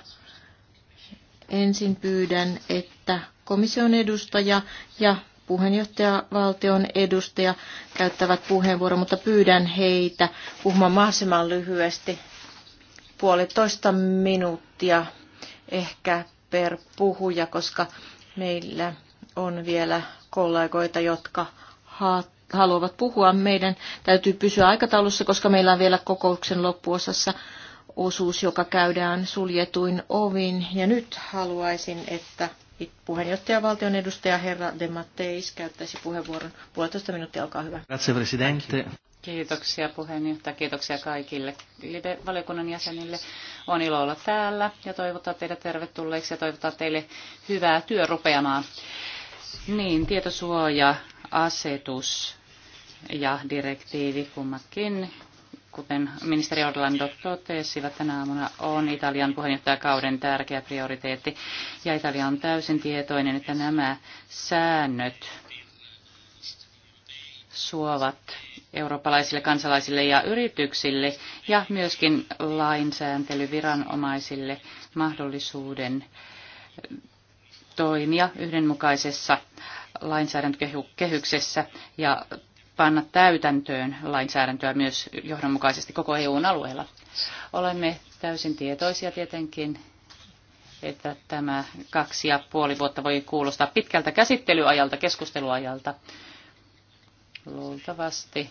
Ensin pyydän, että komission edustaja ja puheenjohtajavaltion edustaja käyttävät puheenvuoron, mutta pyydän heitä puhumaan mahdollisimman lyhyesti puolitoista minuuttia ehkä per puhuja, koska meillä on vielä kollegoita, jotka haluavat puhua. Meidän täytyy pysyä aikataulussa, koska meillä on vielä kokouksen loppuosassa osuus, joka käydään suljetuin ovin. Ja nyt haluaisin, että Puheenjohtajavaltion edustaja herra De Matteis käyttäisi puheenvuoron. Puolitoista minuuttia, olkaa hyvä. Grazie, presidente. Kiitoksia puheenjohtaja, kiitoksia kaikille valiokunnan jäsenille. On ilo olla täällä ja toivottaa teidät tervetulleiksi ja toivottaa teille hyvää työrupeamaa. Niin, tietosuoja, asetus ja direktiivi kummatkin kuten ministeri Orlando totesi tänä aamuna on Italian puheenjohtajakauden tärkeä prioriteetti. Ja Italia on täysin tietoinen, että nämä säännöt suovat eurooppalaisille kansalaisille ja yrityksille ja myöskin lainsääntelyviranomaisille mahdollisuuden toimia yhdenmukaisessa lainsäädäntökehyksessä ja panna täytäntöön lainsäädäntöä myös johdonmukaisesti koko EUn alueella. Olemme täysin tietoisia tietenkin, että tämä kaksi ja puoli vuotta voi kuulostaa pitkältä käsittelyajalta, keskusteluajalta. Luultavasti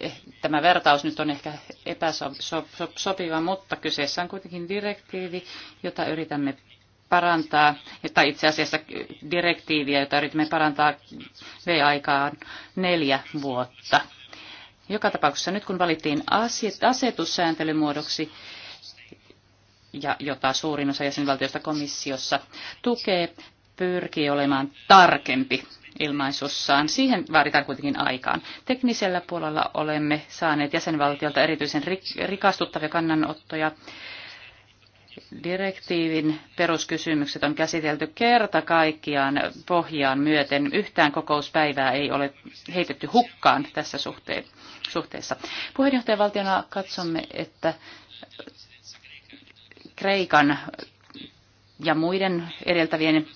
eh, tämä vertaus nyt on ehkä epäsopiva, mutta kyseessä on kuitenkin direktiivi, jota yritämme parantaa, tai itse asiassa direktiiviä, jota yritimme parantaa, vei aikaan neljä vuotta. Joka tapauksessa nyt kun valittiin asetussääntelymuodoksi, ja jota suurin osa jäsenvaltioista komissiossa tukee, pyrkii olemaan tarkempi ilmaisussaan. Siihen vaaditaan kuitenkin aikaan. Teknisellä puolella olemme saaneet jäsenvaltiolta erityisen rikastuttavia kannanottoja Direktiivin peruskysymykset on käsitelty kerta kaikkiaan pohjaan myöten. Yhtään kokouspäivää ei ole heitetty hukkaan tässä suhteessa. Puheenjohtajavaltiona katsomme, että Kreikan ja muiden edeltävien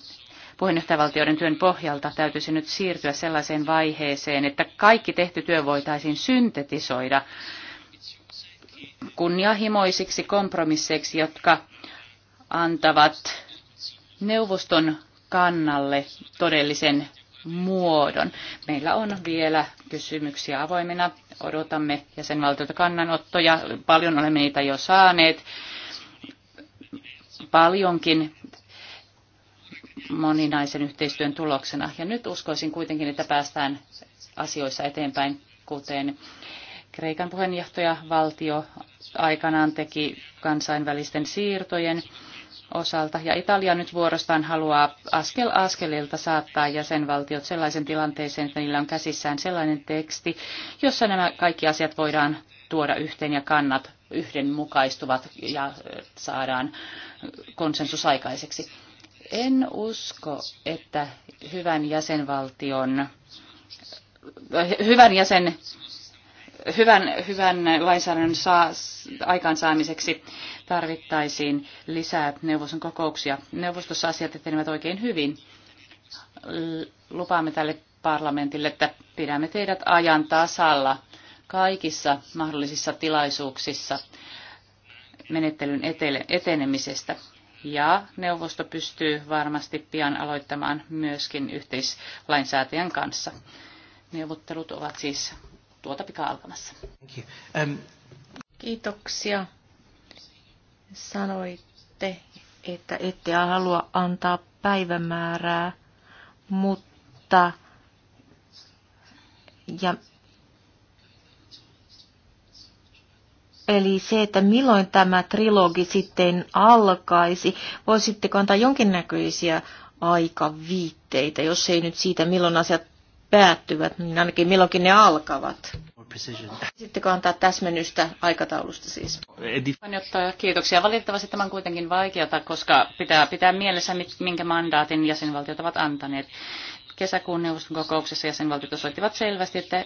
puheenjohtajavaltioiden työn pohjalta täytyisi nyt siirtyä sellaiseen vaiheeseen, että kaikki tehty työ voitaisiin syntetisoida kunnianhimoisiksi kompromisseiksi, jotka antavat neuvoston kannalle todellisen muodon. Meillä on vielä kysymyksiä avoimena. Odotamme jäsenvaltiolta kannanottoja. Paljon olemme niitä jo saaneet. Paljonkin moninaisen yhteistyön tuloksena. Ja nyt uskoisin kuitenkin, että päästään asioissa eteenpäin, kuten Kreikan puheenjohtaja valtio aikanaan teki kansainvälisten siirtojen osalta, ja Italia nyt vuorostaan haluaa askel askelilta saattaa jäsenvaltiot sellaisen tilanteeseen, että niillä on käsissään sellainen teksti, jossa nämä kaikki asiat voidaan tuoda yhteen ja kannat yhdenmukaistuvat ja saadaan konsensus aikaiseksi. En usko, että hyvän jäsenvaltion, hyvän jäsen hyvän, hyvän lainsäädännön saa, aikaansaamiseksi tarvittaisiin lisää neuvoston kokouksia. Neuvostossa asiat etenevät oikein hyvin. Lupaamme tälle parlamentille, että pidämme teidät ajan tasalla kaikissa mahdollisissa tilaisuuksissa menettelyn etenemisestä. Ja neuvosto pystyy varmasti pian aloittamaan myöskin yhteislainsäätäjän kanssa. Neuvottelut ovat siis tuota pikaa alkamassa. Um, Kiitoksia. Sanoitte, että ette halua antaa päivämäärää, mutta ja Eli se, että milloin tämä trilogi sitten alkaisi, voisitteko antaa jonkinnäköisiä aikaviitteitä, jos ei nyt siitä, milloin asiat päättyvät, niin ainakin milloinkin ne alkavat. Sittenkö antaa täsmennystä aikataulusta siis? Kiitoksia. Valitettavasti tämä on kuitenkin vaikeata, koska pitää pitää mielessä, minkä mandaatin jäsenvaltiot ovat antaneet. Kesäkuun neuvoston kokouksessa jäsenvaltiot osoittivat selvästi, että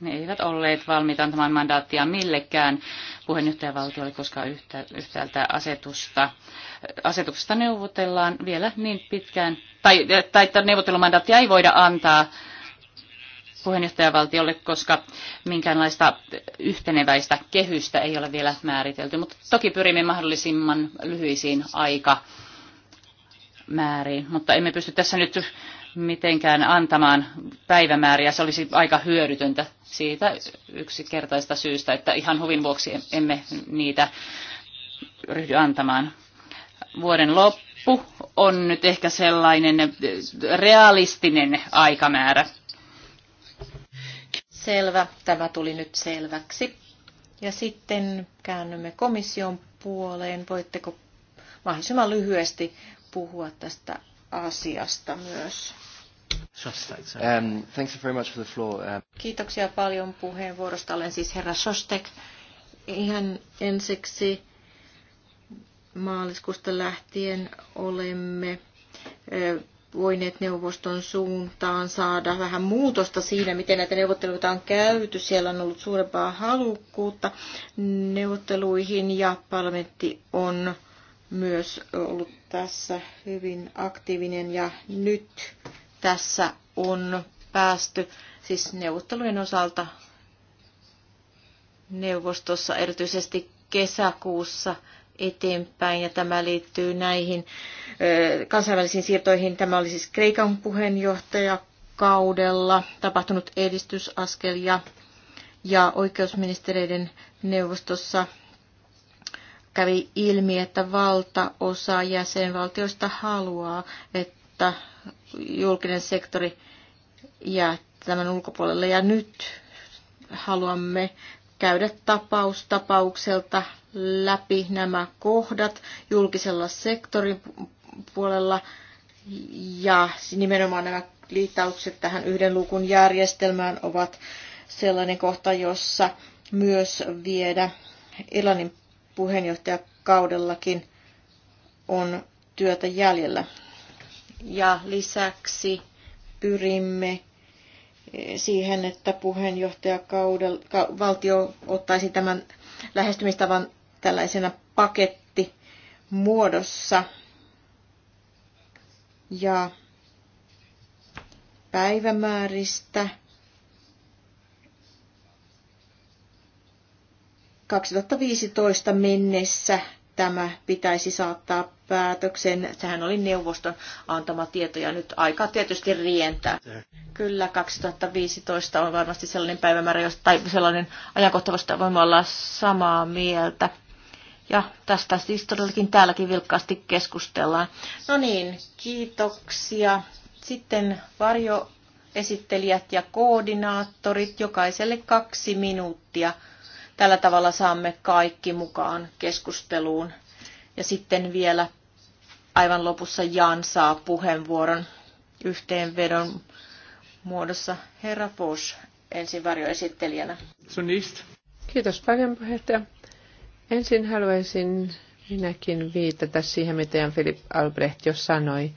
ne eivät olleet valmiita antamaan mandaattia millekään puheenjohtajavaltiolle, koska yhtä, yhtäältä asetusta, asetuksesta neuvotellaan vielä niin pitkään, tai, tai että neuvottelumandaattia ei voida antaa puheenjohtajavaltiolle, koska minkäänlaista yhteneväistä kehystä ei ole vielä määritelty. Mutta toki pyrimme mahdollisimman lyhyisiin aikamääriin, mutta emme pysty tässä nyt mitenkään antamaan päivämääriä. Se olisi aika hyödytöntä siitä yksinkertaista syystä, että ihan huvin vuoksi emme niitä ryhdy antamaan. Vuoden loppu on nyt ehkä sellainen realistinen aikamäärä. Selvä, tämä tuli nyt selväksi. Ja sitten käännymme komission puoleen. Voitteko mahdollisimman lyhyesti puhua tästä asiasta myös? Um, very much for the floor. Um. Kiitoksia paljon puheenvuorosta. Olen siis herra Sostek. Ihan ensiksi maaliskuusta lähtien olemme voineet neuvoston suuntaan saada vähän muutosta siinä, miten näitä neuvotteluita on käyty. Siellä on ollut suurempaa halukkuutta neuvotteluihin ja parlamentti on myös ollut tässä hyvin aktiivinen ja nyt tässä on päästy siis neuvottelujen osalta neuvostossa erityisesti kesäkuussa eteenpäin ja tämä liittyy näihin kansainvälisiin siirtoihin. Tämä oli siis Kreikan puheenjohtajakaudella tapahtunut edistysaskel ja, ja oikeusministereiden neuvostossa kävi ilmi, että valtaosa jäsenvaltioista haluaa, että julkinen sektori ja tämän ulkopuolelle. Ja nyt haluamme käydä tapaus tapaukselta läpi nämä kohdat julkisella sektorin puolella ja nimenomaan nämä liittaukset tähän yhden lukun järjestelmään ovat sellainen kohta, jossa myös viedä Elanin puheenjohtajakaudellakin on työtä jäljellä. Ja lisäksi pyrimme eh, siihen, että puheenjohtajakaudella valtio ottaisi tämän lähestymistavan tällaisena pakettimuodossa. Ja päivämääristä 2015 mennessä tämä pitäisi saattaa päätöksen. Sehän oli neuvoston antama tieto ja nyt aika tietysti rientää. Kyllä 2015 on varmasti sellainen päivämäärä josta, tai sellainen ajankohta, josta voimme olla samaa mieltä. Ja tästä siis todellakin täälläkin vilkkaasti keskustellaan. No niin, kiitoksia. Sitten varjoesittelijät ja koordinaattorit, jokaiselle kaksi minuuttia. Tällä tavalla saamme kaikki mukaan keskusteluun. Ja sitten vielä aivan lopussa Jan saa puheenvuoron yhteenvedon muodossa. Herra Bosch, ensin varjoesittelijänä. Kiitos paljon puheenjohtaja. Ensin haluaisin minäkin viitata siihen, mitä Jan Filip Albrecht jo sanoi.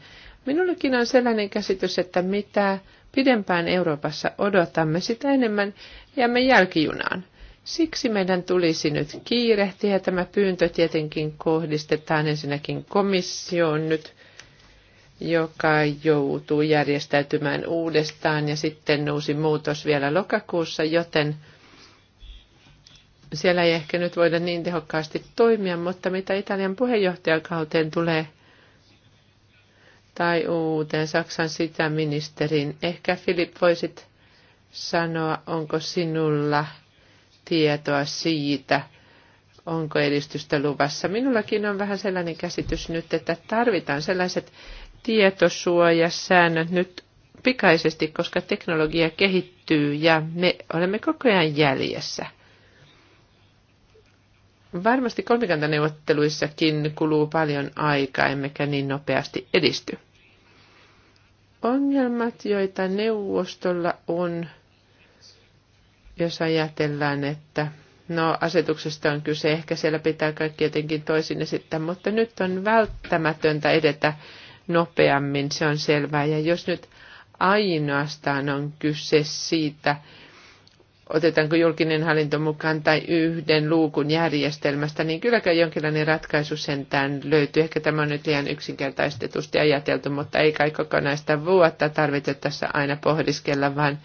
Minullekin on sellainen käsitys, että mitä pidempään Euroopassa odotamme, sitä enemmän jäämme jälkijunaan. Siksi meidän tulisi nyt kiirehtiä. Tämä pyyntö tietenkin kohdistetaan ensinnäkin komissioon nyt, joka joutuu järjestäytymään uudestaan ja sitten nousi muutos vielä lokakuussa, joten siellä ei ehkä nyt voida niin tehokkaasti toimia, mutta mitä Italian puheenjohtajakauteen tulee tai uuteen Saksan sitä ministerin, ehkä Filip voisit sanoa, onko sinulla tietoa siitä, onko edistystä luvassa. Minullakin on vähän sellainen käsitys nyt, että tarvitaan sellaiset tietosuojasäännöt nyt pikaisesti, koska teknologia kehittyy ja me olemme koko ajan jäljessä. Varmasti kolmikantaneuvotteluissakin kuluu paljon aikaa, emmekä niin nopeasti edisty. Ongelmat, joita neuvostolla on, jos ajatellaan, että no asetuksesta on kyse, ehkä siellä pitää kaikki jotenkin toisin esittää, mutta nyt on välttämätöntä edetä nopeammin, se on selvää. Ja jos nyt ainoastaan on kyse siitä, otetaanko julkinen hallinto mukaan tai yhden luukun järjestelmästä, niin kylläkö jonkinlainen ratkaisu sentään löytyy. Ehkä tämä on nyt liian yksinkertaistetusti ajateltu, mutta ei kai kokonaista vuotta tarvitse tässä aina pohdiskella, vaan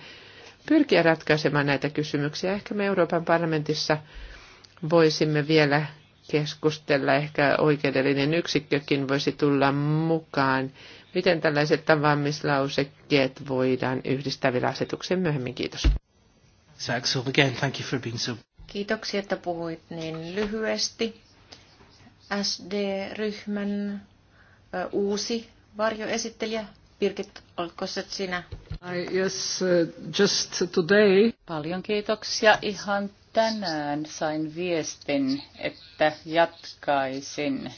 pyrkiä ratkaisemaan näitä kysymyksiä. Ehkä me Euroopan parlamentissa voisimme vielä keskustella, ehkä oikeudellinen yksikkökin voisi tulla mukaan. Miten tällaiset tavaamislausekkeet voidaan yhdistää vielä asetukseen myöhemmin? Kiitos. Kiitoksia, että puhuit niin lyhyesti. SD-ryhmän uusi varjoesittelijä. Birgit, olko sinä? I, yes, uh, just today. Paljon kiitoksia. Ihan tänään sain viestin, että jatkaisin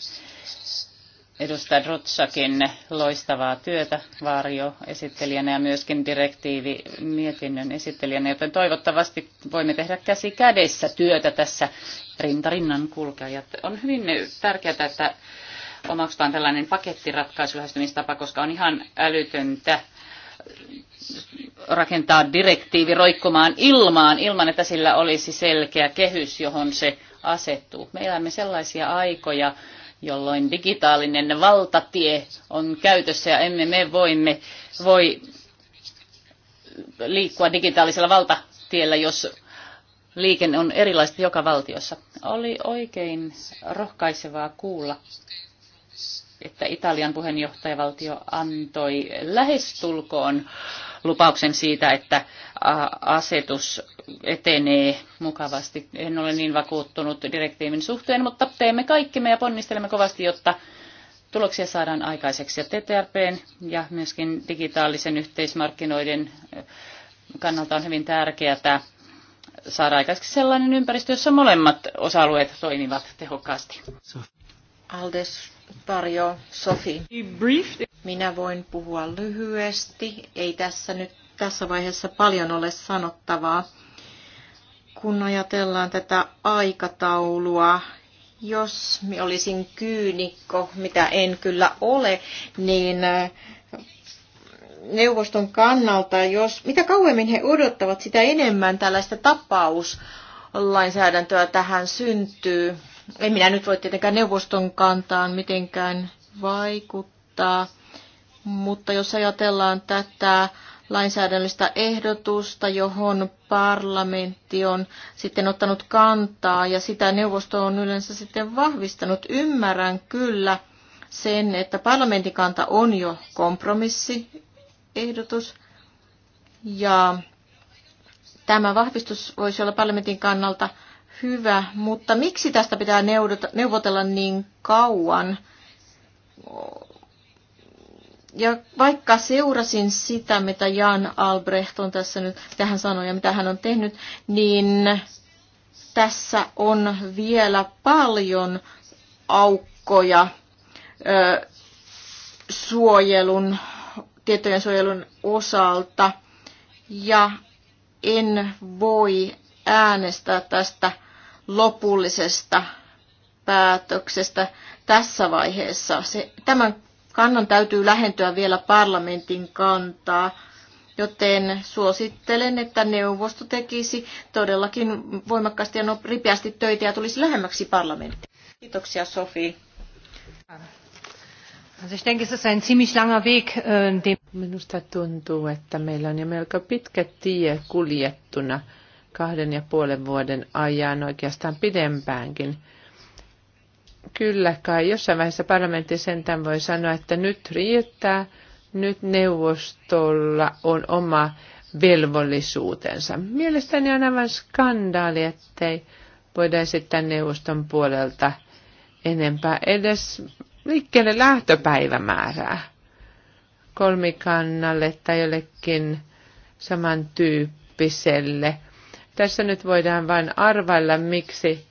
edustaja Rotsakin loistavaa työtä varjoesittelijänä ja myöskin direktiivi mietinnön esittelijänä, joten toivottavasti voimme tehdä käsi kädessä työtä tässä rintarinnan kulkejat. On hyvin tärkeää, että omaksutaan tällainen pakettiratkaisu lähestymistapa, koska on ihan älytöntä rakentaa direktiivi roikkumaan ilmaan, ilman että sillä olisi selkeä kehys, johon se asettuu. Me elämme sellaisia aikoja, jolloin digitaalinen valtatie on käytössä ja emme me voimme, voi liikkua digitaalisella valtatiellä, jos liikenne on erilaista joka valtiossa. Oli oikein rohkaisevaa kuulla että Italian puheenjohtajavaltio antoi lähestulkoon lupauksen siitä, että asetus etenee mukavasti. En ole niin vakuuttunut direktiivin suhteen, mutta teemme kaikkemme ja ponnistelemme kovasti, jotta tuloksia saadaan aikaiseksi. Ja TTRPn ja myöskin digitaalisen yhteismarkkinoiden kannalta on hyvin tärkeää saada aikaiseksi sellainen ympäristö, jossa molemmat osa-alueet toimivat tehokkaasti tarjoaa Sofi. Minä voin puhua lyhyesti. Ei tässä nyt tässä vaiheessa paljon ole sanottavaa. Kun ajatellaan tätä aikataulua, jos olisin kyynikko, mitä en kyllä ole, niin neuvoston kannalta, jos mitä kauemmin he odottavat, sitä enemmän tällaista tapauslainsäädäntöä tähän syntyy. En minä nyt voi tietenkään neuvoston kantaan mitenkään vaikuttaa, mutta jos ajatellaan tätä lainsäädännöllistä ehdotusta, johon parlamentti on sitten ottanut kantaa ja sitä neuvosto on yleensä sitten vahvistanut. Ymmärrän kyllä sen, että parlamentin kanta on jo kompromissiehdotus ja tämä vahvistus voisi olla parlamentin kannalta hyvä, mutta miksi tästä pitää neuvotella niin kauan? Ja vaikka seurasin sitä, mitä Jan Albrecht on tässä nyt tähän sanoi ja mitä hän on tehnyt, niin tässä on vielä paljon aukkoja ö, suojelun, tietojen suojelun osalta. Ja en voi äänestää tästä lopullisesta päätöksestä tässä vaiheessa. Se, tämän kannan täytyy lähentyä vielä parlamentin kantaa, joten suosittelen, että neuvosto tekisi todellakin voimakkaasti ja ripeästi töitä ja tulisi lähemmäksi parlamenttia. Kiitoksia Sofi. Äh, Minusta tuntuu, että meillä on jo melko pitkä tie kuljettuna kahden ja puolen vuoden ajan, oikeastaan pidempäänkin. Kyllä kai, jossain vaiheessa parlamentti sentään voi sanoa, että nyt riittää, nyt neuvostolla on oma velvollisuutensa. Mielestäni on aivan skandaali, ettei voida esittää neuvoston puolelta enempää edes liikkeelle lähtöpäivämäärää kolmikannalle tai jollekin samantyyppiselle tässä nyt voidaan vain arvailla, miksi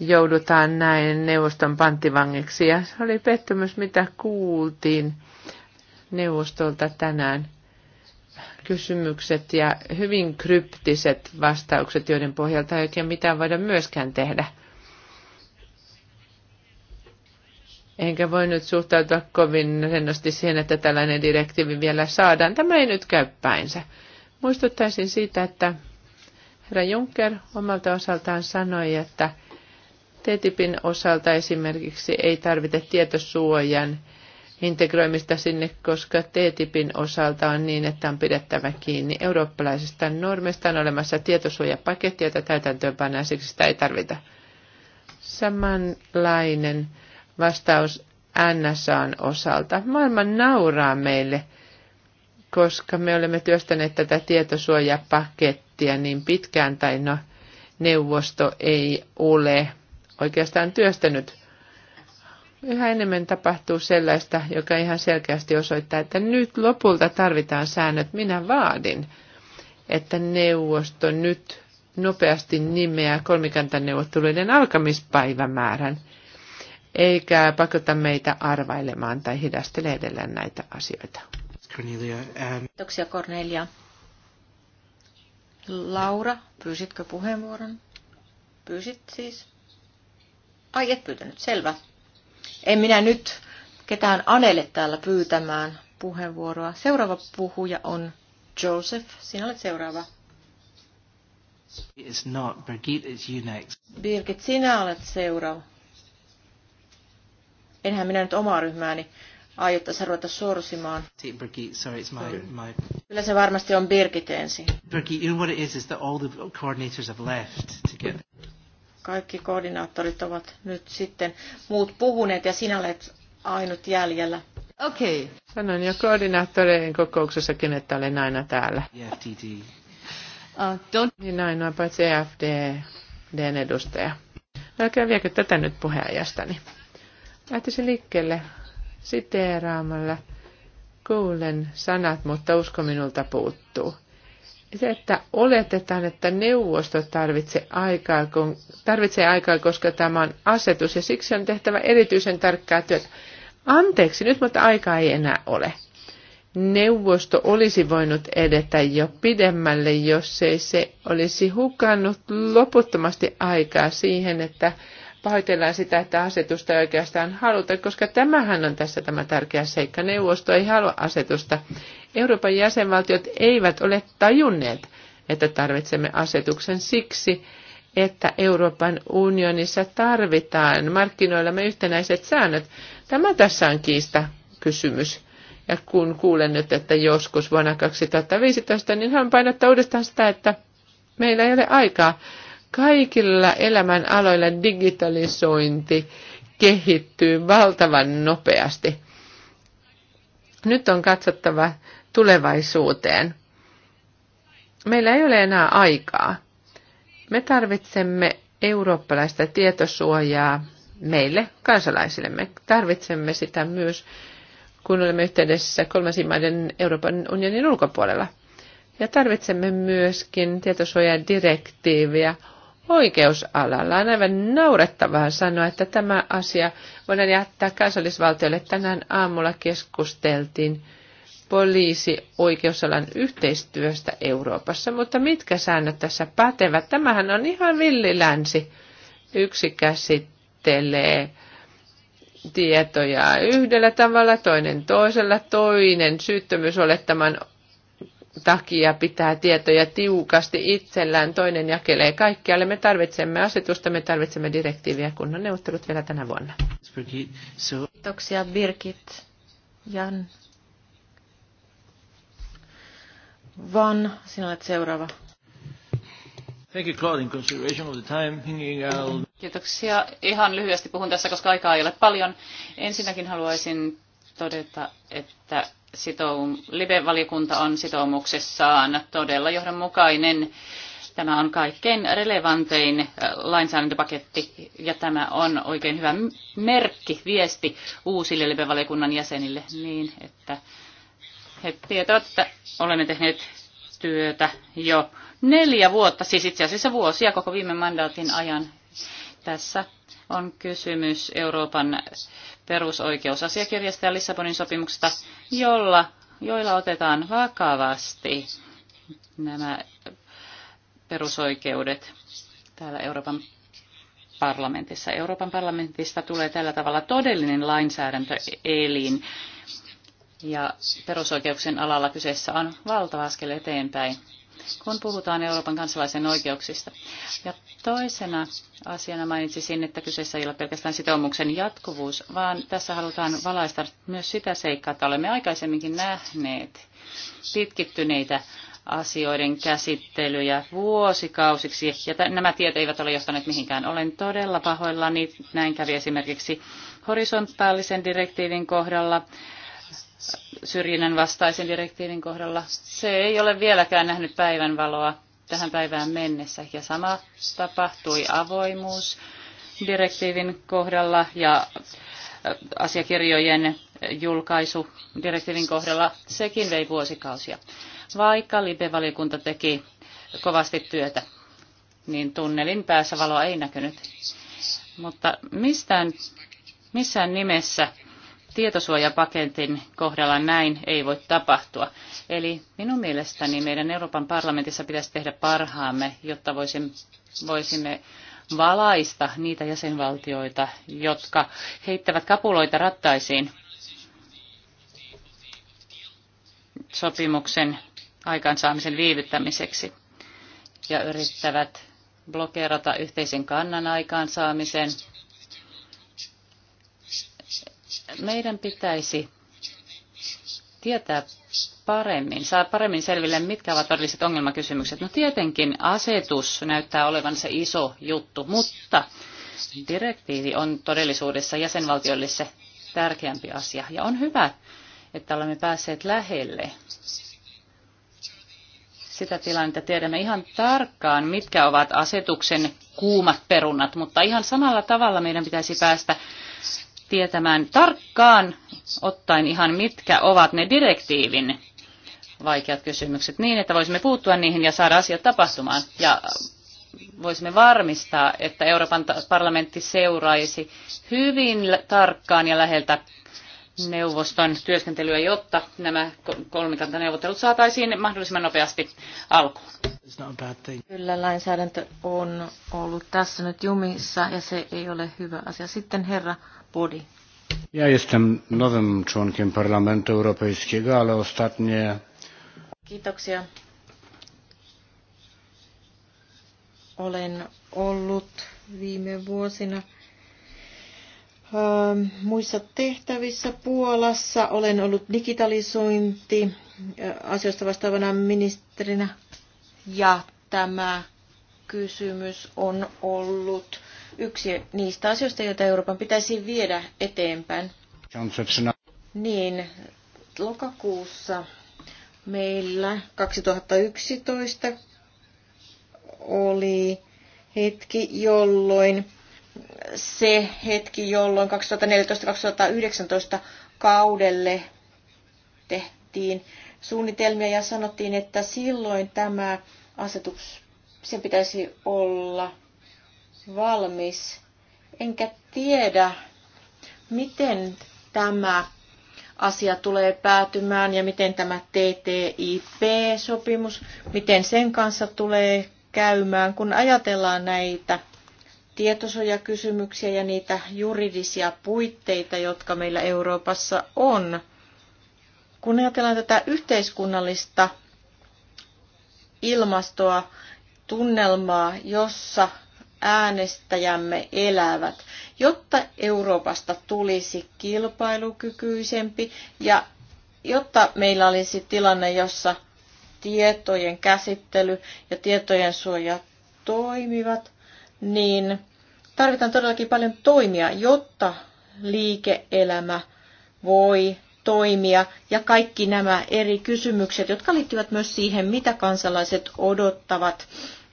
joudutaan näin neuvoston panttivangiksi. Ja se oli pettymys, mitä kuultiin neuvostolta tänään. Kysymykset ja hyvin kryptiset vastaukset, joiden pohjalta ei oikein mitään voida myöskään tehdä. Enkä voi nyt suhtautua kovin rennosti siihen, että tällainen direktiivi vielä saadaan. Tämä ei nyt käy päinsä. Muistuttaisin siitä, että Herra Juncker omalta osaltaan sanoi, että TTIPin osalta esimerkiksi ei tarvita tietosuojan integroimista sinne, koska TTIPin osalta on niin, että on pidettävä kiinni eurooppalaisista normeista. On olemassa tietosuojapaketti, jota täytäntöönpannaan, siksi sitä ei tarvita. Samanlainen vastaus NSAn osalta. Maailma nauraa meille – koska me olemme työstäneet tätä tietosuojapakettia niin pitkään, tai no, neuvosto ei ole oikeastaan työstänyt. Yhä enemmän tapahtuu sellaista, joka ihan selkeästi osoittaa, että nyt lopulta tarvitaan säännöt. Minä vaadin, että neuvosto nyt nopeasti nimeää kolmikantaneuvotteluiden alkamispäivämäärän, eikä pakota meitä arvailemaan tai hidastele edelleen näitä asioita. Cornelia. Um... Kiitoksia Cornelia. Laura, pyysitkö puheenvuoron? Pyysit siis? Ai et pyytänyt, selvä. En minä nyt ketään anele täällä pyytämään puheenvuoroa. Seuraava puhuja on Joseph. Sinä olet seuraava. It's not. Birgit, it's you next. Birgit, sinä olet seuraava. Enhän minä nyt omaa ryhmääni aiotte ruveta sorsimaan? sorry, Kyllä se varmasti on Birgit ensin. Kaikki koordinaattorit ovat nyt sitten muut puhuneet ja sinä olet ainut jäljellä. Okei. Okay. Sanoin jo koordinaattoreiden kokouksessakin, että olen aina täällä. EFTD. Uh, don't... Niin ainoa paitsi EFDn edustaja. No, älkää viekö tätä nyt puheenjastani. Lähtisin liikkeelle siteeraamalla kuulen sanat, mutta usko minulta puuttuu. Se, että oletetaan, että neuvosto tarvitsee aikaa, kun, tarvitsee aikaa, koska tämä on asetus ja siksi on tehtävä erityisen tarkkaa työtä. Anteeksi nyt, mutta aikaa ei enää ole. Neuvosto olisi voinut edetä jo pidemmälle, jos ei se olisi hukannut loputtomasti aikaa siihen, että pahoitellaan sitä, että asetusta ei oikeastaan haluta, koska tämähän on tässä tämä tärkeä seikka. Neuvosto ei halua asetusta. Euroopan jäsenvaltiot eivät ole tajunneet, että tarvitsemme asetuksen siksi, että Euroopan unionissa tarvitaan markkinoillamme yhtenäiset säännöt. Tämä tässä on kiista kysymys. Ja kun kuulen nyt, että joskus vuonna 2015, niin hän painottaa uudestaan sitä, että meillä ei ole aikaa Kaikilla elämän aloilla digitalisointi kehittyy valtavan nopeasti. Nyt on katsottava tulevaisuuteen. Meillä ei ole enää aikaa. Me tarvitsemme eurooppalaista tietosuojaa meille, kansalaisille. Me tarvitsemme sitä myös, kun olemme yhteydessä kolmansien maiden Euroopan unionin ulkopuolella. Ja tarvitsemme myöskin tietosuojadirektiiviä oikeusalalla. On aivan naurettavaa sanoa, että tämä asia voidaan jättää kansallisvaltiolle. Tänään aamulla keskusteltiin poliisi-oikeusalan yhteistyöstä Euroopassa, mutta mitkä säännöt tässä pätevät? Tämähän on ihan villilänsi. Yksi käsittelee tietoja yhdellä tavalla, toinen toisella, toinen syyttömyysolettaman takia pitää tietoja tiukasti itsellään, toinen jakelee kaikkialle. Me tarvitsemme asetusta, me tarvitsemme direktiiviä, kun on neuvottelut vielä tänä vuonna. Kiitoksia Birgit, Jan. Van, sinä olet seuraava. Thank you, Claude. In consideration of the time, Kiitoksia. Ihan lyhyesti puhun tässä, koska aikaa ei ole paljon. Ensinnäkin haluaisin todeta, että sitoum, live-valiokunta on sitoumuksessaan todella johdonmukainen. Tämä on kaikkein relevantein äh, lainsäädäntöpaketti ja tämä on oikein hyvä merkki, viesti uusille live-valiokunnan jäsenille niin, että he tietävät, että olemme tehneet työtä jo neljä vuotta, siis itse asiassa vuosia koko viime mandaatin ajan. Tässä on kysymys Euroopan perusoikeusasiakirjasta ja Lissabonin sopimuksesta, jolla, joilla otetaan vakavasti nämä perusoikeudet täällä Euroopan parlamentissa. Euroopan parlamentista tulee tällä tavalla todellinen lainsäädäntöelin. Ja perusoikeuksien alalla kyseessä on valtava askel eteenpäin kun puhutaan Euroopan kansalaisen oikeuksista. Ja toisena asiana mainitsisin, että kyseessä ei ole pelkästään sitoumuksen jatkuvuus, vaan tässä halutaan valaista myös sitä seikkaa, että olemme aikaisemminkin nähneet pitkittyneitä asioiden käsittelyjä vuosikausiksi, ja nämä tiet eivät ole johtaneet mihinkään. Olen todella pahoillani, näin kävi esimerkiksi horisontaalisen direktiivin kohdalla, syrjinnän vastaisen direktiivin kohdalla. Se ei ole vieläkään nähnyt päivänvaloa tähän päivään mennessä. Ja sama tapahtui avoimuus direktiivin kohdalla ja asiakirjojen julkaisu direktiivin kohdalla. Sekin vei vuosikausia. Vaikka Libe-valiokunta teki kovasti työtä, niin tunnelin päässä valoa ei näkynyt. Mutta mistään, missään nimessä tietosuojapaketin kohdalla näin ei voi tapahtua. Eli minun mielestäni meidän Euroopan parlamentissa pitäisi tehdä parhaamme, jotta voisimme valaista niitä jäsenvaltioita, jotka heittävät kapuloita rattaisiin sopimuksen aikaansaamisen viivyttämiseksi ja yrittävät blokeerata yhteisen kannan aikaansaamisen meidän pitäisi tietää paremmin, saa paremmin selville, mitkä ovat todelliset ongelmakysymykset. No tietenkin asetus näyttää olevan se iso juttu, mutta direktiivi on todellisuudessa jäsenvaltioille se tärkeämpi asia. Ja on hyvä, että olemme päässeet lähelle sitä tilannetta. Tiedämme ihan tarkkaan, mitkä ovat asetuksen kuumat perunat, mutta ihan samalla tavalla meidän pitäisi päästä tietämään tarkkaan ottaen ihan mitkä ovat ne direktiivin vaikeat kysymykset niin, että voisimme puuttua niihin ja saada asiat tapahtumaan. Ja voisimme varmistaa, että Euroopan parlamentti seuraisi hyvin tarkkaan ja läheltä neuvoston työskentelyä, jotta nämä kolmikantaneuvottelut saataisiin mahdollisimman nopeasti alkuun. Kyllä lainsäädäntö on ollut tässä nyt jumissa ja se ei ole hyvä asia. Sitten herra Bodi. Ja jestem nowym członkiem Parlamentu Europejskiego, ale ostatnie... Kiitoksia. Olen ollut viime vuosina ähm, muissa tehtävissä Puolassa. Olen ollut digitalisointi äh, asioista vastaavana ministerinä ja tämä kysymys on ollut yksi niistä asioista, joita Euroopan pitäisi viedä eteenpäin. Niin, lokakuussa meillä 2011 oli hetki, jolloin se hetki, jolloin 2014-2019 kaudelle tehtiin suunnitelmia ja sanottiin, että silloin tämä asetus, sen pitäisi olla valmis, enkä tiedä, miten tämä asia tulee päätymään ja miten tämä TTIP-sopimus, miten sen kanssa tulee käymään, kun ajatellaan näitä tietosuojakysymyksiä ja niitä juridisia puitteita, jotka meillä Euroopassa on. Kun ajatellaan tätä yhteiskunnallista ilmastoa, tunnelmaa, jossa äänestäjämme elävät, jotta Euroopasta tulisi kilpailukykyisempi ja jotta meillä olisi tilanne, jossa tietojen käsittely ja tietojen suoja toimivat, niin tarvitaan todellakin paljon toimia, jotta liike-elämä voi toimia ja kaikki nämä eri kysymykset, jotka liittyvät myös siihen, mitä kansalaiset odottavat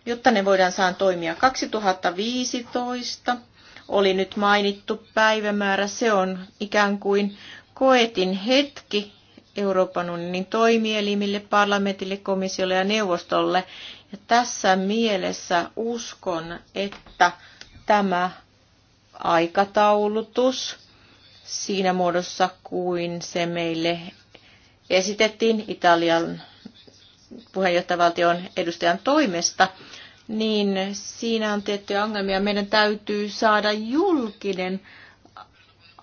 jotta ne voidaan saan toimia. 2015 oli nyt mainittu päivämäärä. Se on ikään kuin koetin hetki Euroopan unionin toimielimille, parlamentille, komissiolle ja neuvostolle. Ja tässä mielessä uskon, että tämä aikataulutus siinä muodossa kuin se meille esitettiin Italian puheenjohtajavaltion edustajan toimesta, niin siinä on tiettyjä ongelmia. Meidän täytyy saada julkinen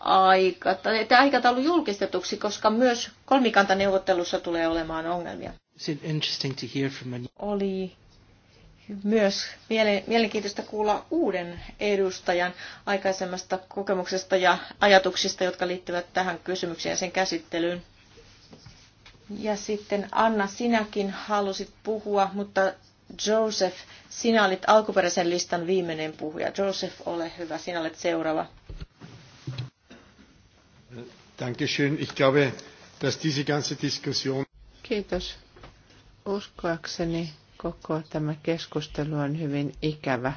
aika, aikataulu julkistetuksi, koska myös kolmikantaneuvottelussa tulee olemaan ongelmia. Oli myös mielenkiintoista kuulla uuden edustajan aikaisemmasta kokemuksesta ja ajatuksista, jotka liittyvät tähän kysymykseen ja sen käsittelyyn. Ja sitten Anna, sinäkin halusit puhua, mutta Joseph, sinä olit alkuperäisen listan viimeinen puhuja. Joseph, ole hyvä, sinä olet seuraava. Dankeschön. Ich glaube, dass diese ganze Diskussion... Kiitos. Uskoakseni koko tämä keskustelu on hyvin ikävä.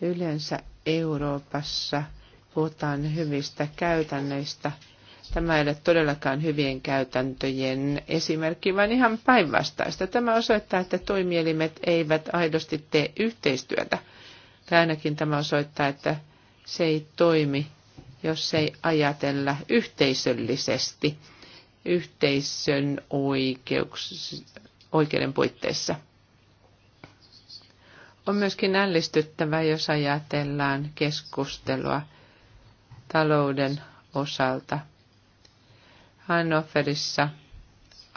Yleensä Euroopassa puhutaan hyvistä käytännöistä – Tämä ei ole todellakaan hyvien käytäntöjen esimerkki, vaan ihan päinvastaista. Tämä osoittaa, että toimielimet eivät aidosti tee yhteistyötä. Tai ainakin tämä osoittaa, että se ei toimi, jos ei ajatella yhteisöllisesti yhteisön oikeuks, oikeuden puitteissa. On myöskin ällistyttävää, jos ajatellaan keskustelua talouden osalta – Hannoverissa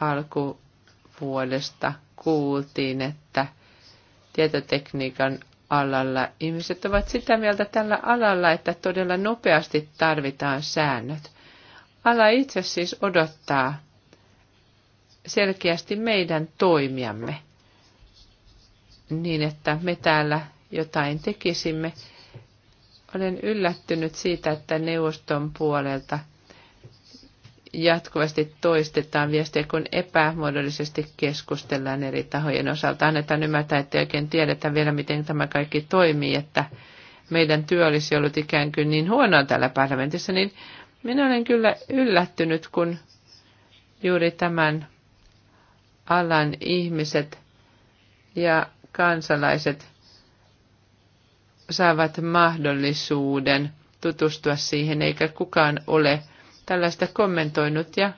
alkuvuodesta kuultiin, että tietotekniikan alalla ihmiset ovat sitä mieltä tällä alalla, että todella nopeasti tarvitaan säännöt. Ala itse siis odottaa selkeästi meidän toimiamme niin, että me täällä jotain tekisimme. Olen yllättynyt siitä, että neuvoston puolelta – jatkuvasti toistetaan viestiä, kun epämuodollisesti keskustellaan eri tahojen osalta. Annetaan ymmärtää, että oikein tiedetä vielä, miten tämä kaikki toimii, että meidän työ olisi ollut ikään kuin niin huonoa täällä parlamentissa, niin minä olen kyllä yllättynyt, kun juuri tämän alan ihmiset ja kansalaiset saavat mahdollisuuden tutustua siihen, eikä kukaan ole – tällaista kommentoinut. Ja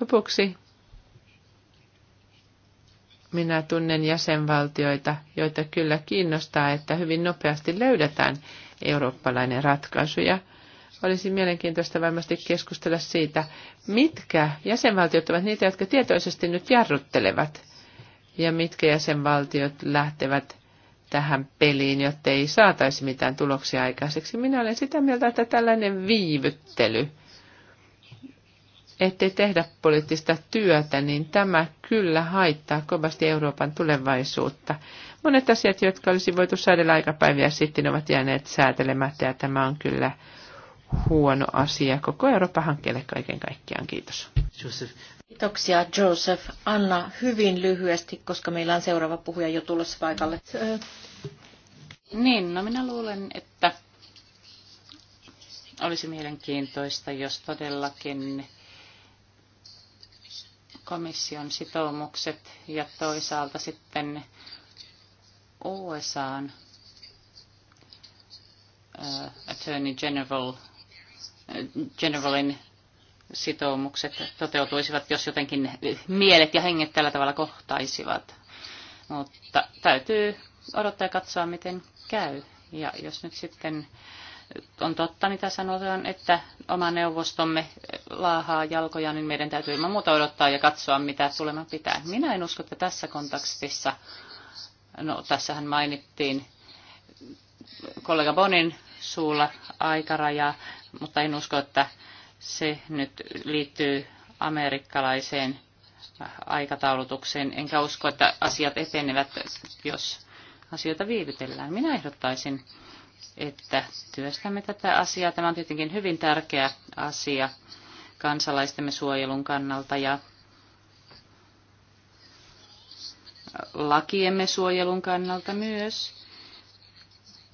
lopuksi minä tunnen jäsenvaltioita, joita kyllä kiinnostaa, että hyvin nopeasti löydetään eurooppalainen ratkaisu. Ja olisi mielenkiintoista varmasti keskustella siitä, mitkä jäsenvaltiot ovat niitä, jotka tietoisesti nyt jarruttelevat, ja mitkä jäsenvaltiot lähtevät tähän peliin, jotta ei saataisi mitään tuloksia aikaiseksi. Minä olen sitä mieltä, että tällainen viivyttely, ettei tehdä poliittista työtä, niin tämä kyllä haittaa kovasti Euroopan tulevaisuutta. Monet asiat, jotka olisi voitu säädellä aikapäiviä sitten, ovat jääneet säätelemättä ja tämä on kyllä huono asia koko Eurooppa-hankkeelle kaiken kaikkiaan. Kiitos. Joseph. Kiitoksia Joseph. Anna hyvin lyhyesti, koska meillä on seuraava puhuja jo tulossa paikalle. Niin, no minä luulen, että olisi mielenkiintoista, jos todellakin komission sitoumukset ja toisaalta sitten USAn uh, Attorney General Generalin sitoumukset toteutuisivat, jos jotenkin mielet ja henget tällä tavalla kohtaisivat. Mutta täytyy odottaa ja katsoa, miten käy. Ja jos nyt sitten on totta, mitä sanotaan, että oma neuvostomme laahaa jalkoja, niin meidän täytyy ilman muuta odottaa ja katsoa, mitä tulema pitää. Minä en usko, että tässä kontekstissa, no tässähän mainittiin kollega Bonin suulla aikaraja, mutta en usko, että se nyt liittyy amerikkalaiseen aikataulutukseen. Enkä usko, että asiat etenevät, jos asioita viivytellään. Minä ehdottaisin, että työstämme tätä asiaa. Tämä on tietenkin hyvin tärkeä asia kansalaistemme suojelun kannalta ja lakiemme suojelun kannalta myös.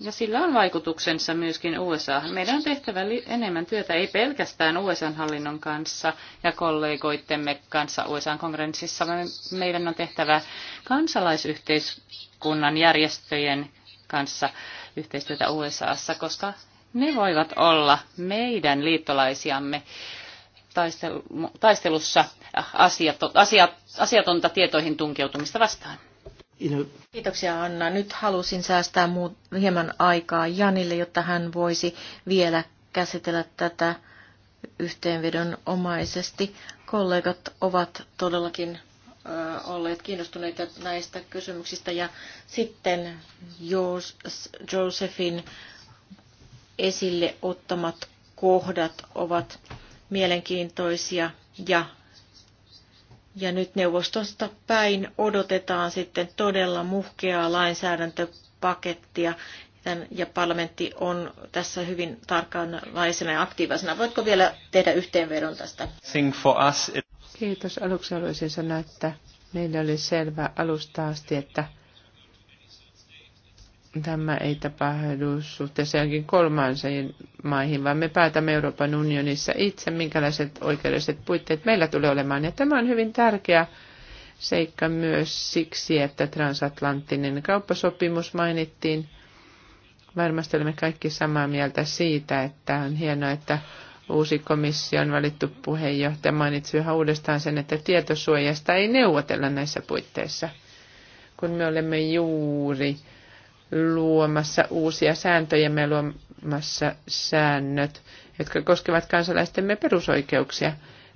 Ja sillä on vaikutuksensa myöskin USA. Meidän on tehtävä enemmän työtä, ei pelkästään USA-hallinnon kanssa ja kollegoittemme kanssa USA-kongressissa. Meidän on tehtävä kansalaisyhteiskunnan järjestöjen kanssa yhteistyötä USAssa, koska ne voivat olla meidän liittolaisiamme taistelussa asiatonta tietoihin tunkeutumista vastaan. Kiitoksia Anna. Nyt halusin säästää muut, hieman aikaa Janille, jotta hän voisi vielä käsitellä tätä yhteenvedon omaisesti. Kollegat ovat todellakin olleet kiinnostuneita näistä kysymyksistä. Ja sitten Josefin esille ottamat kohdat ovat mielenkiintoisia ja ja nyt neuvostosta päin odotetaan sitten todella muhkeaa lainsäädäntöpakettia, ja parlamentti on tässä hyvin tarkkaanlaisena ja aktiivisena. Voitko vielä tehdä yhteenvedon tästä? Kiitos. Aluksi haluaisin sanoa, että meille oli selvä alusta asti, että tämä ei tapahdu suhteessa jonkin kolmansiin maihin, vaan me päätämme Euroopan unionissa itse, minkälaiset oikeudelliset puitteet meillä tulee olemaan. Ja tämä on hyvin tärkeä seikka myös siksi, että transatlanttinen kauppasopimus mainittiin. Varmasti olemme kaikki samaa mieltä siitä, että on hienoa, että uusi komission valittu puheenjohtaja mainitsi yhä uudestaan sen, että tietosuojasta ei neuvotella näissä puitteissa, kun me olemme juuri luomassa uusia sääntöjä, me luomassa säännöt, jotka koskevat kansalaistemme perusoikeuksia,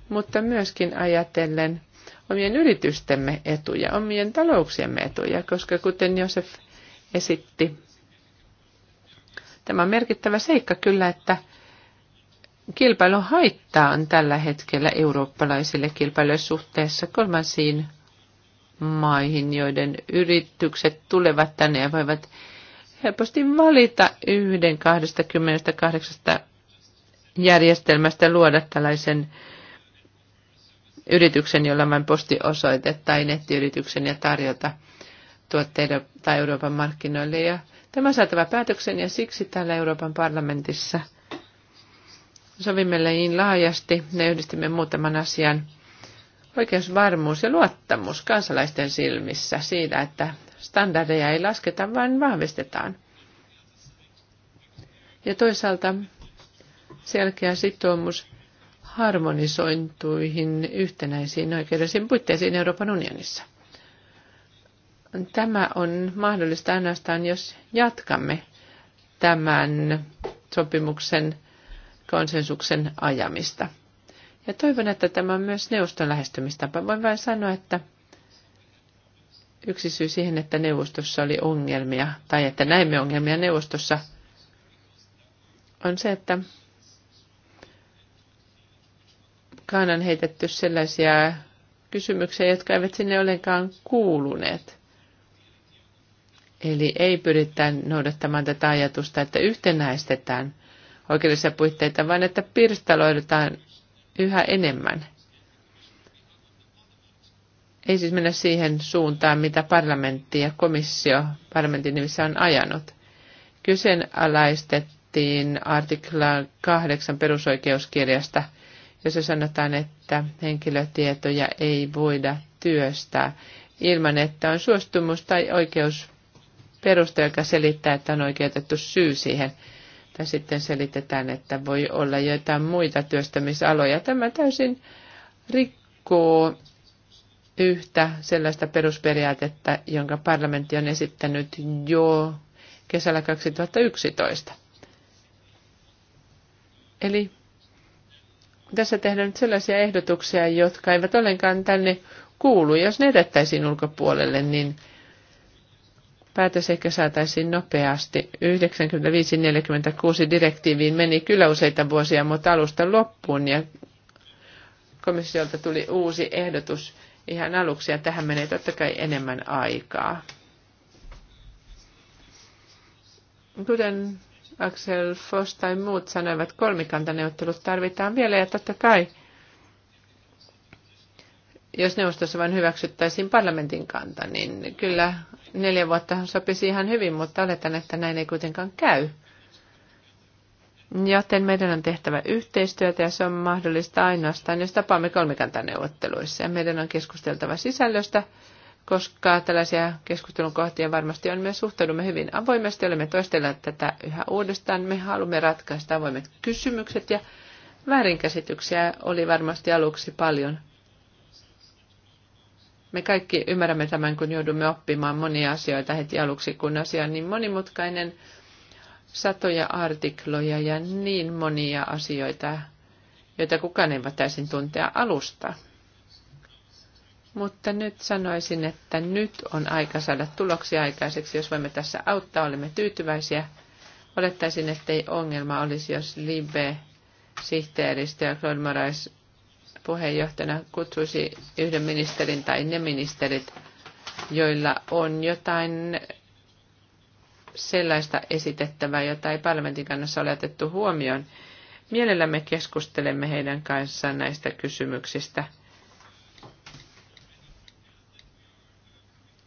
mutta myöskin ajatellen omien yritystemme etuja, omien talouksiemme etuja, koska kuten Josef esitti, tämä on merkittävä seikka kyllä, että kilpailun haittaa on tällä hetkellä eurooppalaisille kilpailijoille suhteessa kolmansiin maihin, joiden yritykset tulevat tänne ja voivat helposti valita yhden 28 järjestelmästä luoda tällaisen yrityksen, jolla vain postiosoite tai nettiyrityksen ja tarjota tuotteita tai Euroopan markkinoille. Ja tämä saatava päätöksen ja siksi täällä Euroopan parlamentissa sovimme laajasti ja yhdistimme muutaman asian – oikeusvarmuus ja luottamus kansalaisten silmissä siitä, että standardeja ei lasketa, vaan vahvistetaan. Ja toisaalta selkeä sitoumus harmonisointuihin yhtenäisiin oikeudellisiin puitteisiin Euroopan unionissa. Tämä on mahdollista ainoastaan, jos jatkamme tämän sopimuksen konsensuksen ajamista. Ja toivon, että tämä on myös neuvoston lähestymistapa. Voin vain sanoa, että yksi syy siihen, että neuvostossa oli ongelmia, tai että näimme ongelmia neuvostossa, on se, että kaanan heitetty sellaisia kysymyksiä, jotka eivät sinne ollenkaan kuuluneet. Eli ei pyritä noudattamaan tätä ajatusta, että yhtenäistetään oikeudellisia puitteita, vaan että pirstaloidutaan yhä enemmän. Ei siis mennä siihen suuntaan, mitä parlamentti ja komissio parlamentin nimissä on ajanut. Kyseenalaistettiin artikla 8 perusoikeuskirjasta, jossa sanotaan, että henkilötietoja ei voida työstää ilman, että on suostumus tai oikeusperuste, joka selittää, että on oikeutettu syy siihen ja sitten selitetään, että voi olla jotain muita työstämisaloja. Tämä täysin rikkoo yhtä sellaista perusperiaatetta, jonka parlamentti on esittänyt jo kesällä 2011. Eli tässä tehdään nyt sellaisia ehdotuksia, jotka eivät ollenkaan tänne kuulu. Jos ne edettäisiin ulkopuolelle, niin päätös ehkä saataisiin nopeasti. 95-46 direktiiviin meni kyllä useita vuosia, mutta alusta loppuun ja komissiolta tuli uusi ehdotus ihan aluksi ja tähän menee totta kai enemmän aikaa. Kuten Axel Foss tai muut sanoivat, kolmikantaneuvottelut tarvitaan vielä ja totta kai – jos neuvostossa vain hyväksyttäisiin parlamentin kanta, niin kyllä neljä vuotta sopisi ihan hyvin, mutta oletan, että näin ei kuitenkaan käy. Joten meidän on tehtävä yhteistyötä ja se on mahdollista ainoastaan, jos tapaamme kolmikantaneuvotteluissa. Ja meidän on keskusteltava sisällöstä, koska tällaisia keskustelun kohtia varmasti on. myös suhtaudumme hyvin avoimesti, olemme toistelleet tätä yhä uudestaan. Me haluamme ratkaista avoimet kysymykset ja väärinkäsityksiä oli varmasti aluksi paljon – me kaikki ymmärrämme tämän, kun joudumme oppimaan monia asioita heti aluksi, kun asia on niin monimutkainen, satoja artikloja ja niin monia asioita, joita kukaan ei täysin tuntea alusta. Mutta nyt sanoisin, että nyt on aika saada tuloksia aikaiseksi. Jos voimme tässä auttaa, olemme tyytyväisiä. Olettaisin, ettei ongelma olisi, jos Libe, sihteeristö ja Claude Morais puheenjohtajana kutsuisi yhden ministerin tai ne ministerit, joilla on jotain sellaista esitettävää, jota ei parlamentin kannassa ole otettu huomioon. Mielellämme keskustelemme heidän kanssaan näistä kysymyksistä.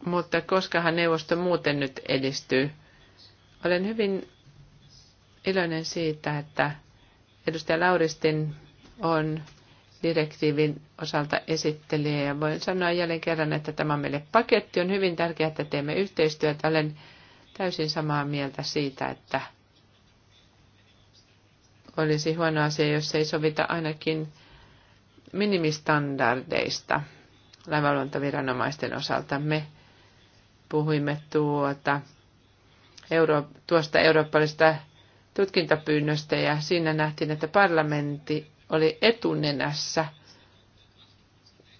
Mutta koskahan neuvosto muuten nyt edistyy? Olen hyvin iloinen siitä, että edustaja Lauristin on direktiivin osalta esittelijä ja voin sanoa jälleen kerran, että tämä meille paketti. On hyvin tärkeää, että teemme yhteistyötä. Olen täysin samaa mieltä siitä, että olisi huono asia, jos ei sovita ainakin minimistandardeista lainvalvontaviranomaisten osalta. Me puhuimme tuota, euro, tuosta eurooppalaisesta tutkintapyynnöstä ja siinä nähtiin, että parlamentti oli etunenässä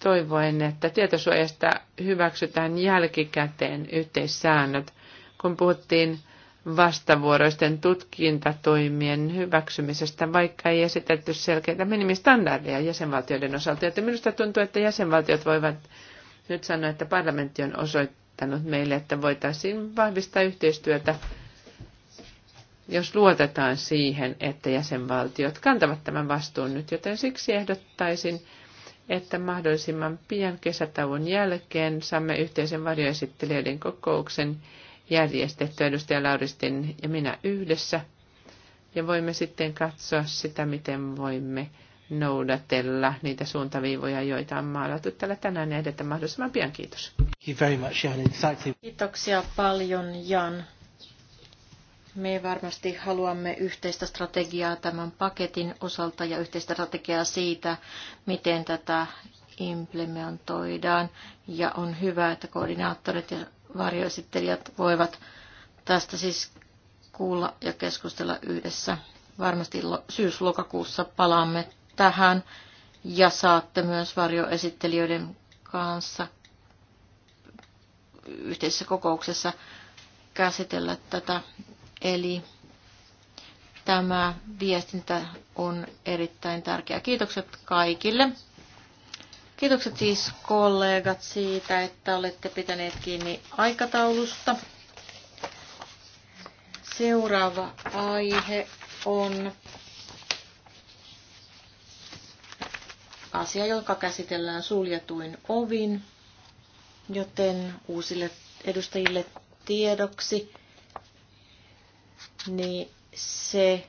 toivoen, että tietosuojasta hyväksytään jälkikäteen yhteissäännöt, kun puhuttiin vastavuoroisten tutkintatoimien hyväksymisestä, vaikka ei esitetty selkeitä minimistandardeja jäsenvaltioiden osalta. Joten minusta tuntuu, että jäsenvaltiot voivat nyt sanoa, että parlamentti on osoittanut meille, että voitaisiin vahvistaa yhteistyötä jos luotetaan siihen, että jäsenvaltiot kantavat tämän vastuun nyt, joten siksi ehdottaisin, että mahdollisimman pian kesätauon jälkeen saamme yhteisen varjoesittelijöiden kokouksen järjestetty edustaja Lauristin ja minä yhdessä. Ja voimme sitten katsoa sitä, miten voimme noudatella niitä suuntaviivoja, joita on maalattu täällä tänään ja edetä mahdollisimman pian. Kiitos. Kiitoksia paljon, Jan. Me varmasti haluamme yhteistä strategiaa tämän paketin osalta ja yhteistä strategiaa siitä, miten tätä implementoidaan. Ja on hyvä, että koordinaattorit ja varjoesittelijät voivat tästä siis kuulla ja keskustella yhdessä. Varmasti syyslokakuussa palaamme tähän ja saatte myös varjoesittelijöiden kanssa yhteisessä kokouksessa käsitellä tätä Eli tämä viestintä on erittäin tärkeä. Kiitokset kaikille. Kiitokset siis kollegat siitä, että olette pitäneet kiinni aikataulusta. Seuraava aihe on asia, joka käsitellään suljetuin ovin, joten uusille edustajille tiedoksi niin se,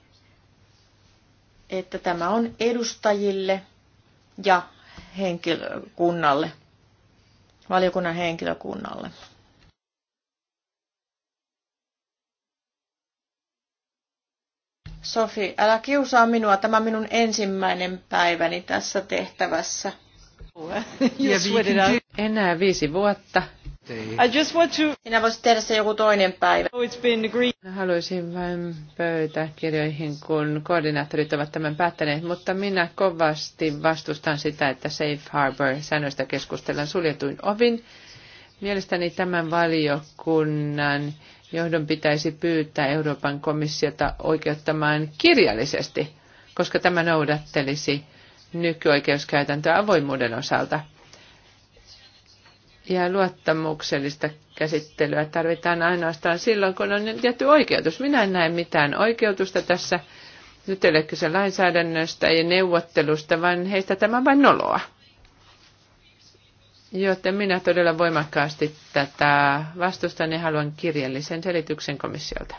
että tämä on edustajille ja henkilökunnalle, valiokunnan henkilökunnalle. Sofi, älä kiusaa minua. Tämä on minun ensimmäinen päiväni tässä tehtävässä. Enää viisi vuotta. I just want to... Minä voisin tehdä se joku toinen päivä. Oh, it's been agreed. Haluaisin vain pöytäkirjoihin, kun koordinaattorit ovat tämän päättäneet, mutta minä kovasti vastustan sitä, että Safe Harbor-säännöistä keskustellaan suljetuin ovin. Mielestäni tämän valiokunnan johdon pitäisi pyytää Euroopan komissiota oikeuttamaan kirjallisesti, koska tämä noudattelisi nykyoikeuskäytäntöä avoimuuden osalta. Ja luottamuksellista käsittelyä tarvitaan ainoastaan silloin, kun on tietty oikeutus. Minä en näe mitään oikeutusta tässä. Nyt ei ole kyse lainsäädännöstä ja neuvottelusta, vaan heistä tämä vain noloa. Joten minä todella voimakkaasti tätä vastustan ja haluan kirjallisen selityksen komissiolta.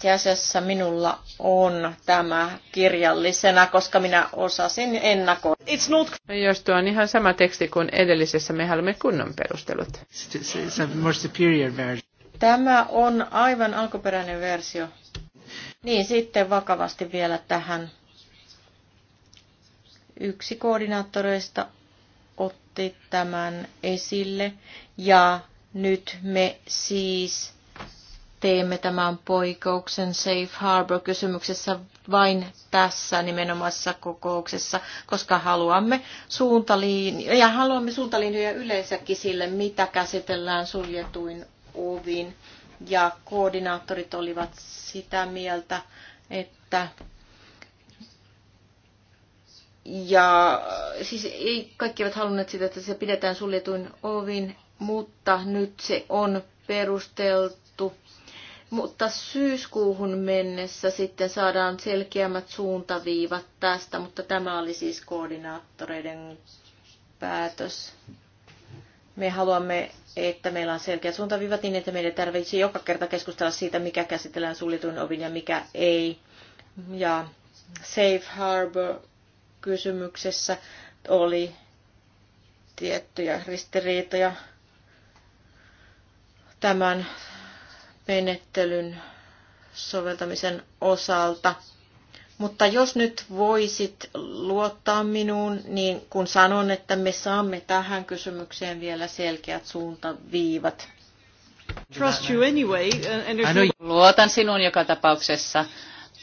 Itse asiassa minulla on tämä kirjallisena, koska minä osasin ennakoida. It's not... Jos tuo on ihan sama teksti kuin edellisessä, me haluamme kunnon perustelut. It's a more superior version. Tämä on aivan alkuperäinen versio. Niin, sitten vakavasti vielä tähän. Yksi koordinaattoreista otti tämän esille ja nyt me siis teemme tämän poikouksen Safe Harbor-kysymyksessä vain tässä nimenomaisessa kokouksessa, koska haluamme suuntalinjoja, ja haluamme suuntalinjoja yleensäkin sille, mitä käsitellään suljetuin ovin. Ja koordinaattorit olivat sitä mieltä, että ja siis ei, kaikki eivät halunneet sitä, että se pidetään suljetuin ovin, mutta nyt se on perusteltu mutta syyskuuhun mennessä sitten saadaan selkeämmät suuntaviivat tästä, mutta tämä oli siis koordinaattoreiden päätös. Me haluamme, että meillä on selkeät suuntaviivat niin, että meidän tarvitsee joka kerta keskustella siitä, mikä käsitellään suljetun ovin ja mikä ei. Ja Safe Harbor kysymyksessä oli tiettyjä ristiriitoja tämän menettelyn soveltamisen osalta. Mutta jos nyt voisit luottaa minuun, niin kun sanon, että me saamme tähän kysymykseen vielä selkeät suuntaviivat. Trust you anyway, and if you... Luotan sinun joka tapauksessa.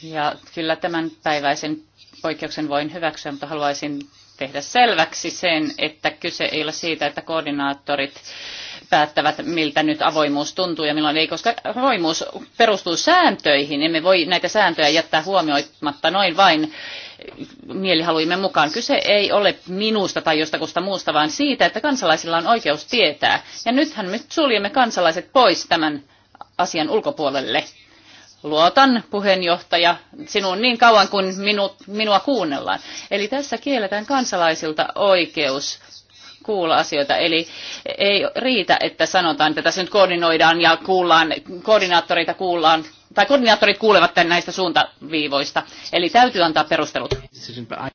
Ja kyllä tämän päiväisen poikkeuksen voin hyväksyä, mutta haluaisin tehdä selväksi sen, että kyse ei ole siitä, että koordinaattorit päättävät, miltä nyt avoimuus tuntuu ja milloin ei, koska avoimuus perustuu sääntöihin. Emme voi näitä sääntöjä jättää huomioimatta noin vain mielihaluimme mukaan. Kyse ei ole minusta tai jostakusta muusta, vaan siitä, että kansalaisilla on oikeus tietää. Ja nythän me suljemme kansalaiset pois tämän asian ulkopuolelle luotan puheenjohtaja sinuun niin kauan kuin minu, minua kuunnellaan. Eli tässä kielletään kansalaisilta oikeus kuulla asioita. Eli ei riitä, että sanotaan, että tässä nyt koordinoidaan ja kuullaan, koordinaattoreita kuullaan, tai koordinaattorit kuulevat tämän näistä suuntaviivoista. Eli täytyy antaa perustelut.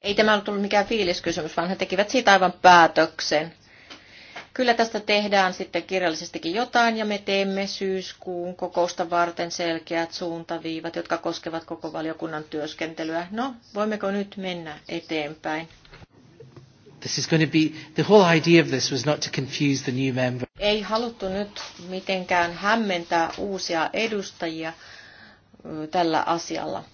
Ei tämä ollut mikään fiiliskysymys, vaan he tekivät siitä aivan päätöksen. Kyllä tästä tehdään sitten kirjallisestikin jotain ja me teemme syyskuun kokousta varten selkeät suuntaviivat, jotka koskevat koko valiokunnan työskentelyä. No, voimmeko nyt mennä eteenpäin? This is going to be, the whole idea of this was not to confuse the new member. Ei haluttu nyt mitenkään hämmentää uusia edustajia tällä asialla.